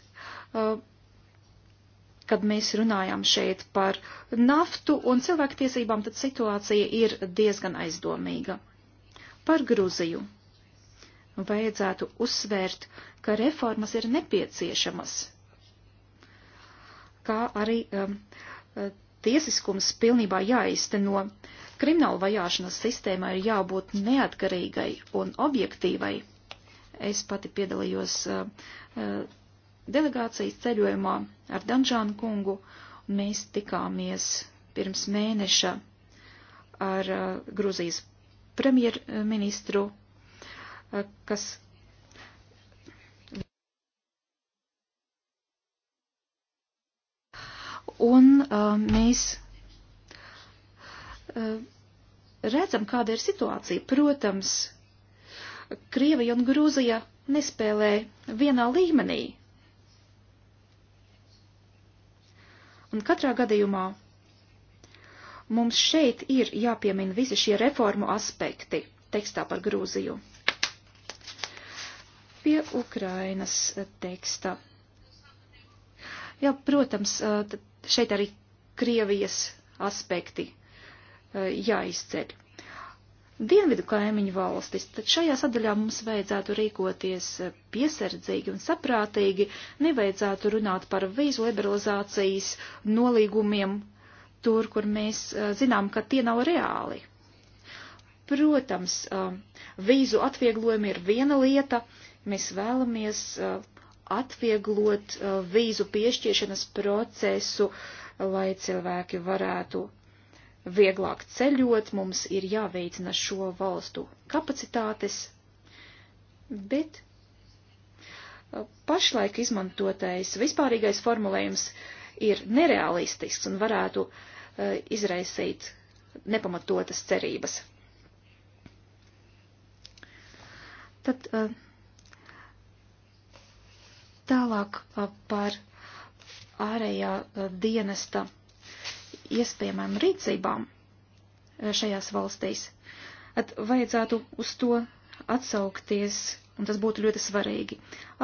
uh, Kad mēs runājam šeit par naftu un cilvēktiesībām, tad situācija ir diezgan aizdomīga. Par Gruziju. Vajadzētu uzsvērt, ka reformas ir nepieciešamas, kā arī um, tiesiskums pilnībā jāizteno. Krimināla vajāšanas sistēmā ir jābūt neatkarīgai un objektīvai. Es pati piedalījos uh, uh, delegācijas ceļojumā ar Danžānu kungu, un mēs tikāmies pirms mēneša ar uh, Gruzijas premjerministru, uh, kas. Un uh, mēs uh, redzam, kāda ir situācija. Protams, Krievija un Grūzija nespēlē vienā līmenī, Un katrā gadījumā mums šeit ir jāpiemina visi šie reformu aspekti tekstā par Grūziju. Pie Ukrainas teksta. Jā, protams, šeit arī Krievijas aspekti jāizceļ dienvidu kaimiņu valstis, tad šajā sadaļā mums vajadzētu rīkoties piesardzīgi un saprātīgi, nevajadzētu runāt par vīzu liberalizācijas nolīgumiem tur, kur mēs zinām, ka tie nav reāli. Protams, vīzu atvieglojumi ir viena lieta, mēs vēlamies atvieglot vīzu piešķiršanas procesu, lai cilvēki varētu vieglāk ceļot, mums ir jāveicina šo valstu kapacitātes, bet uh, pašlaik izmantotais vispārīgais formulējums ir nerealistisks un varētu uh, izraisīt nepamatotas cerības. Tad uh, tālāk uh, par ārējā uh, dienesta iespējamām rīcībām eh, šajās valstīs, tad vajadzētu uz to atsaukties, un tas būtu ļoti svarīgi.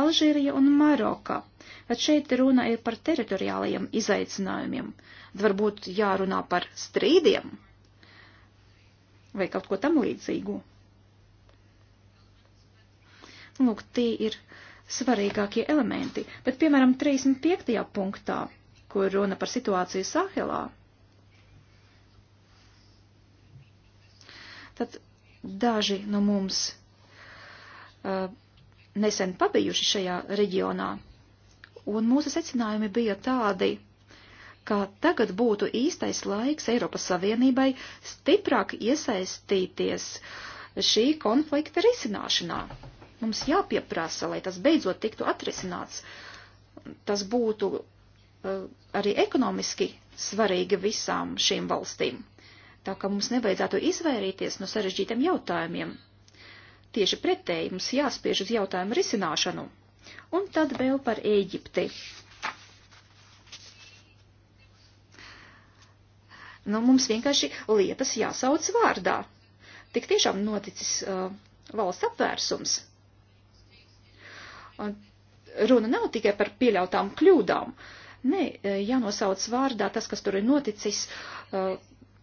Alžīrija un Maroka. Bet šeit runa ir par teritoriālajiem izaicinājumiem. Tad varbūt jārunā par strīdiem vai kaut ko tam līdzīgu. Lūk, tie ir svarīgākie elementi. Bet, piemēram, 35. punktā, kur runa par situāciju Sahelā, tad daži no mums uh, nesen pabijuši šajā reģionā, un mūsu secinājumi bija tādi, ka tagad būtu īstais laiks Eiropas Savienībai stiprāk iesaistīties šī konflikta risināšanā. Mums jāpieprasa, lai tas beidzot tiktu atrisināts. Tas būtu uh, arī ekonomiski svarīgi visām šīm valstīm tā ka mums nevajadzētu izvairīties no sarežģītiem jautājumiem. Tieši pretēji mums jāspiež uz jautājumu risināšanu. Un tad vēl par Ēģipti. Nu, mums vienkārši lietas jāsauc vārdā. Tik tiešām noticis uh, valsts apvērsums. Un runa nav tikai par pieļautām kļūdām. Nē, uh, jānosauc vārdā tas, kas tur ir noticis, uh,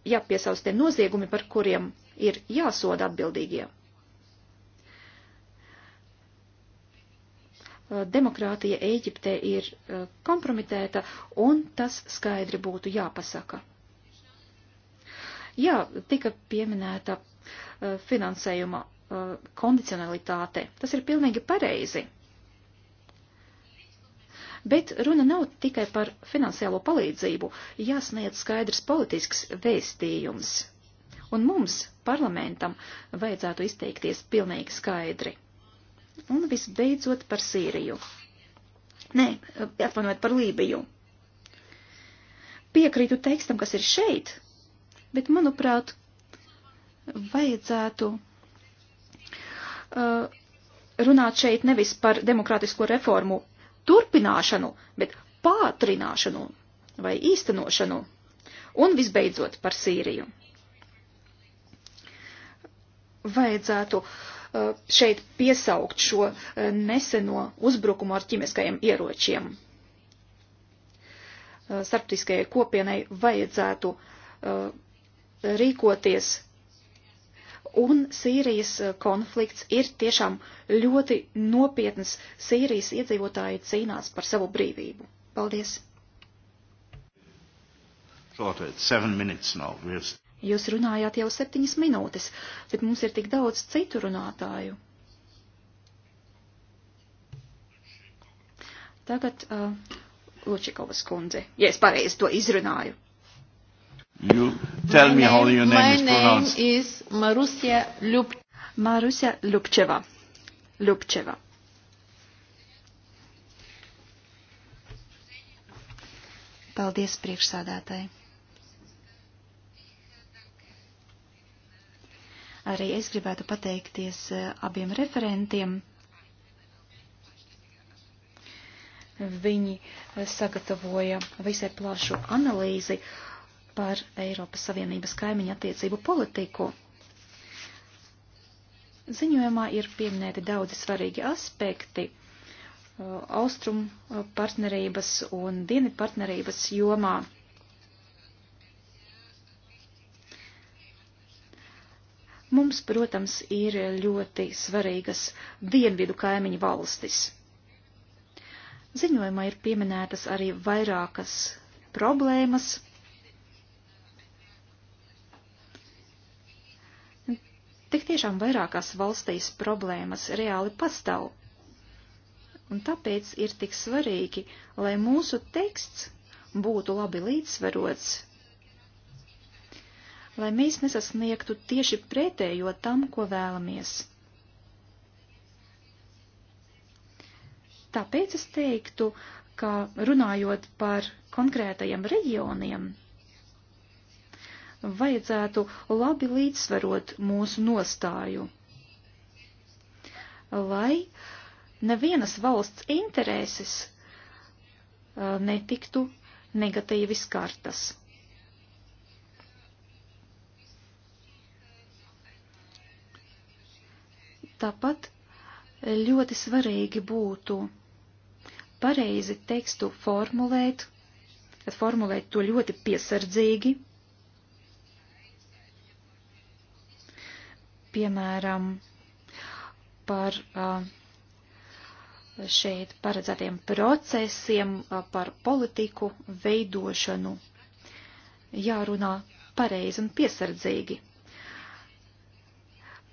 jāpiesauc tie noziegumi, par kuriem ir jāsoda atbildīgie. Eh, demokrātija Ēģiptē ir eh, kompromitēta, un tas skaidri būtu jāpasaka. Jā, tika pieminēta eh, finansējuma kondicionalitāte. Tas ir pilnīgi pareizi. Bet runa nav tikai par finansiālo palīdzību, jāsniedz skaidrs politisks vēstījums. Un mums, parlamentam, vajadzētu izteikties pilnīgi skaidri. Un visbeidzot par Sīriju. Nē, atvainojiet par Lībiju. Piekrītu tekstam, kas ir šeit, bet, manuprāt, vajadzētu uh, runāt šeit nevis par demokrātisko reformu turpināšanu, bet pātrināšanu vai īstenošanu. Un visbeidzot par Sīriju. Vajadzētu uh, šeit piesaukt šo uh, neseno uzbrukumu ar ķimiskajiem ieročiem. Uh, starptiskajai kopienai vajadzētu rīkoties Un Sīrijas eh, konflikts ir tiešām ļoti nopietnas. Sīrijas iedzīvotāji cīnās par savu brīvību. Paldies! Jūs runājāt jau septiņas minūtes, bet mums ir tik daudz citu runātāju. Tagad uh, Lučikovas kundze, ja es pareizi to izrunāju.
You tell my me how your name, my is pronounced.
My name is Marusia Lup Marusia Lupcheva. Lupcheva. Paldies priekšsādātāji. Arī es gribētu pateikties eh, abiem referentiem. Viņi sagatavoja visai plašu analīzi. Uh, par Eiropas Savienības kaimiņu attiecību politiku. Ziņojumā ir pieminēti daudzi svarīgi aspekti uh, austrum uh, partnerības un dienu partnerības jomā. Mums, protams, ir ļoti svarīgas dienvidu kaimiņu valstis. Ziņojumā ir pieminētas arī vairākas problēmas, Tik tiešām vairākās valstīs problēmas reāli pastāv. Un tāpēc ir tik svarīgi, lai mūsu teksts būtu labi līdzsvarots, lai mēs nesasniegtu tieši pretējo tam, ko vēlamies. Tāpēc es teiktu, ka runājot par konkrētajiem reģioniem, vajadzētu labi līdzsvarot mūsu nostāju, lai nevienas valsts intereses uh, netiktu negatīvi skartas. Tāpat ļoti svarīgi būtu pareizi tekstu formulēt, formulēt to ļoti piesardzīgi, piemēram, par šeit paredzētiem procesiem, par politiku veidošanu. Jārunā pareizi un piesardzīgi.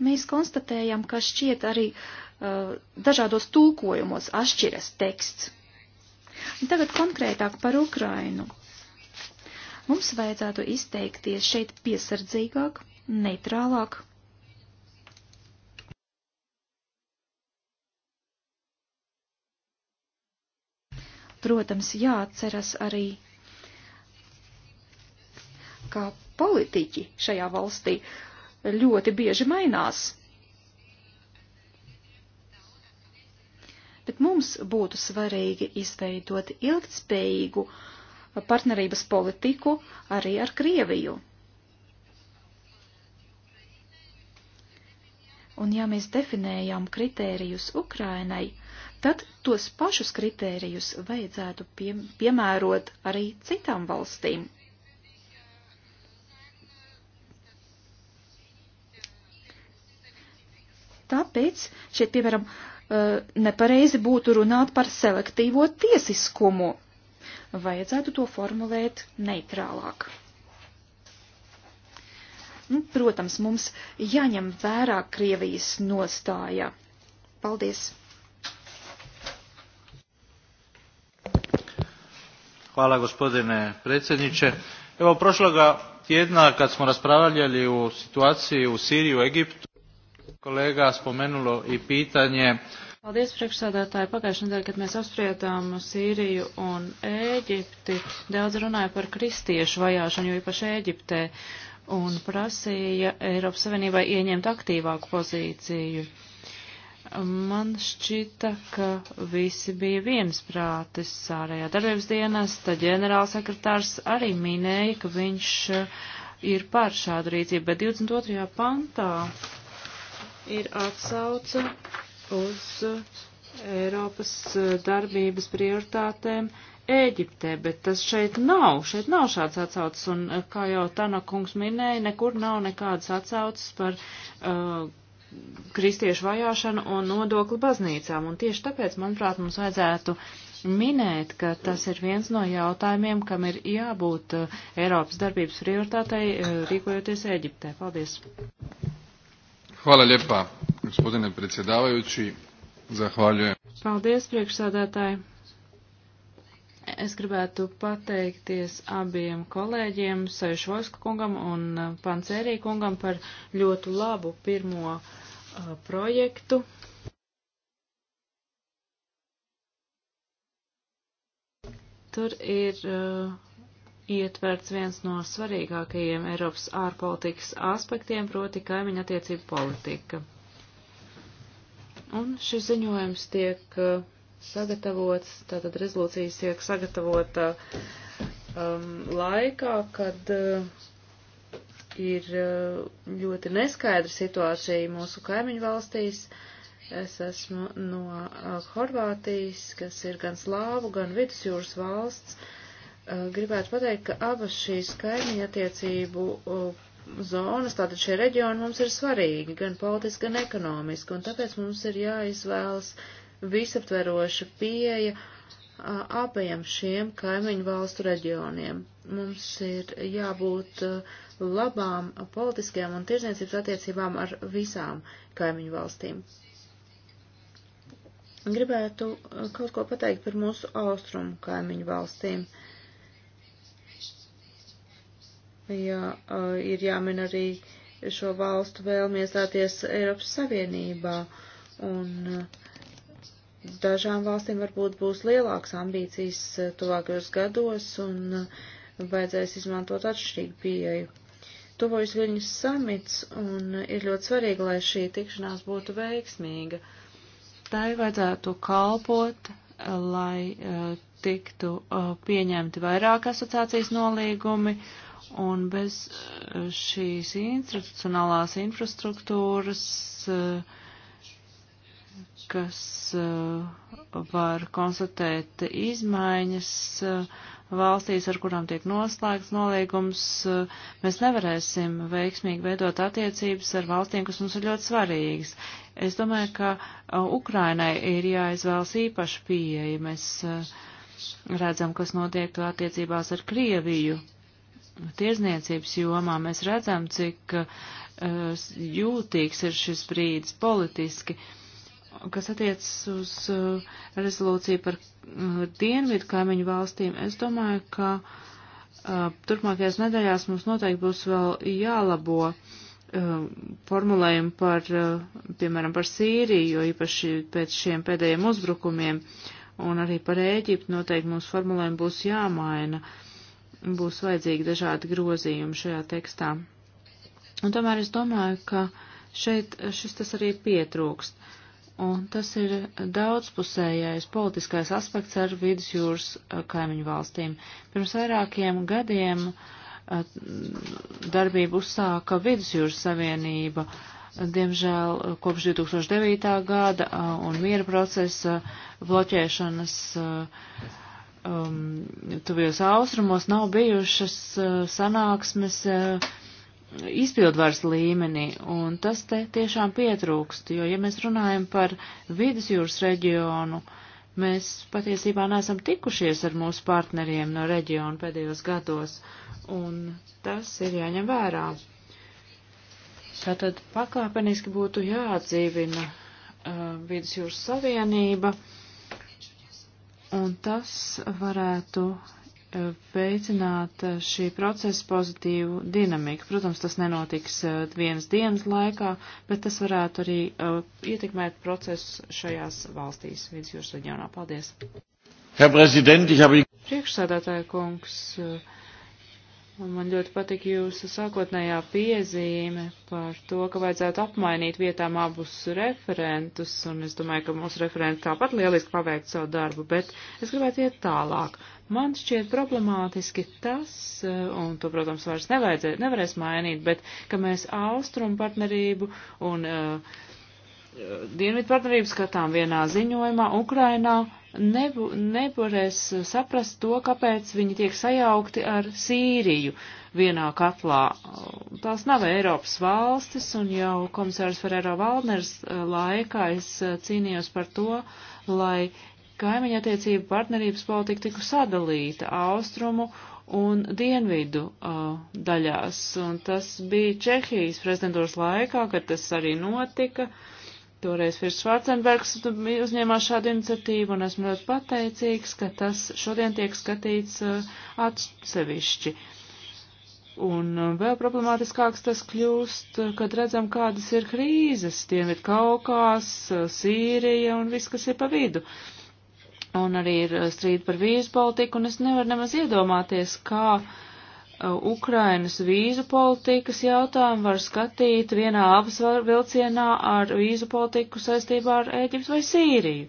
Mēs konstatējam, ka šķiet arī uh, dažādos tulkojumos atšķiras teksts. Un tagad konkrētāk par Ukrainu. Mums vajadzētu izteikties šeit piesardzīgāk, neitrālāk Protams, jāatceras arī, ka politiķi šajā valstī ļoti bieži mainās. Bet mums būtu svarīgi izveidot ilgtspējīgu partnerības politiku arī ar Krieviju. Un ja mēs definējam kritērijus Ukrainai, tad tos pašus kritērijus vajadzētu pie, piemērot arī citām valstīm. Tāpēc šeit, piemēram, uh, nepareizi būtu runāt par selektīvo tiesiskumu. Vajadzētu to formulēt neitrālāk. Nu, protams, mums jāņem vērā Krievijas nostāja. Paldies!
Hvala gospodine predsjedniče. Evo prošloga tjedna kad smo raspravljali o situaciji u Siriji, u Egiptu, kolēģa spomenulo i pitanje.
Paldies, priekšsādātāji. Pagājušajā nedēļā, kad mēs apspriedām Sīriju un Ēģipti, daudz runāja par kristiešu vajāšanu, jo īpaši Ēģiptē, un prasīja Eiropas Savienībai ieņemt aktīvāku pozīciju. Man šķita, ka visi bija viensprātis. Ārējā darbības dienesta ģenerālsekretārs arī minēja, ka viņš eh, ir par šādu rīcību, bet 22. pantā ir atsauce uz eh, Eiropas eh, darbības prioritātēm Ēģiptē, bet tas šeit nav, šeit nav šāds atsaucis, un kā jau Tana kungs minēja, nekur nav nekādas atsaucis par uh, kristiešu vajāšanu un nodokli baznīcām. Un tieši tāpēc, manuprāt, mums vajadzētu minēt, ka tas ir viens no jautājumiem, kam ir jābūt eh, Eiropas darbības prioritātei eh, rīkojoties Eģiptē. Paldies!
Hvala lijepa, gospodine predsjedavajući. Zahvaljujem.
Paldies, priekšsādātāji. Es gribētu pateikties abiem kolēģiem, Sejušvosku kungam un eh, Pancerī kungam par ļoti labu pirmo Uh, projektu. Tur ir uh, ietverts viens no svarīgākajiem Eiropas ārpolitikas aspektiem, proti kaimiņa attiecību politika. Un šis ziņojums tiek uh, sagatavots, tātad rezolūcijas tiek sagatavota um, laikā, kad uh, ir eh, ļoti neskaidra situācija mūsu kaimiņu valstīs. Es esmu no eh, Horvātijas, kas ir gan Slāvu, gan Vidusjūras valsts. Eh, gribētu pateikt, ka abas šīs kaimiņu attiecību zonas, tātad šie reģioni mums ir svarīgi, gan politiski, gan ekonomiski, un tāpēc mums ir jāizvēlas visaptveroša pieeja abiem šiem kaimiņu valstu reģioniem. Mums ir jābūt uh, labām politiskajām un tirzniecības attiecībām ar visām kaimiņu valstīm. Gribētu uh, kaut ko pateikt par mūsu austrumu kaimiņu valstīm. Jā, uh, ir jāmin arī šo valstu vēlmi iestāties Eiropas Savienībā, un uh, dažām valstīm varbūt būs lielākas ambīcijas tuvākajos gados, un vajadzēs izmantot atšķirīgu pieeju tuvojas viņas samits, un ir ļoti svarīgi, lai šī tikšanās būtu veiksmīga. Tai vajadzētu kalpot, lai uh, tiktu uh, pieņemti vairāk asociācijas nolīgumi, un bez uh, šīs institucionālās infrastruktūras, kas var konstatēt izmaiņas, valstīs, ar kurām tiek noslēgts nolīgums, mēs nevarēsim veiksmīgi veidot attiecības ar valstīm, kas mums ir ļoti svarīgas. Es domāju, ka Ukrainai ir jāizvēlas īpaša pieeja. Mēs redzam, kas notiek attiecībās ar Krieviju. Tirzniecības jomā mēs redzam, cik jūtīgs ir šis brīdis politiski. Uh, kas attiecas uz uh, rezolūciju par uh, dienvidu kaimiņu valstīm, es domāju, ka uh, turpmākajās nedēļās mums noteikti būs vēl jālabo formulējumi par, piemēram, par Sīriju, jo īpaši pēc šiem pēdējiem uzbrukumiem un arī par Ēģiptu noteikti mums formulējumi būs jāmaina, būs vajadzīgi dažādi grozījumi šajā tekstā. Un tomēr es domāju, ka šeit šis tas arī pietrūkst. Uh, un tas ir daudzpusējais politiskais aspekts ar vidusjūras kaimiņu valstīm. Pirms vairākiem gadiem darbību uzsāka Vidusjūras Savienība. Diemžēl kopš 2009. gada un miera procesa bloķēšanas um, tuvijos austrumos nav bijušas sanāksmes uh, izpildvaras līmenī, un tas te tiešām pietrūkst, jo, ja mēs runājam par vidus jūras reģionu, mēs patiesībā neesam tikušies ar mūsu partneriem no reģiona pēdējos gados, un tas ir jāņem vērā. Tātad pakāpeniski būtu jāatdzīvina uh, vidus jūras savienība, un tas varētu veicināt eh, šī procesa pozitīvu dinamiku. Protams, tas nenotiks eh, vienas dienas laikā, bet tas varētu arī eh, ietekmēt procesus šajās valstīs, vidusjūras reģionā. Paldies!
Habe...
Priekšsādātāja kungs, man ļoti patika jūsu sākotnējā piezīme par to, ka vajadzētu apmainīt vietām abus referentus, un es domāju, ka mūsu referenti tāpat lieliski paveikt savu darbu, bet es gribētu iet tālāk Man šķiet problemātiski tas, eh, un to, protams, vairs nevarēs mainīt, bet ka mēs austrumu partnerību un uh, dienvidu partnerību skatām vienā ziņojumā, Ukrainā nebu, nevarēs saprast to, kāpēc viņi tiek sajaukti ar Sīriju vienā katlā. Tās nav Eiropas valstis, un jau komisārs Ferrero Valners laikā es cīnījos par to, lai kaimiņa attiecību partnerības politika tiku sadalīta austrumu un dienvidu uh, daļās. Un tas bija Čehijas prezidentūras laikā, kad tas arī notika. Toreiz Firs Schwarzenbergs uzņēmās šādu iniciatīvu, un esmu ļoti pateicīgs, ka tas šodien tiek skatīts uh, atsevišķi. Un uh, vēl problemātiskāks tas kļūst, uh, kad redzam, kādas ir krīzes, tiem ir Kaukās, uh, Sīrija un viss, kas ir pa vidu. Uh, un arī ir uh, strīdi par vīzu politiku, un es nevaru nemaz iedomāties, kā uh, Ukrainas vīzu politikas jautājumu var skatīt vienā abas vilcienā ar vīzu politiku saistībā ar Ēģiptu vai Sīriju.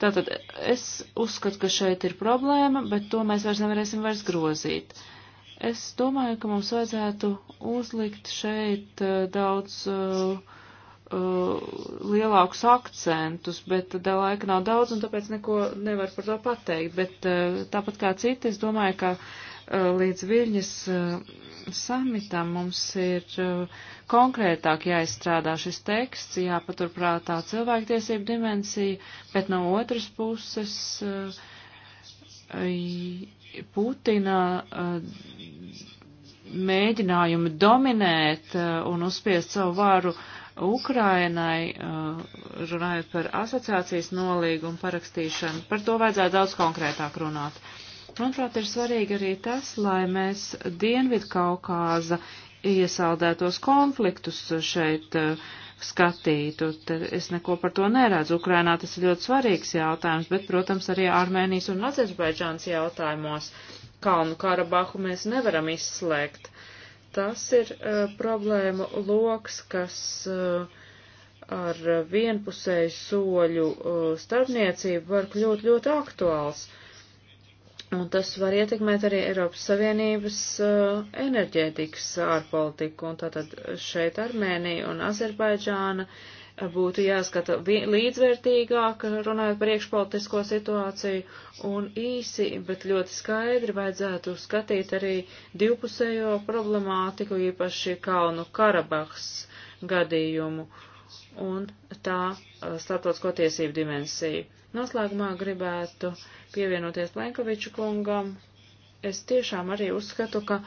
Tātad es uzskatu, ka šeit ir problēma, bet to mēs vairs nevarēsim vairs grozīt. Es domāju, ka mums vajadzētu uzlikt šeit uh, daudz uh, uh, lielākus akcentus, bet tā laika nav daudz un tāpēc neko nevar par to pateikt. Bet uh, tāpat kā citi, es domāju, ka uh, līdz Viļņas uh, samitam mums ir uh, konkrētāk jāizstrādā šis teksts, jāpaturprātā cilvēktiesību dimensija, bet no otras puses. Uh, Putina uh, mēģinājumi dominēt uh, un uzspiest savu varu uh, Ukrainai, uh, runājot par asociācijas nolīgumu parakstīšanu, par to vajadzētu daudz konkrētāk runāt. Manuprāt, ir svarīgi arī tas, lai mēs Dienvidu Kaukāza iesaldētos konfliktus šeit uh, skatītu. Te es neko par to neredzu. Ukrainā tas ir ļoti svarīgs jautājums, bet, protams, arī Armēnijas un Azerbaidžāns jautājumos Kalnu Karabahu mēs nevaram izslēgt tas ir uh, problēma loks, kas uh, ar vienpusēju soļu uh, starpniecību var kļūt ļoti aktuāls. Un tas var ietekmēt arī Eiropas Savienības uh, enerģētikas ārpolitiku, un tātad šeit Armēnija un Azerbaidžāna uh, būtu jāskata līdzvērtīgāk, runājot par iekšpolitisko situāciju, un īsi, bet ļoti skaidri vajadzētu skatīt arī divpusējo problemātiku, īpaši Kalnu Karabahs gadījumu un tā uh, starptautisko tiesību dimensiju. Noslēgumā gribētu pievienoties Plenkoviču kungam. Es tiešām arī uzskatu, ka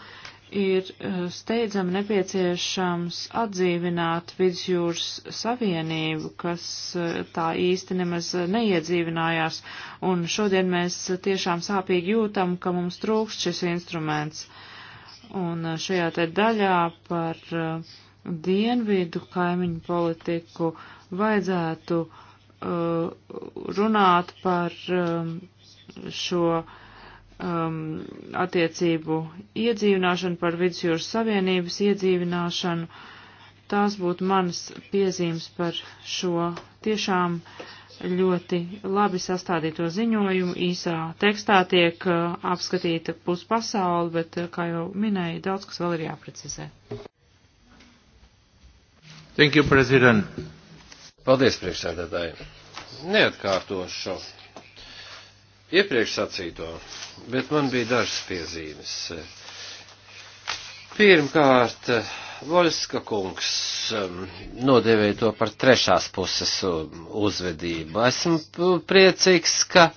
ir eh, steidzami nepieciešams atdzīvināt vidusjūras savienību, kas eh, tā īsti nemaz eh, neiedzīvinājās, un šodien mēs tiešām sāpīgi jūtam, ka mums trūkst šis instruments. Un šajā te daļā par dienvidu kaimiņu politiku vajadzētu uh, runāt par um, šo uh, um, attiecību iedzīvināšanu, par vidusjūras savienības iedzīvināšanu. Tās būtu manas piezīmes par šo tiešām ļoti labi sastādīto ziņojumu. Īsā tekstā tiek uh, apskatīta puspasauli, bet, uh, kā jau minēju, daudz kas vēl ir jāprecizē.
Thank you, President. Paldies, priekšsēdētāji. Neatkārtošu iepriekš sacīto, bet man bija dažas piezīmes. Pirmkārt, Voļska kungs um, nodevēja to par trešās puses um, uzvedību. Esmu priecīgs, ka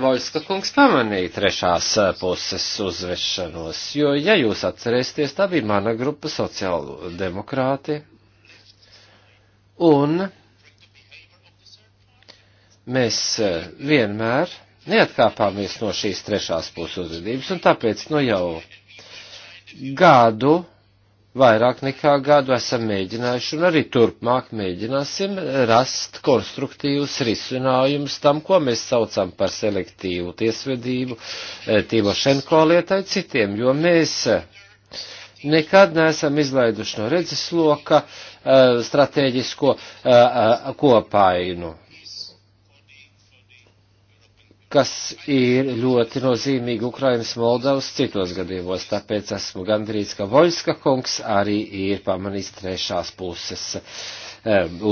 Voļska kungs pamanīja trešās uh, puses uzvešanos, jo, ja jūs atcerēsieties, tā bija mana grupa sociāla demokrāti. Un Mēs e, vienmēr neatkāpāmies no šīs trešās puses uzvedības, un tāpēc nu jau gadu, vairāk nekā gadu esam mēģinājuši, un arī turpmāk mēģināsim rast konstruktīvus risinājumus tam, ko mēs saucam par selektīvu tiesvedību e, Timošenko lietai citiem, jo mēs e, nekad neesam izlaiduši no redzes loka uh, stratēģisko uh, uh, kopainu kas ir ļoti nozīmīgi Ukrainas Moldavas citos gadījumos, tāpēc esmu gandrīz, ka Voļska kungs arī ir pamanījis trešās puses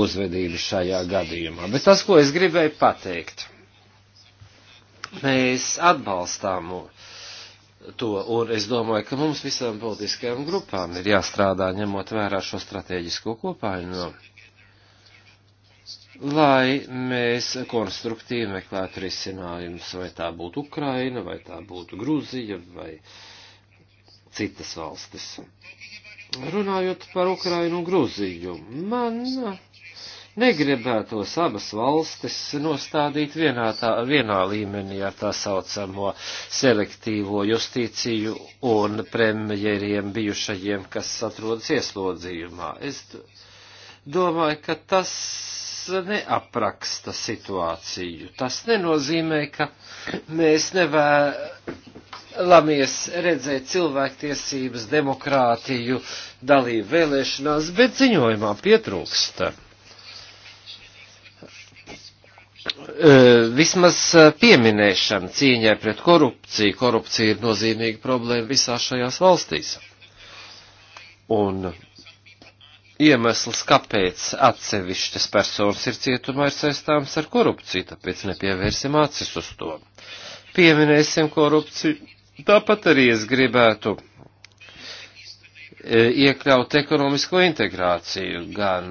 uzvedību šajā gadījumā. Bet tas, ko es gribēju pateikt, mēs atbalstām to, un es domāju, ka mums visām politiskajām grupām ir jāstrādā ņemot vērā šo strateģisko kopājumu. No lai mēs konstruktīvi meklētu risinājumus, vai tā būtu Ukraina, vai tā būtu Grūzija, vai citas valstis. Runājot par Ukrainu un Grūziju, man negribētos abas valstis nostādīt vienā, tā, vienā līmenī ar tā saucamo selektīvo justīciju un premjeriem bijušajiem, kas atrodas ieslodzījumā. Es domāju, ka tas neapraksta situāciju. Tas nenozīmē, ka mēs nevēlamies redzēt cilvēktiesības, demokrātiju, dalību vēlēšanās, bet ziņojumā pietrūksta. E, vismaz pieminēšana cīņai pret korupciju. Korupcija ir nozīmīga problēma visās šajās valstīs. Un iemesls, kāpēc atsevišķas personas ir cietumā, ir saistāms ar korupciju, tāpēc nepievērsim acis uz to. Pieminēsim korupciju, tāpat arī es gribētu e, iekļaut ekonomisko integrāciju gan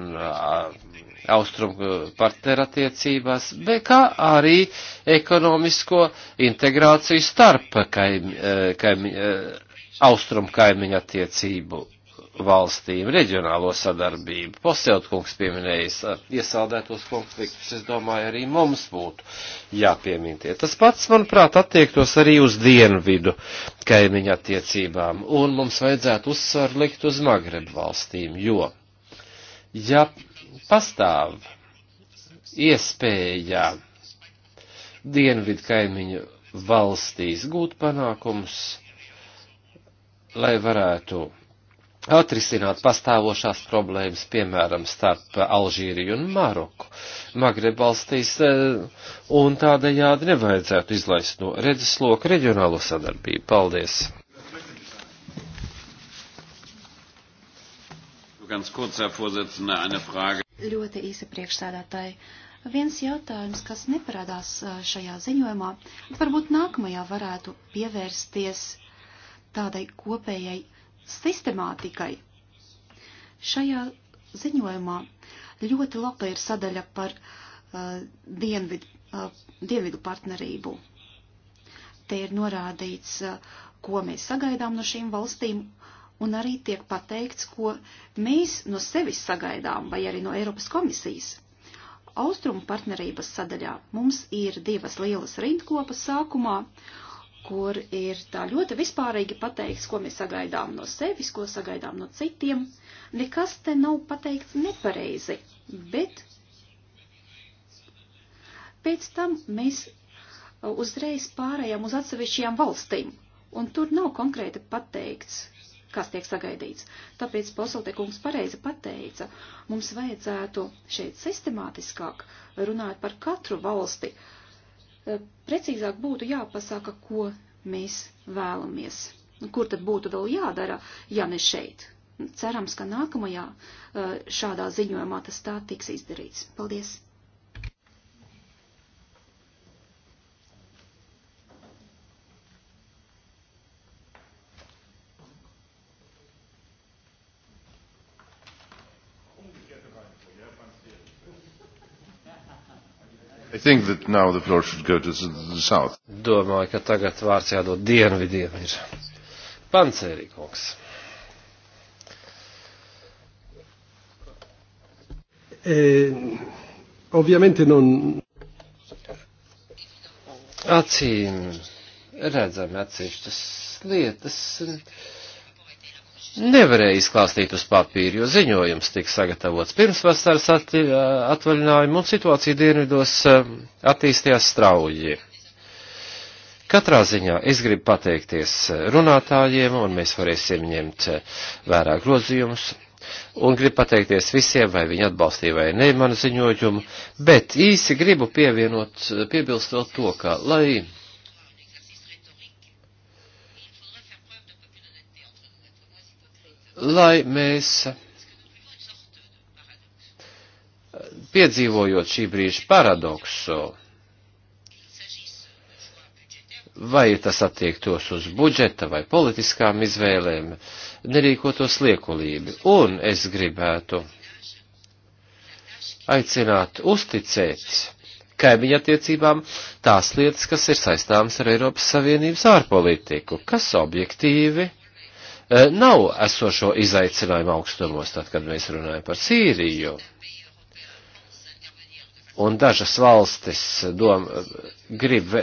austrumu partnerattiecībās, bet kā arī ekonomisko integrāciju starp kaim, e, kaim, e, austrumu kaimiņu attiecību valstīm, reģionālo sadarbību. Poseutkungs pieminēja iesaldētos konfliktus, es domāju, arī mums būtu jāpiemintie. Tas pats, manuprāt, attiektos arī uz dienvidu kaimiņa attiecībām, un mums vajadzētu uzsvaru likt uz Magrebu valstīm, jo, ja pastāv iespēja dienvidu kaimiņu valstīs gūt panākumus, lai varētu atrisināt pastāvošās problēmas, piemēram, starp Alžīriju un Maroku, Magreba valstīs, eh, un tādējādi nevajadzētu izlaist no redzesloka reģionālo sadarbību. Paldies!
Ļoti īsa priekšsēdētāji. Viens jautājums, kas neparādās eh, šajā ziņojumā, bet varbūt nākamajā varētu pievērsties tādai kopējai sistemātikai. Šajā ziņojumā ļoti laba ir sadaļa par uh, dienvidu, uh, dienvidu partnerību. Te ir norādīts, uh, ko mēs sagaidām no šīm valstīm, un arī tiek pateikts, ko mēs no sevis sagaidām, vai arī no Eiropas komisijas. Austrumu partnerības sadaļā mums ir divas lielas rindkopas sākumā, kur ir tā ļoti vispārīgi pateikts, ko mēs sagaidām no sevis, ko sagaidām no citiem. Nekas te nav pateikts nepareizi, bet pēc tam mēs uh, uzreiz pārējām uz atsevišķajām valstīm, un tur nav konkrēti pateikts, kas tiek sagaidīts. Tāpēc Posaltekungs pareizi pateica, mums vajadzētu šeit sistemātiskāk runāt par katru valsti, uh, Eh, precīzāk būtu jāpasaka, ko mēs vēlamies. Kur tad būtu vēl jādara, ja ne šeit? Cerams, ka nākamajā eh, šādā ziņojumā tas tā tiks izdarīts. Paldies!
Domāju, ka tagad vārds jādod dienvidiem ir. Pancērīkungs. Eh, ovviamente non. Acīm redzam atsevišķas lietas. Un nevarēja izklāstīt uz papīru, jo ziņojums tika sagatavots pirms vasaras atvaļinājuma un situācija dienvidos attīstījās strauji. Katrā ziņā es gribu pateikties runātājiem, un mēs varēsim ņemt vērā grozījumus, un gribu pateikties visiem, vai viņi atbalstīja vai ne manu ziņojumu, bet īsi gribu pievienot, piebilst vēl to, ka, lai lai mēs piedzīvojot šī brīža paradoksu, vai tas attiektos uz budžeta vai politiskām izvēlēm, nerīkotos liekulību. Un es gribētu aicināt uzticēt kaimiņa attiecībām tās lietas, kas ir saistāmas ar Eiropas Savienības ārpolitiku, kas objektīvi Eh, nav esošo izaicinājumu augstumos, tad, kad mēs runājam par Sīriju. Un dažas valstis dom, grib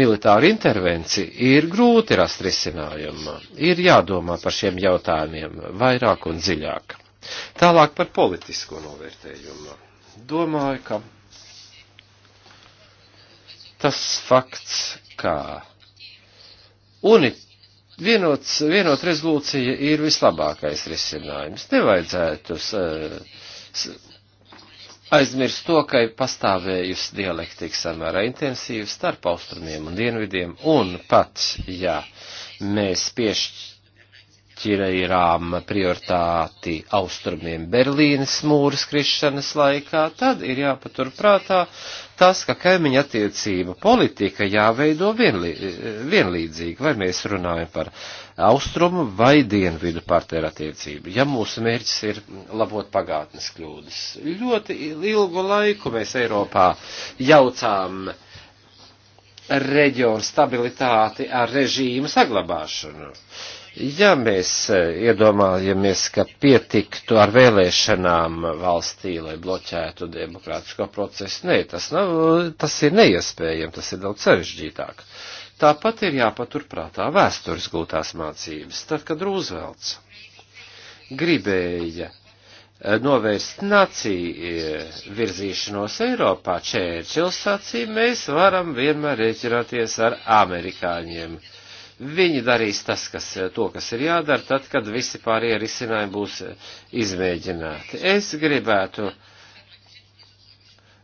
militāru intervenciju, ir grūti rast risinājumu. Ir jādomā par šiem jautājumiem vairāk un dziļāk. Tālāk par politisko novērtējumu. Domāju, ka tas fakts, kā unit Vienots, vienot rezolūcija ir vislabākais risinājums. Nevajadzētu aizmirst to, ka ir pastāvējusi dialektika samērā intensīva starp austrumiem un dienvidiem, un pat, ja mēs piešķiram piešķirām prioritāti austrumiem Berlīnes mūras krišanas laikā, tad ir jāpaturprātā tas, ka kaimiņa attiecība politika jāveido vienlī, vienlīdzīgi, vai mēs runājam par austrumu vai dienvidu partneru attiecību, ja mūsu mērķis ir labot pagātnes kļūdas. Ļoti ilgu laiku mēs Eiropā jaucām reģionu stabilitāti ar režīmu saglabāšanu. Uh, Ja mēs e, iedomājamies, ka pietiktu ar vēlēšanām valstī, lai bloķētu demokrātisko procesu, nē, tas, nav, tas ir neiespējami, tas ir daudz sarežģītāk. Tāpat ir jāpaturprātā vēstures gūtās mācības, tad, kad Rūzvelts gribēja e, novērst nāciju e, virzīšanos Eiropā, Čērčils sacīja, mēs varam vienmēr rēķināties ar amerikāņiem. Viņi darīs tas, kas, to, kas ir jādara, tad, kad visi pārējie risinājumi būs izmēģināti. Es gribētu,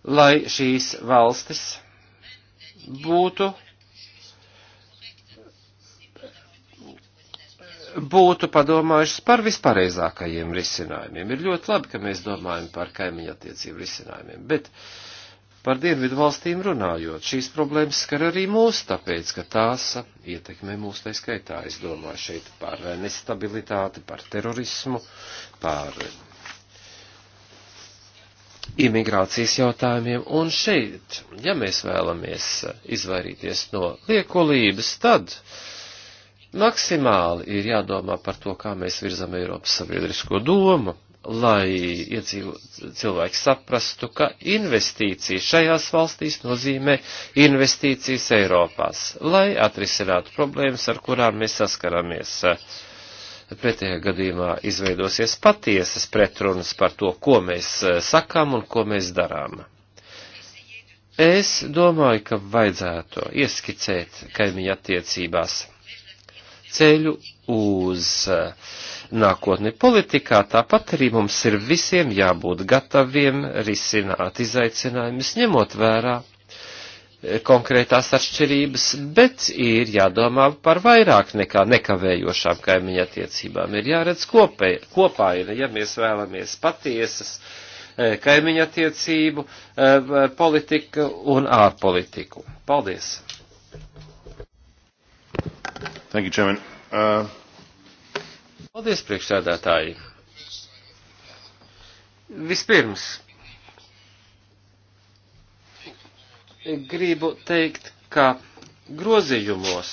lai šīs valstis būtu, būtu padomājušas par vispareizākajiem risinājumiem. Ir ļoti labi, ka mēs domājam par kaimiņu attiecību risinājumiem, bet uh, Par dienvidu valstīm runājot, šīs problēmas skar arī mūs, tāpēc, ka tās ietekmē mūs tai skaitā. Es domāju šeit par nestabilitāti, par terorismu, par imigrācijas jautājumiem, un šeit, ja mēs vēlamies izvairīties no liekolības, tad maksimāli ir jādomā par to, kā mēs virzam Eiropas sabiedrisko domu, lai cilvēki saprastu, ka investīcija šajās valstīs nozīmē investīcijas Eiropās, lai atrisinātu problēmas, ar kurām mēs saskaramies. Pretējā gadījumā izveidosies patiesas pretrunas par to, ko mēs eh, sakām un ko mēs darām. Es domāju, ka vajadzētu ieskicēt kaimiņa attiecībās ceļu uz uh, nākotni politikā, tāpat arī mums ir visiem jābūt gataviem risināt izaicinājumus, ņemot vērā e, konkrētās atšķirības, bet ir jādomā par vairāk nekā nekavējošām kaimiņa attiecībām. Ir jāredz kopē, kopā, ja mēs vēlamies patiesas e, kaimiņa attiecību e, politiku un ārpolitiku. Paldies! Thank you, Chairman. Uh... Paldies, priekšsēdētāji. Vispirms gribu teikt, ka grozījumos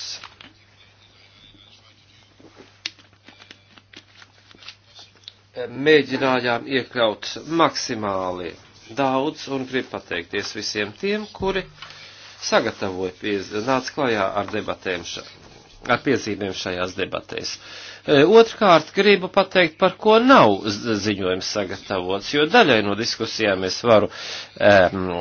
mēģinājām iekļaut maksimāli daudz un gribu pateikties visiem tiem, kuri sagatavoja, nāca klajā ar debatēm ar piezīmēm šajās debatēs. E, otrkārt, gribu pateikt, par ko nav ziņojums sagatavots, jo daļai no diskusijām es varu um,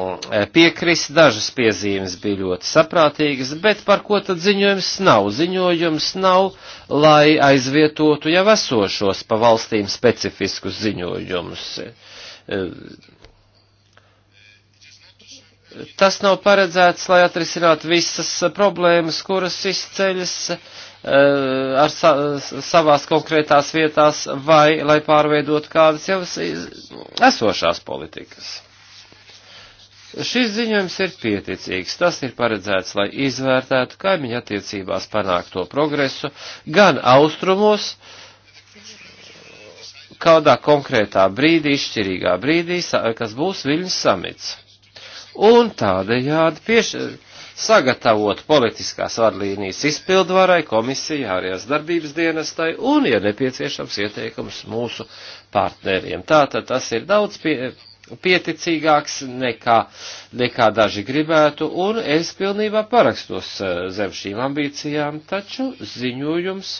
piekrist, dažas piezīmes bija ļoti saprātīgas, bet par ko tad ziņojums nav? Ziņojums nav, lai aizvietotu jau esošos pa valstīm specifiskus ziņojumus. Um, tas nav paredzēts, lai atrisinātu visas problēmas, kuras izceļas eh, ar sa savās konkrētās vietās vai lai pārveidot kādas jau esošās politikas. Šis ziņojums ir pieticīgs, tas ir paredzēts, lai izvērtētu kaimiņa attiecībās panākto progresu gan austrumos, kādā konkrētā brīdī, izšķirīgā brīdī, kas būs Viļņas samits un tādējādi pieš sagatavot politiskās vadlīnijas izpildvarai, komisijai, ārējās darbības dienestai un, ja nepieciešams, ieteikums mūsu partneriem. Tātad tas ir daudz pie, pieticīgāks nekā, nekā daži gribētu, un es pilnībā parakstos eh, zem šīm ambīcijām, taču ziņojums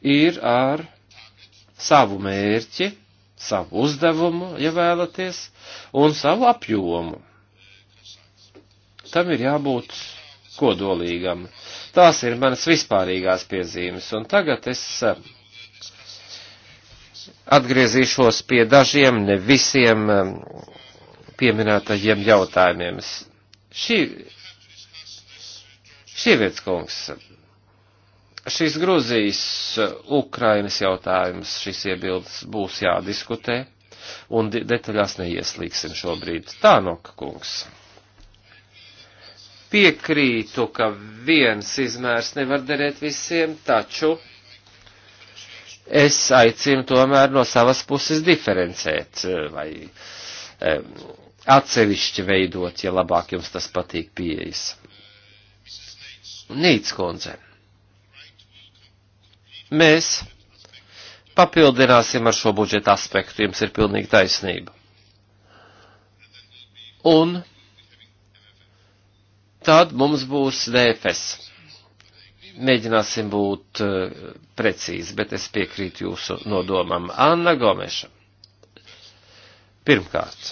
ir ar savu mērķi savu uzdevumu, ja vēlaties, un savu apjomu. Tam ir jābūt kodolīgam. Tās ir manas vispārīgās piezīmes, un tagad es eh, atgriezīšos pie dažiem, ne visiem eh, pieminētajiem jautājumiem. Šī, šī vietas kungs, šis Gruzijas uh, Ukrainas jautājums, šis iebildes būs jādiskutē, un detaļās neieslīgsim šobrīd. Tānok kungs. Piekrītu, ka viens izmērs nevar derēt visiem, taču es aicinu tomēr no savas puses diferencēt uh, vai atsevišķi veidot, ja labāk jums tas patīk pieejas. Nīc koncerts mēs papildināsim ar šo budžeta aspektu, jums ir pilnīgi taisnība. Un tad mums būs DFS. Mēģināsim būt eh, precīzi, bet es piekrītu jūsu nodomam. Anna Gomeša. Pirmkārt,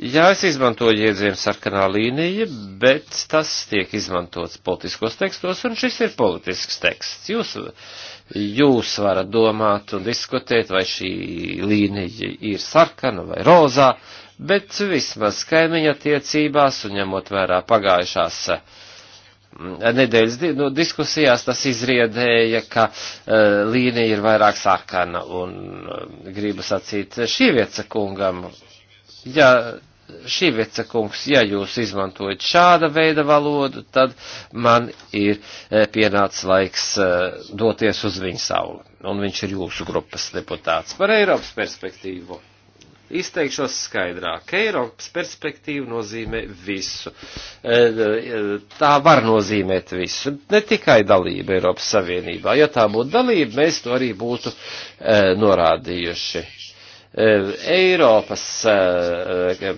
Jā, es izmantoju jēdzienu sarkanā līnija, bet tas tiek izmantots politiskos tekstos, un šis ir politisks teksts. Jūs, jūs varat domāt un diskutēt, vai šī līnija ir sarkana vai rozā, bet vismaz kaimiņa tiecībās un ņemot vērā pagājušās mm, nedēļas nu, diskusijās tas izriedēja, ka uh, līnija ir vairāk sarkana un uh, gribu sacīt šī vieca kungam. Ja šī veca kungs, ja jūs izmantojat šāda veida valodu, tad man ir e, pienācis laiks e, doties uz viņa sauli. Un viņš ir jūsu grupas deputāts par Eiropas perspektīvu. Izteikšos skaidrāk. Eiropas perspektīva nozīmē visu. E, tā var nozīmēt visu. Ne tikai dalība Eiropas Savienībā. Ja tā būtu dalība, mēs to arī būtu norādījuši Eh, Eiropas eh,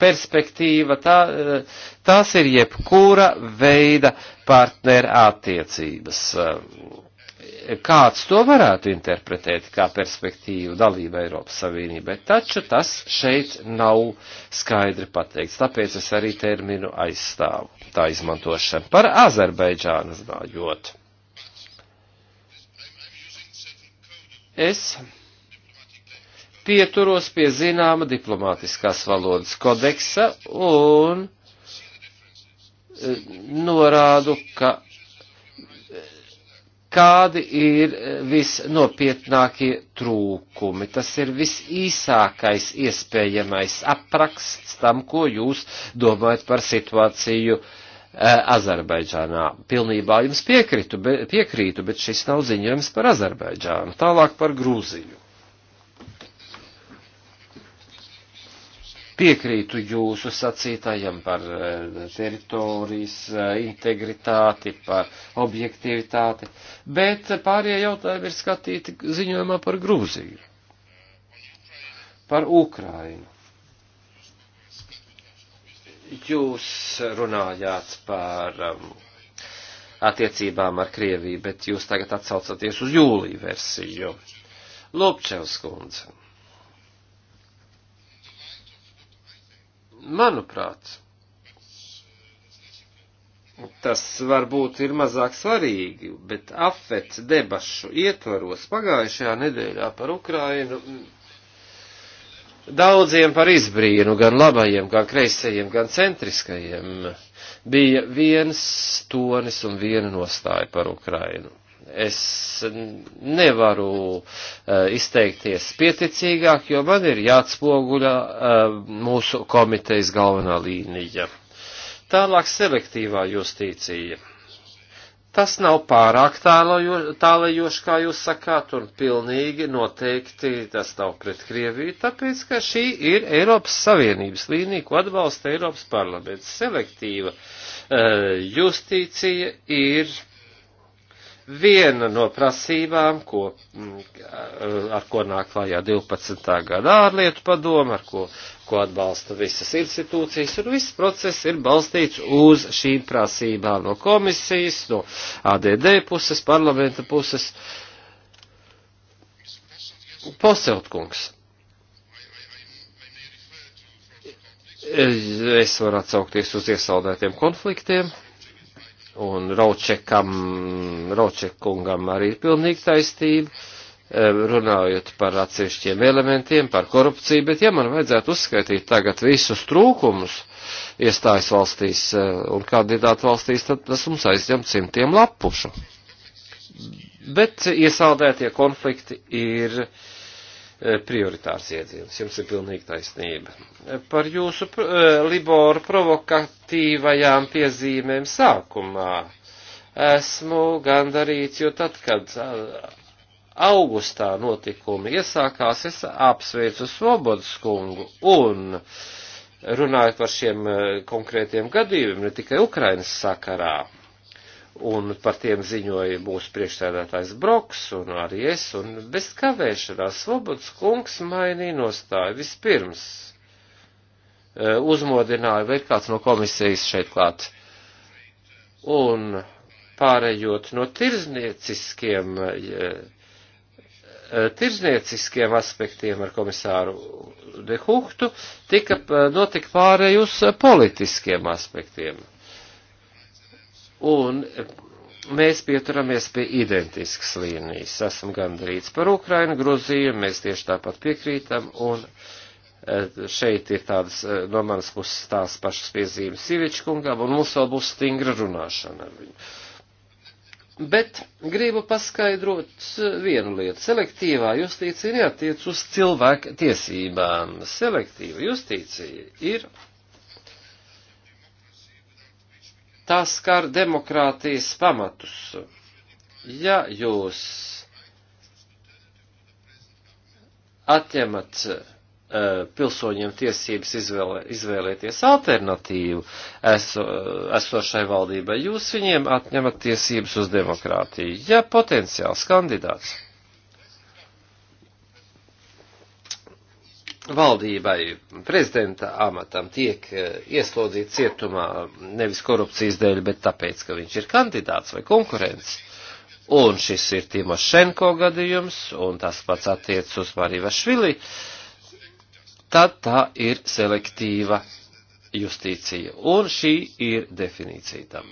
perspektīva, tā, eh, tās ir jebkura veida partnera attiecības. Kāds to varētu interpretēt kā perspektīvu dalību Eiropas Savienībai, taču tas šeit nav skaidri pateikts, tāpēc es arī terminu aizstāvu tā izmantošanu par Azerbaidžānu runājot. Es pieturos pie zināma diplomātiskās valodas kodeksa un e, norādu, ka e, kādi ir visnopietnākie trūkumi. Tas ir visīsākais iespējamais apraksts tam, ko jūs domājat par situāciju e, Azerbaidžānā. Pilnībā jums piekritu, be, piekrītu, bet šis nav ziņojums par Azerbaidžānu. Tālāk par Grūziju. Piekrītu jūsu sacītajam par eh, teritorijas eh, integritāti, par objektivitāti, bet pārējie jautājumi ir skatīti ziņojumā par Grūziju, par Ukrainu. Jūs runājāt par um, attiecībām ar Krieviju, bet jūs tagad atsaucaties uz jūliju versiju. Lopčevs kundze. Manuprāt, tas varbūt ir mazāk svarīgi, bet afets debašu ietvaros pagājušajā nedēļā par Ukrainu daudziem par izbrīnu, gan labajiem, gan kreisajiem, gan centriskajiem, bija viens tonis un viena nostāja par Ukrainu es nevaru uh, izteikties pieticīgāk, jo man ir jāatspoguļa uh, eh, mūsu komitejas galvenā līnija. Tālāk selektīvā justīcija. Tas nav pārāk tālajoši, kā jūs sakāt, un pilnīgi noteikti tas nav pret Krieviju, tāpēc, ka šī ir Eiropas Savienības līnija, ko atbalsta Eiropas parlaments. Selektīva uh, justīcija ir uh, viena no prasībām, ko, mm, ar ko nāk klājā 12. gada ārlietu padoma, ar ko, ko atbalsta visas institūcijas, un viss process ir balstīts uz šīm prasībām no komisijas, no ADD puses, parlamenta puses. Poseltkungs. Es varu atsaukties uz iesaldētiem konfliktiem. Un Raučekam, Raučekungam arī ir pilnīgi taistība, e, runājot par atsevišķiem elementiem, par korupciju, bet ja man vajadzētu uzskaitīt tagad visus trūkumus iestājas valstīs e, un kandidātu valstīs, tad tas mums aizņem simtiem lapušu. Bet iesaldētie konflikti ir uh, Eh, prioritārs iedzīves. Jums ir pilnīgi taisnība. Eh, par jūsu eh, Liboru provokatīvajām piezīmēm sākumā esmu gandarīts, jo tad, kad augustā notikumi iesākās, es apsveicu Svobodas kungu un runāju par šiem konkrētiem gadījumiem, ne tikai Ukrainas sakarā un par tiem ziņoja mūsu priekšsēdētājs Broks un arī es, un bez kavēšanās Svobods kungs mainīja nostāju vispirms. E, uzmodināja, vai ir kāds no komisijas šeit klāt. Un pārējot no tirznieciskiem, e, e, tirznieciskiem aspektiem ar komisāru Dehuktu, tika, notika pārējus politiskiem aspektiem Un mēs pieturamies pie identiskas līnijas. Esam gandrīz par Ukrainu, Gruziju, mēs tieši tāpat piekrītam, un eh, šeit ir tādas eh, no manas puses tās pašas piezīmes Sivičkungam, un mums vēl būs stingra runāšana ar viņu. Bet gribu paskaidrot eh, vienu lietu. Selektīvā justīcija neatiec uz cilvēku tiesībām. Selektīva justīcija ir tās skar demokrātijas pamatus. Ja jūs atņemat eh, pilsoņiem tiesības izvēlē, izvēlēties alternatīvu eso, esošai valdībai, jūs viņiem atņemat tiesības uz demokrātiju. Ja potenciāls kandidāts valdībai, prezidenta amatam tiek eh, ieslodzīts cietumā nevis korupcijas dēļ, bet tāpēc, ka viņš ir kandidāts vai konkurents. Un šis ir Timošenko gadījums, un tas pats attiec uz Marīva Švili, tad tā ir selektīva justīcija. Un šī ir definīcija tam.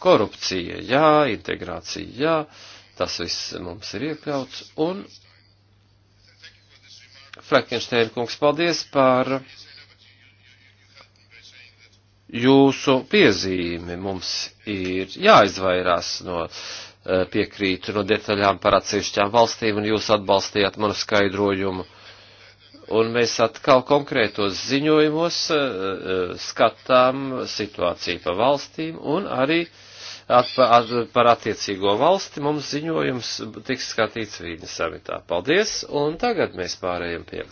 Korupcija, jā, integrācija, jā, tas viss mums ir iekļauts, un Frankensteina kungs, paldies par jūsu piezīmi. Mums ir jāizvairās no eh, piekrītu no detaļām par atsevišķām valstīm, un jūs atbalstījāt manu skaidrojumu. Un mēs atkal konkrētos ziņojumos eh, eh, skatām situāciju pa valstīm un arī uh, at, at, par attiecīgo valsti mums ziņojums tiks skatīts Vīņas samitā. Paldies, un tagad mēs pārējiem pie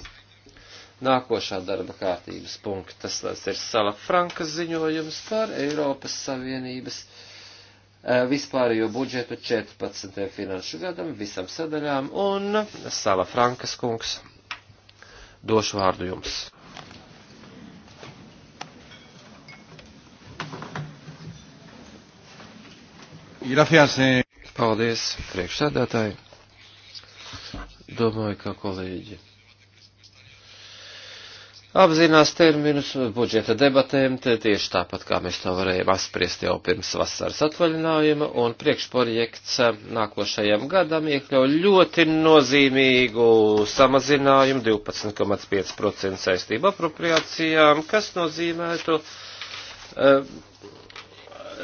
nākošā darba kārtības punkta. Tas, tas ir Sala Frankas ziņojums par Eiropas Savienības e, vispārējo budžetu 14. finanšu gadam visam sadaļām, un Sala Frankas kungs, došu vārdu jums. Gracias. Eh. Paldies, priekšsēdētāji. Domāju, ka kolēģi apzinās terminus budžeta debatēm, te tieši tāpat kā mēs to varējām apspriest jau pirms vasaras atvaļinājuma, un priekšprojekts nākošajam gadam iekļauj ļoti nozīmīgu samazinājumu 12,5% saistību apropriācijām, kas nozīmētu uh,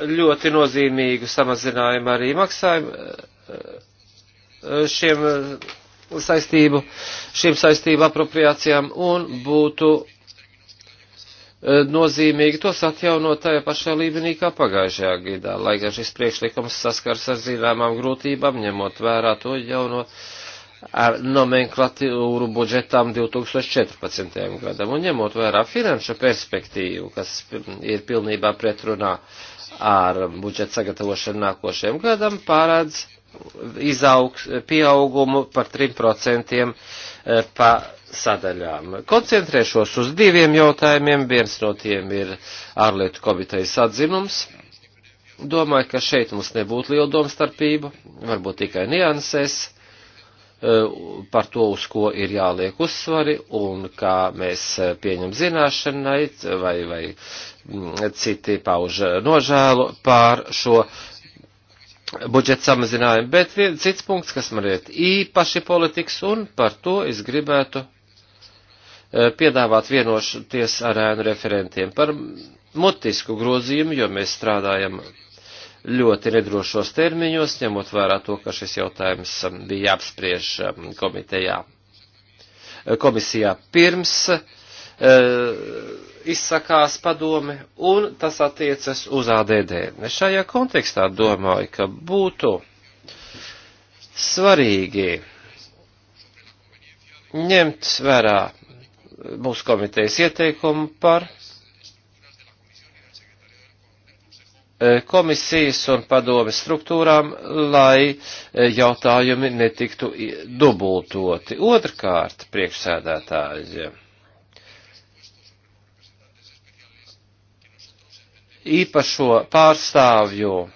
ļoti nozīmīgu samazinājumu arī maksājumu šiem saistību, šiem saistību apropriācijām un būtu e, nozīmīgi tos atjaunot tajā pašā līmenī kā pagājušajā gadā, lai gan šis priekšlikums saskars ar zināmām grūtībām, ņemot vērā to jauno nomenklatūru budžetām 2014. gadam un ņemot vērā finanšu perspektīvu, kas ir pilnībā pretrunā uh, ar budžeta sagatavošanu nākošajam gadam pārādz izaugs, pieaugumu par 3% e, pa sadaļām. Koncentrēšos uz diviem jautājumiem. Viens no tiem ir ārlietu komitejas atzinums. Domāju, ka šeit mums nebūtu liela domstarpība, varbūt tikai niansēs Eh, par to, uz ko ir jāliek uzsvari un kā mēs eh, pieņem zināšanai vai, vai mm, citi pauž eh, nožēlu pār šo budžeta samazinājumu. Bet viens cits punkts, kas man ir īpaši politikas un par to es gribētu piedāvāt vienošoties ar ēnu referentiem par mutisku grozījumu, jo mēs strādājam ļoti nedrošos termiņos, ņemot vērā to, ka šis jautājums um, bija jāapspriež um, komitejā, uh, komisijā pirms uh, izsakās padome, un tas attiecas uz ADD. Šajā kontekstā domāju, ka būtu svarīgi ņemt vērā mūsu komitejas ieteikumu par E, komisijas un padomes struktūrām, lai e, jautājumi netiktu dubultoti. Otrkārt, priekšsēdētāji, īpašo pārstāvju uh,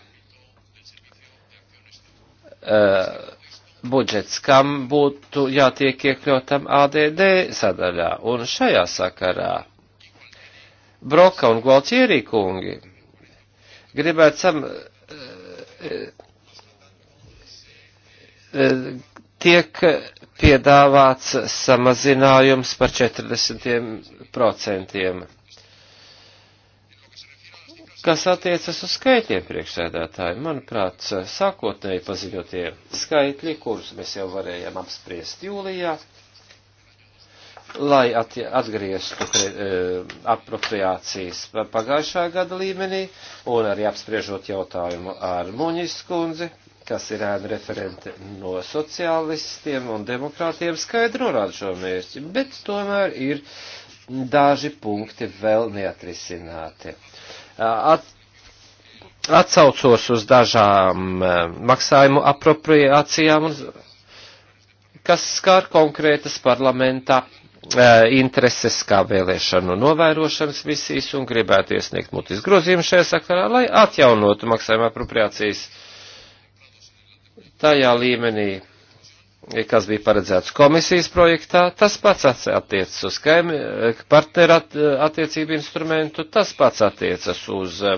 budžets, kam būtu jātiek iekļautam ADD sadaļā. Un šajā sakarā Broka un Gualtierī kungi gribētu sam, eh, eh, tiek piedāvāts samazinājums par 40%. Kas attiecas uz skaitļiem priekšsēdētāji, manuprāt, sākotnēji paziņotie skaitļi, kurus mēs jau varējām apspriest jūlijā, uh, lai atgrieztu e, apropriācijas pagājušā gada līmenī un arī apspriežot jautājumu ar Muņis kundzi, kas ir ēna referente no sociālistiem un demokrātiem, skaidri norāda šo mērķi, bet tomēr ir daži punkti vēl neatrisināti. At, atsaucos uz dažām e, maksājumu apropriācijām, kas skar konkrētas parlamentā Eh, intereses kā vēlēšanu novērošanas misijas un gribētu iesniegt mutis grozījumu šajā sakarā, lai atjaunotu maksājuma apropriācijas tajā līmenī, kas bija paredzēts komisijas projektā, tas pats attiecas uz kaimi, eh, partneru attiecību instrumentu, tas pats attiecas uz uh,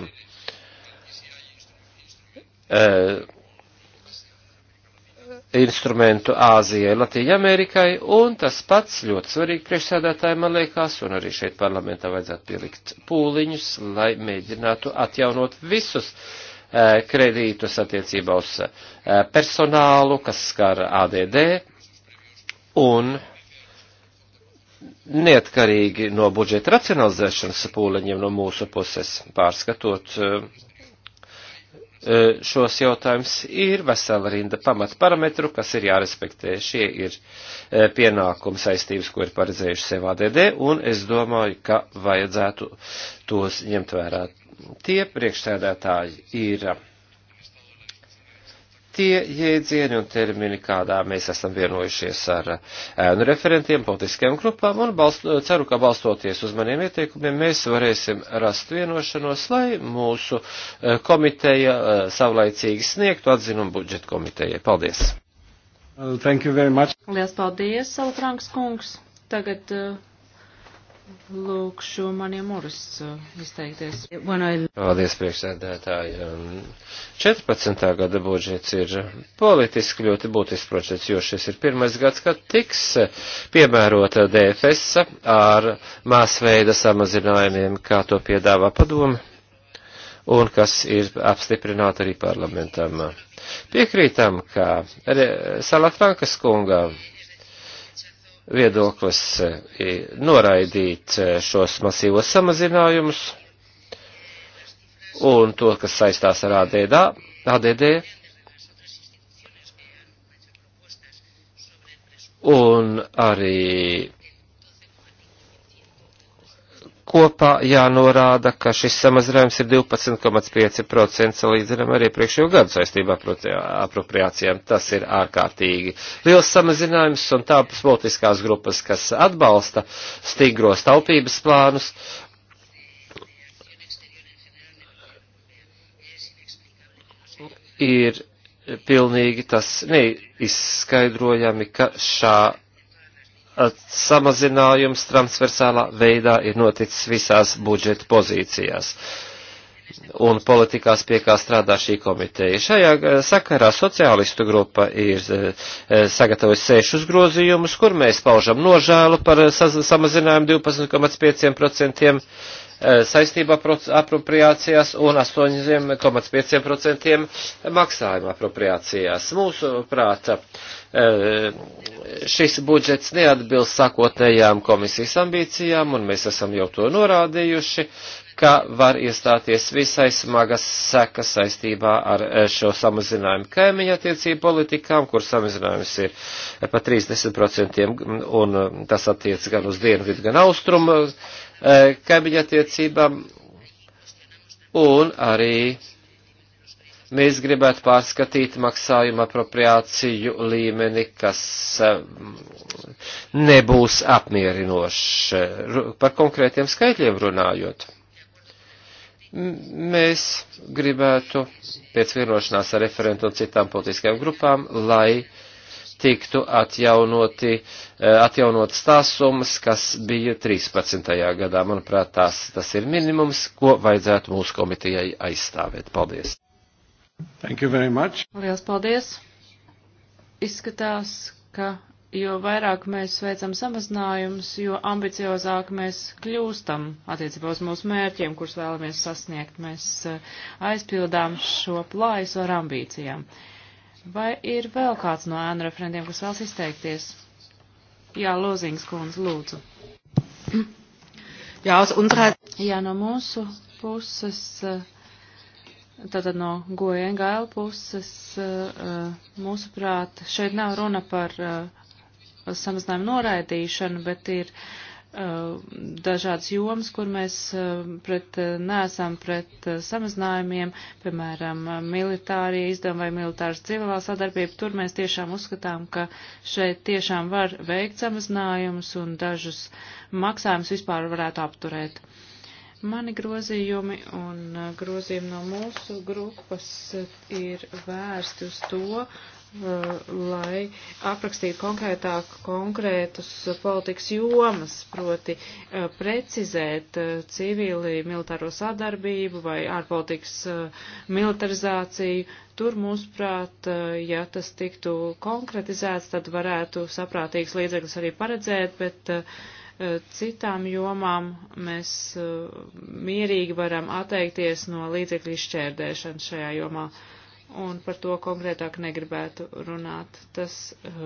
instrumentu Āzijai, Latvijai, Amerikai, un tas pats ļoti svarīgi priekšsēdētāji, man liekas, un arī šeit parlamentā vajadzētu pielikt pūliņus, lai mēģinātu atjaunot visus e, kredītus attiecībā uz e, personālu, kas skar ADD, un neatkarīgi no budžeta racionalizēšanas pūliņiem no mūsu puses pārskatot e, E, šos jautājumus ir vesela rinda pamatparametru, kas ir jārespektē. Šie ir e, pienākumi saistības, ko ir paredzējuši sev ADD, un es domāju, ka vajadzētu tos ņemt vērā. Tie priekšsēdētāji ir tie jēdzieni un termini, kādā mēs esam vienojušies ar ēnu referentiem, politiskajām grupām, un balsto, ceru, ka balstoties uz maniem ieteikumiem, mēs varēsim rast vienošanos, lai mūsu komiteja savlaicīgi sniegtu atzinumu budžeta komitejai. Paldies! Thank you very much. Lielas
paldies, Salafranks kungs. Tagad uh, Lūkšu maniem Urus uh, izteikties. Paldies,
priekšsēdētāji. 14. Um, gada budžets ir politiski ļoti būtisks budžets, jo šis ir pirmais gads, kad tiks piemērota DFS ar māsveida samazinājumiem, kā to piedāvā padoma, un kas ir apstiprināta arī parlamentam. Piekrītam, ka Salafrankas kungam viedoklis e, noraidīt e, šos masīvos samazinājumus un to, kas saistās ar ADD, ADD un arī kopā jānorāda, ka šis samazinājums ir 12,5% salīdzinām ar iepriekšējo gadu saistībā apropriācijām. Tas ir ārkārtīgi liels samazinājums, un tāpēc politiskās grupas, kas atbalsta stingros taupības plānus, ir pilnīgi tas neizskaidrojami, ka šā samazinājums transversālā veidā ir noticis visās budžeta pozīcijās. Uh, un politikās, pie kā strādā šī komiteja. Šajā eh, sakarā sociālistu grupa ir eh, eh, sagatavojusi sešus grozījumus, kur mēs paužam nožēlu par samazinājumu 12,5% saistībā apropriācijās un 8,5% maksājuma apropriācijās. Mūsu prāta šis budžets neatbilst sākotnējām komisijas ambīcijām, un mēs esam jau to norādījuši, ka var iestāties visai smagas sekas saistībā ar eh, šo samazinājumu kaimiņa attiecību politikām, kur samazinājums ir eh, pa 30% un eh, tas attiec gan uz dienvidu, gan austrumu kaimiņa attiecībām. Un arī mēs gribētu pārskatīt maksājuma apropriāciju līmeni, kas nebūs apmierinošs. Par konkrētiem skaitļiem runājot mēs gribētu pēc vienošanās ar referentu un citām politiskajām grupām, lai tiktu atjaunoti, eh, atjaunotas tās summas, kas bija 13. gadā. Manuprāt, tās, tas ir minimums, ko vajadzētu mūsu komitejai aizstāvēt. Paldies!
Thank you very much! Lielas paldies! Izskatās, ka jo vairāk mēs veicam samazinājumus, jo ambiciozāk mēs kļūstam attiecībā uz mūsu mērķiem, kurus vēlamies sasniegt. Mēs eh, aizpildām šo plājus ar ambīcijām. Vai ir vēl kāds no ēnu referentiem, kas vēlas izteikties? Jā, Lozings kundze, lūdzu. Jā, uz undrē. Jā, no mūsu puses. Uh, Tātad no GOENGL puses, eh, mūsuprāt, šeit nav runa par samazinājumu noraidīšanu, bet ir uh, dažādas jomas, kur mēs uh, pret, uh, nesam pret uh, samazinājumiem, piemēram, uh, militārie izdevumi vai militāras civilā sadarbība. Tur mēs tiešām uzskatām, ka šeit tiešām var veikt samazinājumus un dažus maksājumus vispār varētu apturēt mani grozījumi un grozījumi no mūsu grupas ir vērsti uz to, Uh, lai aprakstītu konkrētāk konkrētus politikas jomas, proti uh, precizēt uh, civili militāro sadarbību vai ārpolitikas militarizāciju. Tur, mūsuprāt, ja tas tiktu konkretizēts, tad varētu saprātīgs līdzeklis arī paredzēt, bet citām jomām mēs mierīgi varam atteikties no līdzekļu izšķērdēšanas šajā jomā. Uh, un par to konkrētāk negribētu runāt. Tas eh,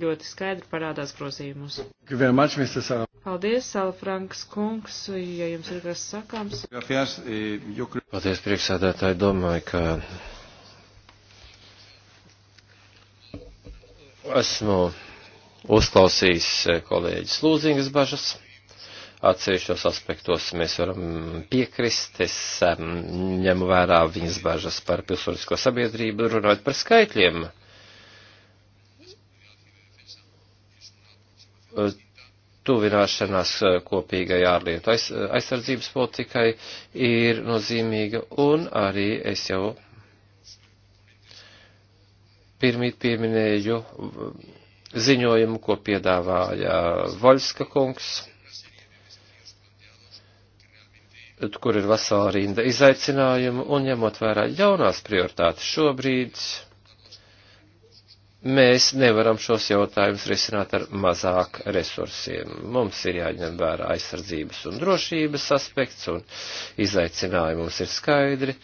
ļoti skaidri parādās grozījumos. Paldies, Salafrankas kungs, ja jums ir kas sakāms. Eh,
Paldies, priekšsādātāji, domāju, ka esmu uzklausījis eh, kolēģis Lūzingas bažas atsevišķos aspektos mēs varam piekrist. Es um, ņemu vērā viņas bažas par pilsonisko sabiedrību, runājot par skaitļiem. Tuvināšanās eh, kopīgai ārlietu aiz, aizsardzības politikai ir nozīmīga, un arī es jau pirmīt pieminēju ziņojumu, ko piedāvāja Voļska kungs kur ir vesela rinda izaicinājumu, un ņemot vērā jaunās prioritātes šobrīd, mēs nevaram šos jautājumus risināt ar mazāk resursiem. Mums ir jāņem vērā aizsardzības un drošības aspekts, un izaicinājumi mums ir skaidri,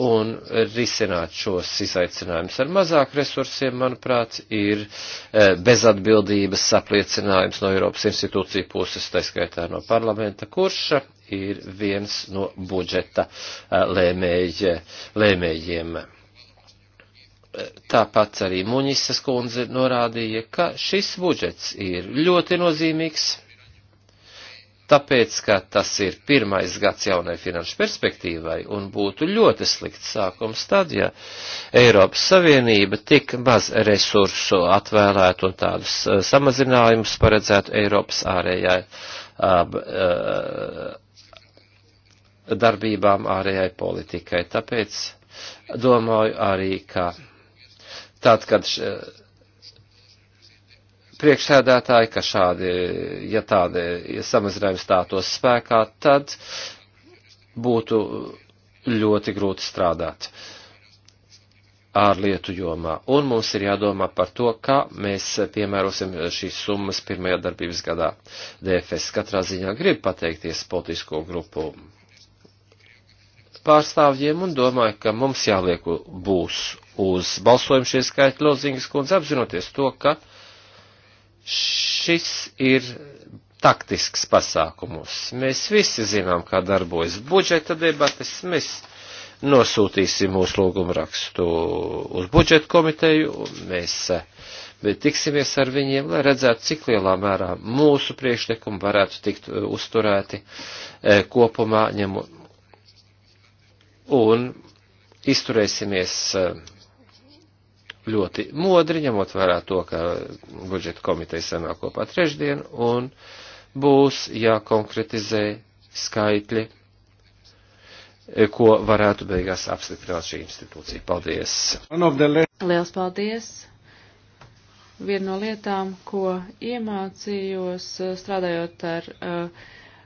un risināt šos izaicinājumus ar mazāk resursiem, manuprāt, ir e, bezatbildības apliecinājums no Eiropas institūciju puses, taiskaitā no parlamenta, kurš ir viens no budžeta e, lēmēja, lēmējiem. E, tāpat arī Muņisas kundze norādīja, ka šis budžets ir ļoti nozīmīgs tāpēc, ka tas ir pirmais gads jaunai finanšu perspektīvai un būtu ļoti slikts sākums tad, ja Eiropas Savienība tik maz resursu atvēlētu un tādus eh, samazinājumus paredzētu Eiropas ārējai ab, eh, darbībām, ārējai politikai. Tāpēc domāju arī, ka tad, kad. Š, priekšsēdētāji, ka šādi, ja tādi ja samazinājumi stātos spēkā, tad būtu ļoti grūti strādāt ārlietu jomā. Un mums ir jādomā par to, kā mēs piemērosim šīs summas pirmajā darbības gadā. DFS katrā ziņā grib pateikties politisko grupu pārstāvjiem un domāju, ka mums jāliek būs uz balsojumu šie skaitļi loziņas kundze apzinoties to, ka Šis ir taktisks pasākumus. Mēs visi zinām, kā darbojas budžeta debates. Mēs nosūtīsim mūsu lūgumu rakstu uz budžeta komiteju. Mēs eh, tiksimies ar viņiem, lai redzētu, cik lielā mērā mūsu priekšlikumi varētu tikt eh, uzturēti eh, kopumā ņemot. Un izturēsimies ļoti modri, ņemot vērā to, ka budžeta komiteja sanāk kopā trešdien, un būs jākonkretizē skaitļi, ko varētu beigās apstiprināt šī institūcija. Paldies!
Liels paldies! Viena no lietām, ko iemācījos eh, strādājot ar uh,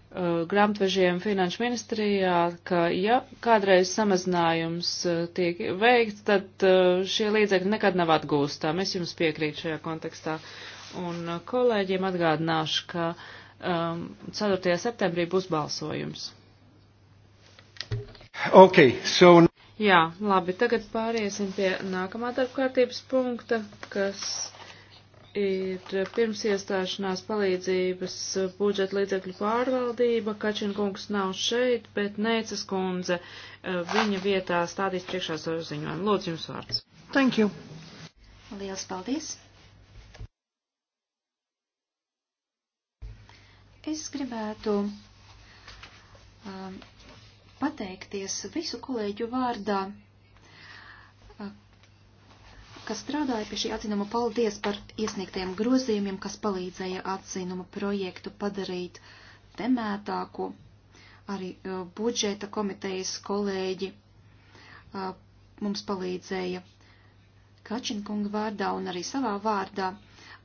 Uh, grāmatvežiem finanšu ministrijā, ka ja kādreiz samazinājums uh, tiek veikts, tad uh, šie līdzekļi nekad nav atgūstām. Es jums piekrītu šajā kontekstā. Un kolēģiem atgādināšu, ka um, 4. septembrī būs balsojums.
Okay, so...
Jā, labi, tagad pāriesim pie nākamā darbkārtības punkta, kas ir pirms iestāšanās palīdzības budžeta līdzekļu pārvaldība. Kačina kungs nav šeit, bet Neicas kundze eh, viņa vietā stādīs priekšā savu ziņojumu. Lūdzu, jums vārds.
Thank you. Liels paldies. Es gribētu um, pateikties visu kolēģu vārdā kas strādāja pie šī atzinuma. Paldies par iesniegtajiem grozījumiem, kas palīdzēja atzinuma projektu padarīt temētāku. Arī uh, budžeta komitejas kolēģi uh, mums palīdzēja Kačinkunga vārdā un arī savā vārdā.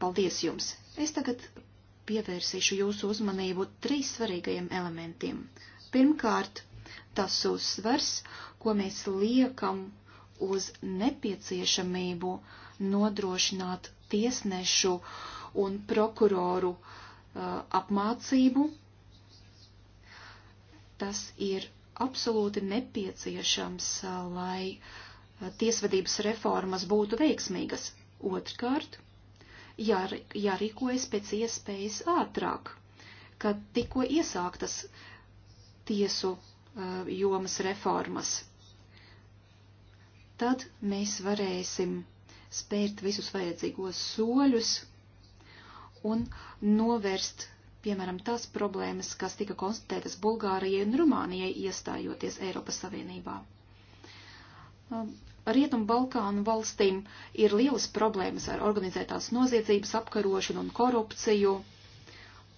Paldies jums! Es tagad pievērsīšu jūsu uzmanību trīs svarīgajiem elementiem. Pirmkārt, tas uzsvers, ko mēs liekam uz nepieciešamību nodrošināt tiesnešu un prokuroru uh, apmācību. Tas ir absolūti nepieciešams, uh, lai uh, tiesvedības reformas būtu veiksmīgas. Otrkārt, jār, jārīkojas pēc iespējas ātrāk, kad tikko iesāktas tiesu uh, jomas reformas. Tad mēs varēsim spērt visus vajadzīgos soļus un novērst, piemēram, tās problēmas, kas tika konstatētas Bulgārijai un Rumānijai iestājoties Eiropas Savienībā. Um, Rietumu Balkānu valstīm ir lielas problēmas ar organizētās noziedzības apkarošanu un korupciju.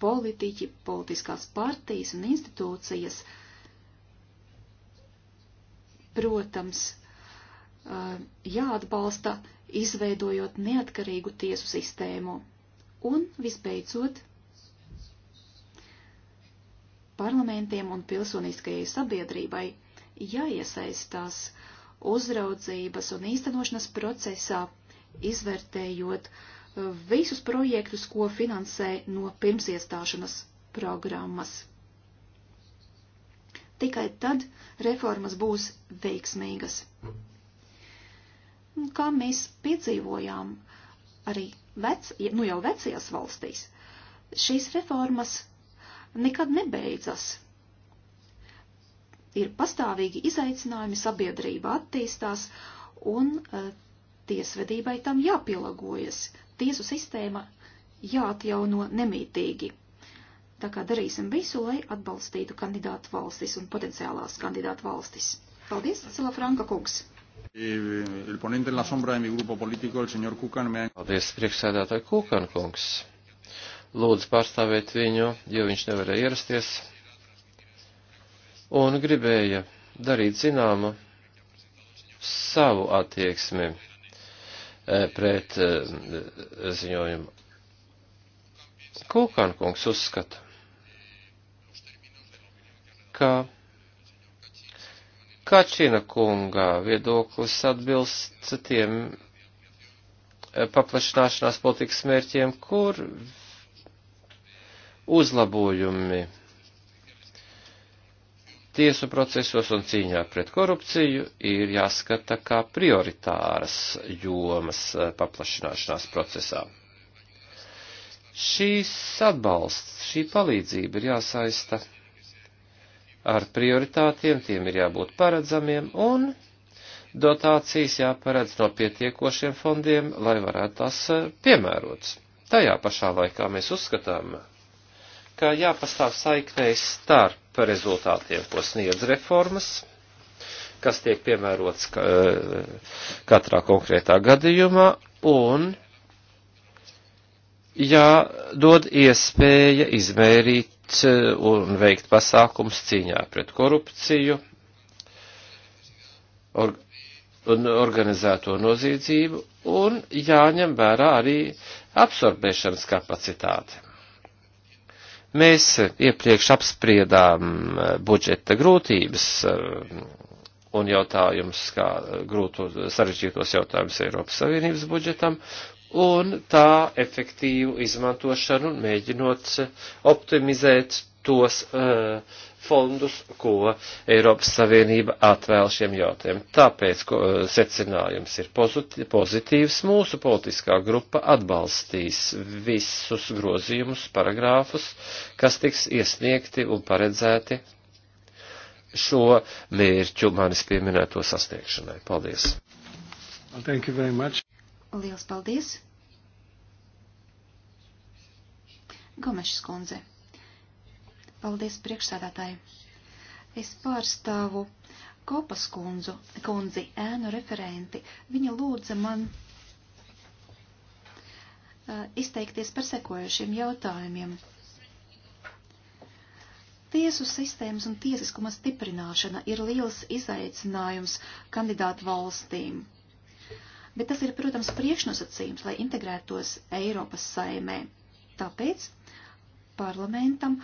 Politiķi, politiskās partijas un institūcijas, protams, Uh, jāatbalsta, izveidojot neatkarīgu tiesu sistēmu. Un, visbeidzot, parlamentiem un pilsoniskajai sabiedrībai jāiesaistās uzraudzības un īstenošanas procesā, izvērtējot uh, visus projektus, ko finansē no pirmsiestāšanas programmas. Tikai tad reformas būs veiksmīgas kā mēs piedzīvojām arī vec, nu jau vecajās valstīs. Šīs reformas nekad nebeidzas. Ir pastāvīgi izaicinājumi, sabiedrība attīstās un uh, tiesvedībai tam jāpielagojas. Tiesu sistēma jāatjauno nemītīgi. Tā kā darīsim visu, lai atbalstītu kandidātu valstis un potenciālās kandidātu valstis. Paldies, Cila Franka kungs! Eh, Paldies,
priekšsēdētāji Kūkan kungs. Lūdzu pārstāvēt viņu, jo viņš nevarēja ierasties un gribēja darīt zināmu savu attieksmi eh, pret eh, ziņojumu. Kūkan kungs uzskata, ka Kačina kunga viedoklis atbilst tiem e, paplašināšanās politikas mērķiem, kur uzlabojumi tiesu procesos un cīņā pret korupciju ir jāskata kā prioritāras jomas e, paplašināšanās procesā. Šīs atbalsts, šī palīdzība ir jāsaista ar prioritātiem, tiem ir jābūt paredzamiem un dotācijas jāparedz no pietiekošiem fondiem, lai varētu tās eh, piemērots. Tajā pašā laikā mēs uzskatām, ka jāpastāv saiknēs starp rezultātiem, ko sniedz reformas, kas tiek piemērots eh, katrā konkrētā gadījumā, un jādod iespēja izmērīt eh, un veikt pasākums cīņā pret korupciju or, un organizēto noziedzību un jāņem vērā arī absorbēšanas kapacitāte. Mēs iepriekš apspriedām eh, budžeta grūtības eh, un jautājumus, kā grūtu sarežģītos jautājumus Eiropas Savienības budžetam, un tā efektīvu izmantošanu un mēģinot optimizēt tos uh, fondus, ko Eiropas Savienība atvēl šiem jautājumiem. Tāpēc ko, eh, secinājums ir pozitīvs. Mūsu politiskā grupa atbalstīs visus grozījumus, paragrāfus, kas tiks iesniegti un paredzēti šo mērķu manis pieminēto sasniegšanai. Paldies!
Well, thank you very much.
Liels paldies! Gomešs kundze. Paldies priekšsādātāji. Es pārstāvu Kopas kundzu, kundzi, ēnu referenti. Viņa lūdza man uh, izteikties par sekojušiem jautājumiem. Tiesu sistēmas un tiesiskuma stiprināšana ir liels izaicinājums kandidātu valstīm. Bet tas ir, protams, priekšnosacījums, lai integrētos Eiropas saimē. Tāpēc parlamentam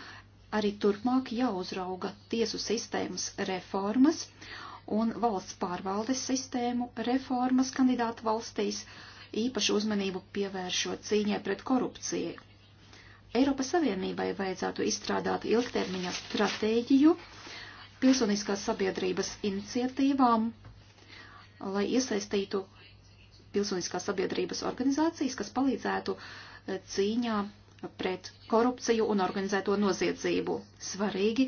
arī turpmāk jāuzrauga tiesu sistēmas reformas un valsts pārvaldes sistēmu reformas kandidātu valstīs, īpašu uzmanību pievēršot cīņai pret korupciju. Eiropas Savienībai vajadzētu izstrādāt ilgtermiņa stratēģiju pilsoniskās sabiedrības iniciatīvām, lai iesaistītu pilsoniskās sabiedrības organizācijas, kas palīdzētu eh, cīņā pret korupciju un organizēto noziedzību. Svarīgi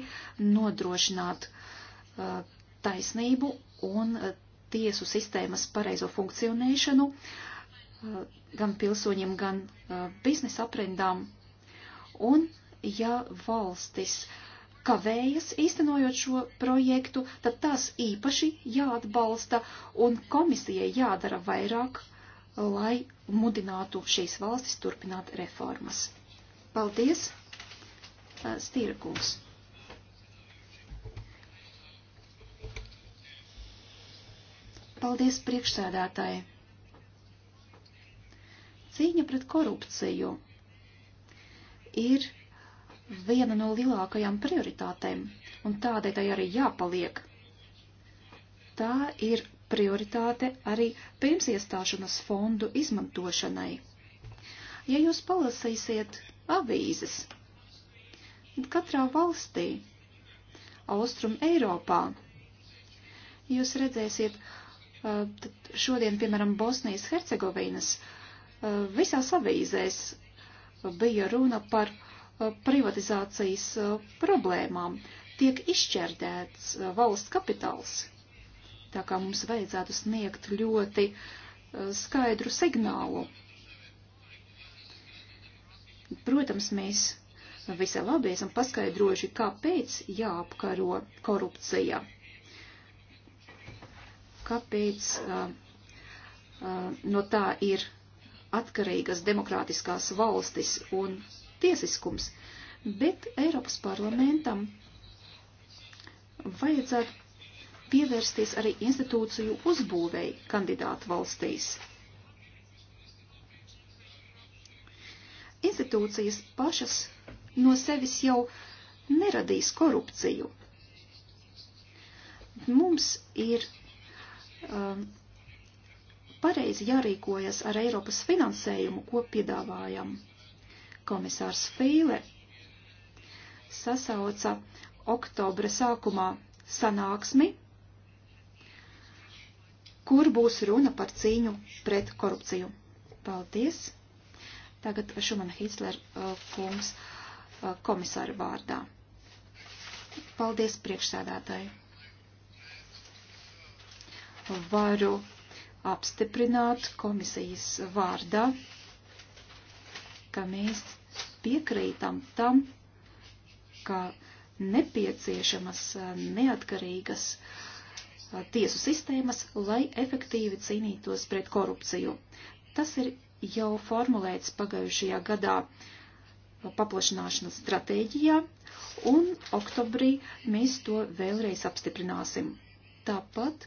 nodrošināt uh, taisnību un uh, tiesu sistēmas pareizo funkcionēšanu uh, gan pilsoņiem, gan uh, biznesa aprindām. Un ja valstis kavējas īstenojot šo projektu, tad tās īpaši jāatbalsta un komisijai jādara vairāk, lai mudinātu šīs valstis turpināt reformas. Paldies, Stīrakūs. Paldies priekšsēdētāji. Cīņa pret korupciju ir viena no lielākajām prioritātēm, un tādai tai arī jāpaliek. Tā ir prioritāte arī pirms iestāšanas fondu izmantošanai. Ja jūs palasīsiet avīzes. Un katrā valstī, Austrum Eiropā, jūs redzēsiet uh, šodien, piemēram, Bosnijas Hercegovinas uh, visās avīzēs bija runa par uh, privatizācijas problēmām. Tiek izšķērdēts valsts kapitāls. Tā kā mums vajadzētu sniegt ļoti skaidru signālu Protams, mēs visai labi esam paskaidrojuši, kāpēc jāapkaro korupcija, kāpēc uh, uh, no tā ir atkarīgas demokrātiskās valstis un tiesiskums, bet Eiropas parlamentam vajadzētu pievērsties arī institūciju uzbūvēji kandidātu valstīs. institūcijas pašas no sevis jau neradīs korupciju. Mums ir um, pareizi jārīkojas ar Eiropas finansējumu, ko piedāvājam. Komisārs Fīle sasauca oktobra sākumā sanāksmi, kur būs runa par cīņu pret korupciju. Paldies! Tagad Šumana Hitler uh, kungs uh, komisāra vārdā. Paldies priekšsēdētāji. Varu apstiprināt komisijas vārdā, ka mēs piekrītam tam, ka nepieciešamas uh, neatkarīgas tiesu sistēmas, lai efektīvi cīnītos pret korupciju. Tas ir jau formulēts pagājušajā gadā paplašināšanas stratēģijā, un oktobrī mēs to vēlreiz apstiprināsim. Tāpat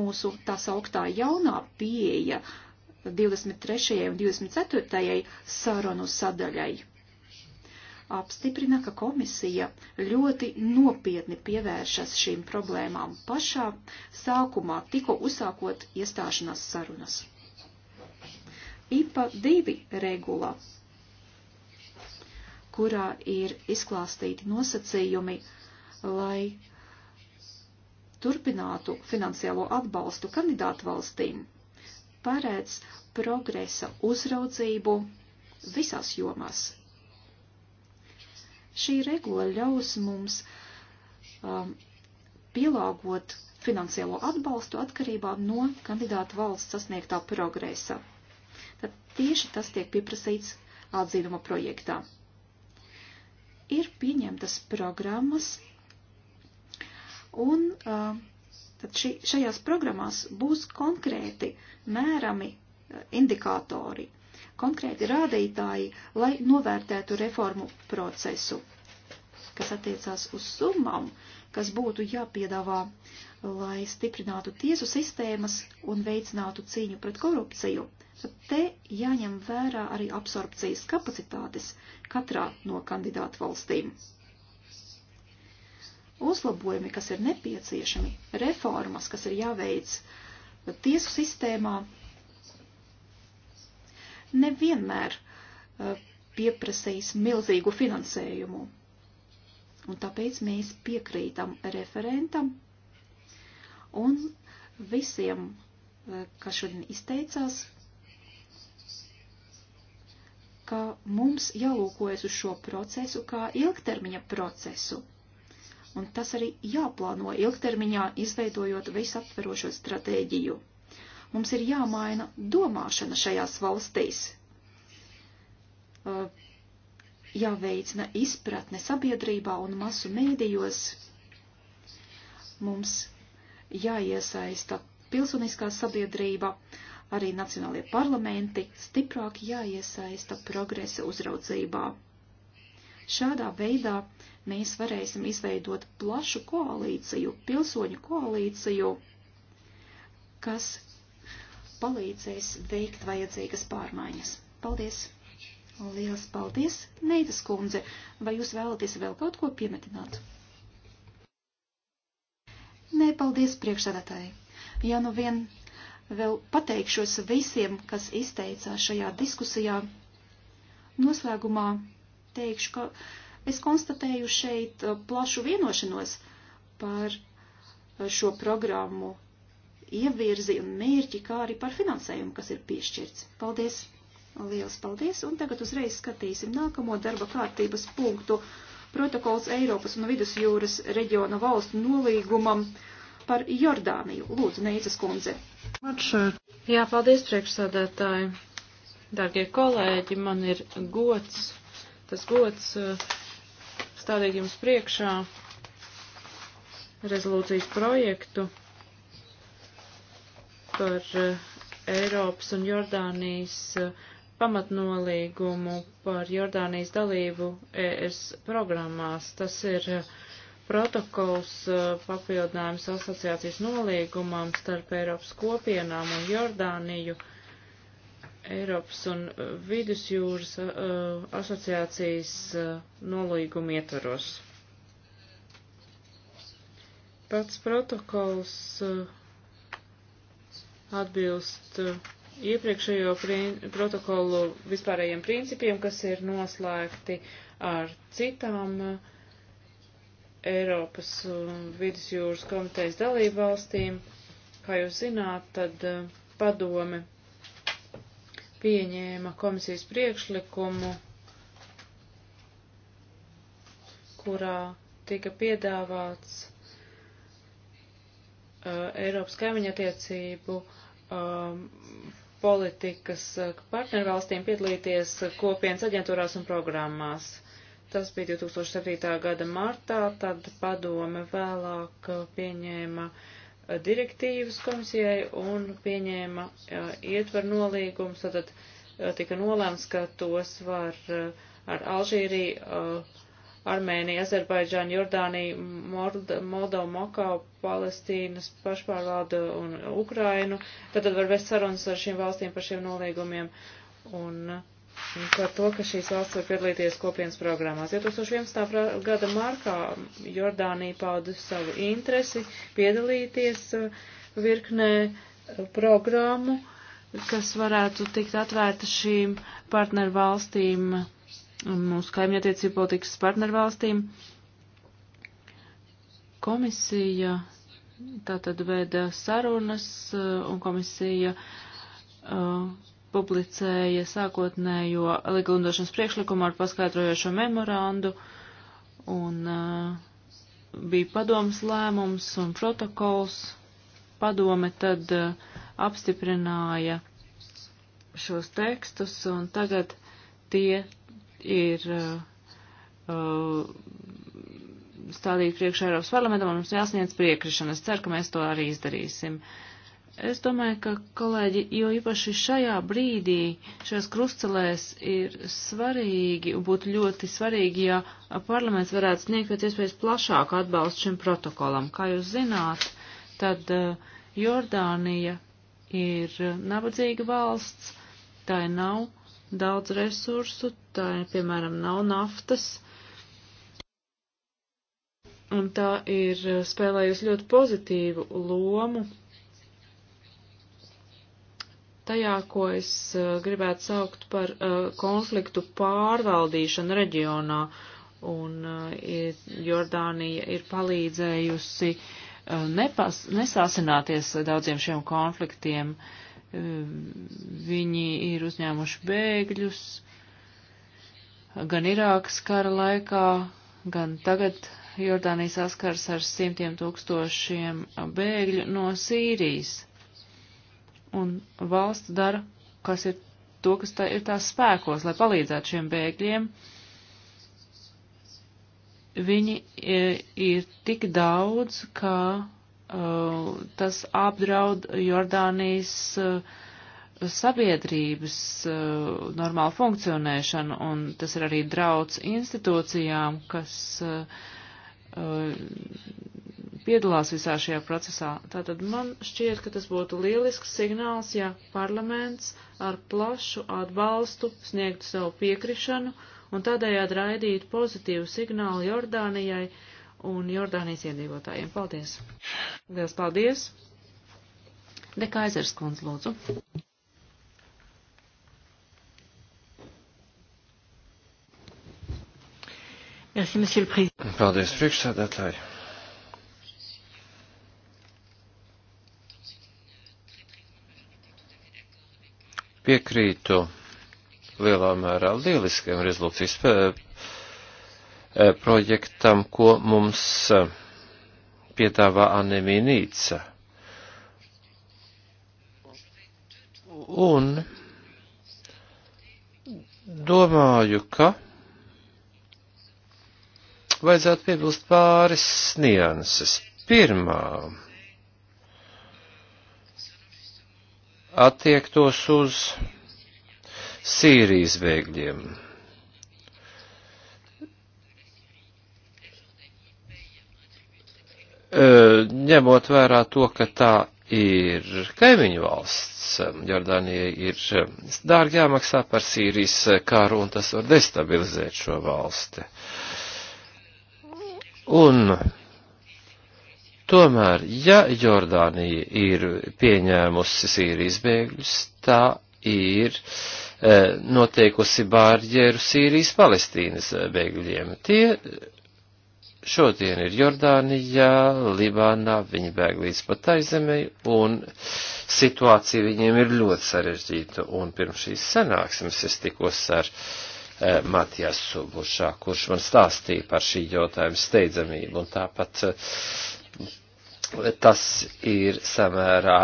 mūsu tā sauktā jaunā pieeja 23. un 24. sarunu sadaļai apstiprina, ka komisija ļoti nopietni pievēršas šīm problēmām pašā sākumā, tikko uzsākot iestāšanās sarunas. IPA 2 regula, kurā ir izklāstīti nosacījumi, lai turpinātu finansiālo atbalstu kandidātu valstīm, paredz progresa uzraudzību visās jomās. Šī regula ļaus mums um, pielāgot finansiālo atbalstu atkarībā no kandidātu valsts sasniegtā progresa. Tad tieši tas tiek pieprasīts atzīmuma projektā. Ir pieņemtas programmas, un uh, tad ši, šajās programmās būs konkrēti mērami uh, indikātori, konkrēti rādītāji, lai novērtētu reformu procesu, kas attiecās uz summām, kas būtu jāpiedāvā, lai stiprinātu tiesu sistēmas un veicinātu cīņu pret korupciju. Uh, Tad te jāņem vērā arī absorpcijas kapacitātes katrā no kandidātu valstīm. Uzlabojumi, kas ir nepieciešami, reformas, kas ir jāveic tiesu sistēmā, nevienmēr eh, pieprasīs milzīgu finansējumu. Un tāpēc mēs piekrītam referentam un visiem, eh, kas šodien izteicās, ka mums jālūkojas uz šo procesu kā ilgtermiņa procesu. Un tas arī jāplāno ilgtermiņā, izveidojot visaptverošo stratēģiju. Mums ir jāmaina domāšana šajās valstīs, jāveicina izpratne sabiedrībā un masu mēdījos. Mums jāiesaista pilsoniskā sabiedrība, uh, arī nacionālie parlamenti stiprāk jāiesaista progresa uzraudzībā. Šādā veidā mēs varēsim izveidot plašu koalīciju, pilsoņu koalīciju, kas palīdzēs veikt vajadzīgas pārmaiņas. Paldies! Lielas paldies, Neitas kundze! Vai jūs vēlaties vēl kaut ko piemetināt? Nē, paldies priekšsēdētāji! Ja nu vien vēl pateikšos visiem, kas izteicās šajā diskusijā. Noslēgumā teikšu, ka es konstatēju šeit uh, plašu vienošanos par uh, šo programmu ievirzi un mērķi, kā arī par finansējumu, kas ir piešķirts. Paldies! Liels paldies! Un tagad uzreiz skatīsim nākamo darba kārtības punktu protokols Eiropas un Vidusjūras reģiona valstu nolīgumam par Jordāniju. Lūdzu, Neicas kundze.
Jā, paldies priekšsādātāji. Dargie kolēģi, man ir gods, tas gods eh, stādīt jums priekšā rezolūcijas projektu par eh, Eiropas un Jordānijas eh, pamatnolīgumu par Jordānijas dalību ES programmās. Tas ir uh, protokols eh, papildinājums asociācijas nolīgumam starp Eiropas kopienām un Jordāniju, Eiropas un eh, Vidusjūras eh, asociācijas nolīgumu ietvaros. Pats protokols atbilst iepriekšējo protokolu vispārējiem principiem, kas ir noslēgti ar citām uh, Eiropas vidusjūras komitejas dalību valstīm. Kā jūs zināt, tad eh, padome pieņēma komisijas priekšlikumu, kurā tika piedāvāts uh, Eiropas kaimiņattiecību uh, ehm, politikas eh, partnervalstīm piedalīties kopienas aģentūrās un programmās. Tas bija 2007. gada martā, tad padome vēlāk uh, pieņēma uh, direktīvas komisijai un pieņēma uh, ietver nolīgumus, tad tika nolēms, ka tos var ar Alžīriju, Armēniju, Azerbaidžānu, Jordāniju, Moldovu, Makau, Palestīnas pašpārvaldu un Ukrainu. Tad, tad var vest sarunas ar šīm valstīm par šiem nolīgumiem. Un, uh, par to, ka šīs valsts var piedalīties kopienas programmās. 2011. gada markā Jordānija pauda savu interesi piedalīties uh, virknē uh, programmu, kas varētu tikt atvērta šīm partneru valstīm, um, mūsu kaimiņattiecību politikas partneru valstīm. Komisija tātad veda sarunas uh, un komisija uh, publicēja sākotnējo likumdošanas priekšlikumu ar paskaidrojošo memorandu, un uh, bija padomas lēmums un protokols. Padome tad uh, apstiprināja šos tekstus, un tagad tie ir uh, uh stādīti priekšā Eiropas parlamentam, un mums jāsniedz priekrišana. Es ceru, ka mēs to arī izdarīsim. Uh, Es domāju, ka kolēģi, jo īpaši šajā brīdī, šajās krustcelēs ir svarīgi, būtu ļoti svarīgi, ja parlaments varētu sniegt pēc iespējas plašāku atbalstu šim protokolam. Kā jūs zināt, tad eh, Jordānija ir eh, nabadzīga valsts, tā ir nav daudz resursu, tā ir, piemēram, nav naftas un tā ir eh, spēlējusi ļoti pozitīvu lomu tajā, ko es eh, gribētu saukt par eh, konfliktu pārvaldīšanu reģionā. Un eh, Jordānija ir palīdzējusi nepas, nesāsināties daudziem šiem konfliktiem. Viņi ir uzņēmuši bēgļus gan Irākas kara laikā, gan tagad Jordānija saskars ar simtiem tūkstošiem bēgļu no Sīrijas un valsts dara, kas ir to, kas tā ir tās spēkos, lai palīdzētu šiem bēgļiem. Viņi ir, e, ir tik daudz, ka uh, tas apdraud Jordānijas uh, sabiedrības uh, normālu funkcionēšanu, un tas ir arī drauds institūcijām, kas uh, piedalās visā šajā procesā. Tātad man šķiet, ka tas būtu lielisks signāls, ja parlaments ar plašu atbalstu sniegtu savu piekrišanu un tādējādi raidītu pozitīvu signālu Jordānijai un Jordānijas iedzīvotājiem. Paldies! Lielas paldies! Dekaizers kundz, lūdzu.
Paldies, priekšsādātāji! Piekrītu lielā mērā lieliskiem rezolūcijas eh, eh, projektam, ko mums eh, piedāvā Anemīnīca. Un domāju, ka vajadzētu piebilst pāris nianses. Pirmā attiektos uz Sīrijas bēgļiem. E, ņemot vērā to, ka tā ir kaimiņu valsts, Jordānijai ir dārgi jāmaksā par Sīrijas karu, un tas var destabilizēt šo valsti. Un Tomēr, ja Jordānija ir pieņēmusi Sīrijas bēgļus, tā ir e, noteikusi bārģēru Sīrijas Palestīnas eh, bēgļiem. Tie šodien ir Jordānijā, Libānā, viņi bēg līdz pat aizemei, un situācija viņiem ir ļoti sarežģīta, un pirms šīs sanāksmes es tikos ar eh, Matijas Subušā, kurš man stāstīja par šī jautājuma steidzamību, un tāpat tas ir samērā,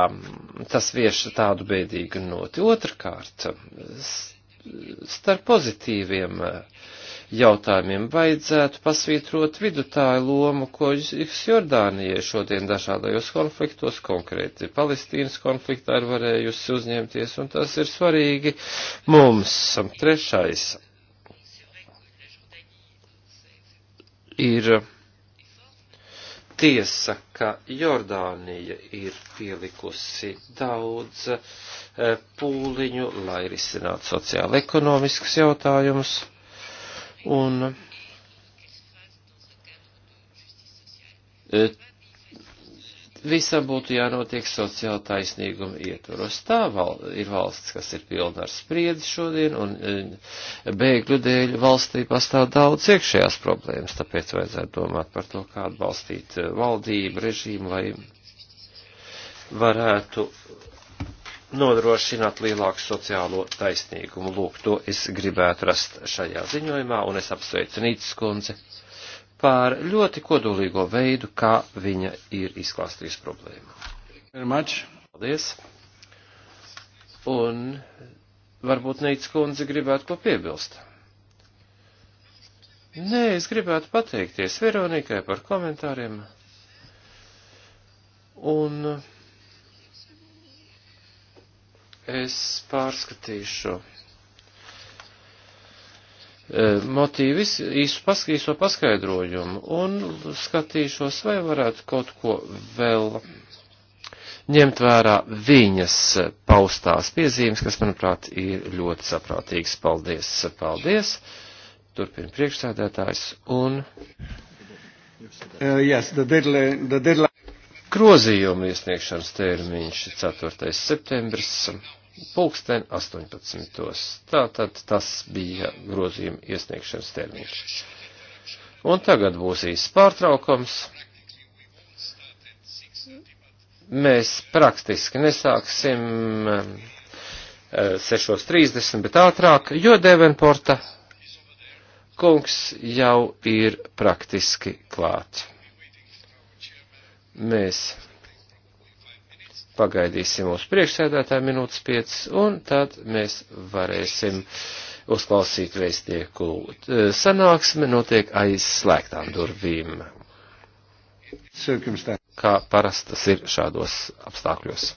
tas vieš tādu bēdīgu noti. Otrakārt, starp pozitīviem e, jautājumiem vajadzētu pasvītrot vidutāju lomu, ko Jordānijai šodien dažādajos konfliktos, konkrēti Palestīnas konfliktā ir varējusi uzņemties, un tas ir svarīgi mums. Trešais ir tiesa, ka Jordānija ir pielikusi daudz e, pūliņu, lai risinātu sociāli ekonomiskus jautājumus, un e, visam būtu jānotiek sociāla taisnīguma ietvaros. Tā val, ir valsts, kas ir pilna ar spriedzi šodien, un e, bēgļu dēļ valstī pastāv daudz iekšējās problēmas, tāpēc vajadzētu domāt par to, kā atbalstīt e, valdību, režīmu, lai varētu nodrošināt lielāku sociālo taisnīgumu. Lūk, to es gribētu rast šajā ziņojumā, un es apsveicu Nītas kundzi par ļoti kodolīgo veidu, kā viņa ir izklāstījusi problēmu. Paldies! Un varbūt Neits kundze gribētu ko piebilst. Nē, es gribētu pateikties Veronikai par komentāriem. Un es pārskatīšu E, motīvis īsu paskīso paskaidrojumu un skatīšos, vai varētu kaut ko vēl ņemt vērā viņas paustās piezīmes, kas, manuprāt, ir ļoti saprātīgas. Paldies, paldies. Turpin priekšsēdētājs un. Uh, yes, the deadline, the deadline. Grozījuma iesniegšanas termiņš 4. septembris pulksten 18. Tātad tas bija grozījuma iesniegšanas termiņš. Un tagad būs īsts pārtraukums. Mēs praktiski nesāksim 6.30, um, uh, bet ātrāk, jo Devenporta kungs jau ir praktiski klāt. Mēs pagaidīsim mūsu priekšsēdētāju minūtes 5, un tad mēs varēsim uzklausīt vēstnieku. E, Sanāksme notiek aiz slēgtām durvīm. Kā parastas ir šādos apstākļos.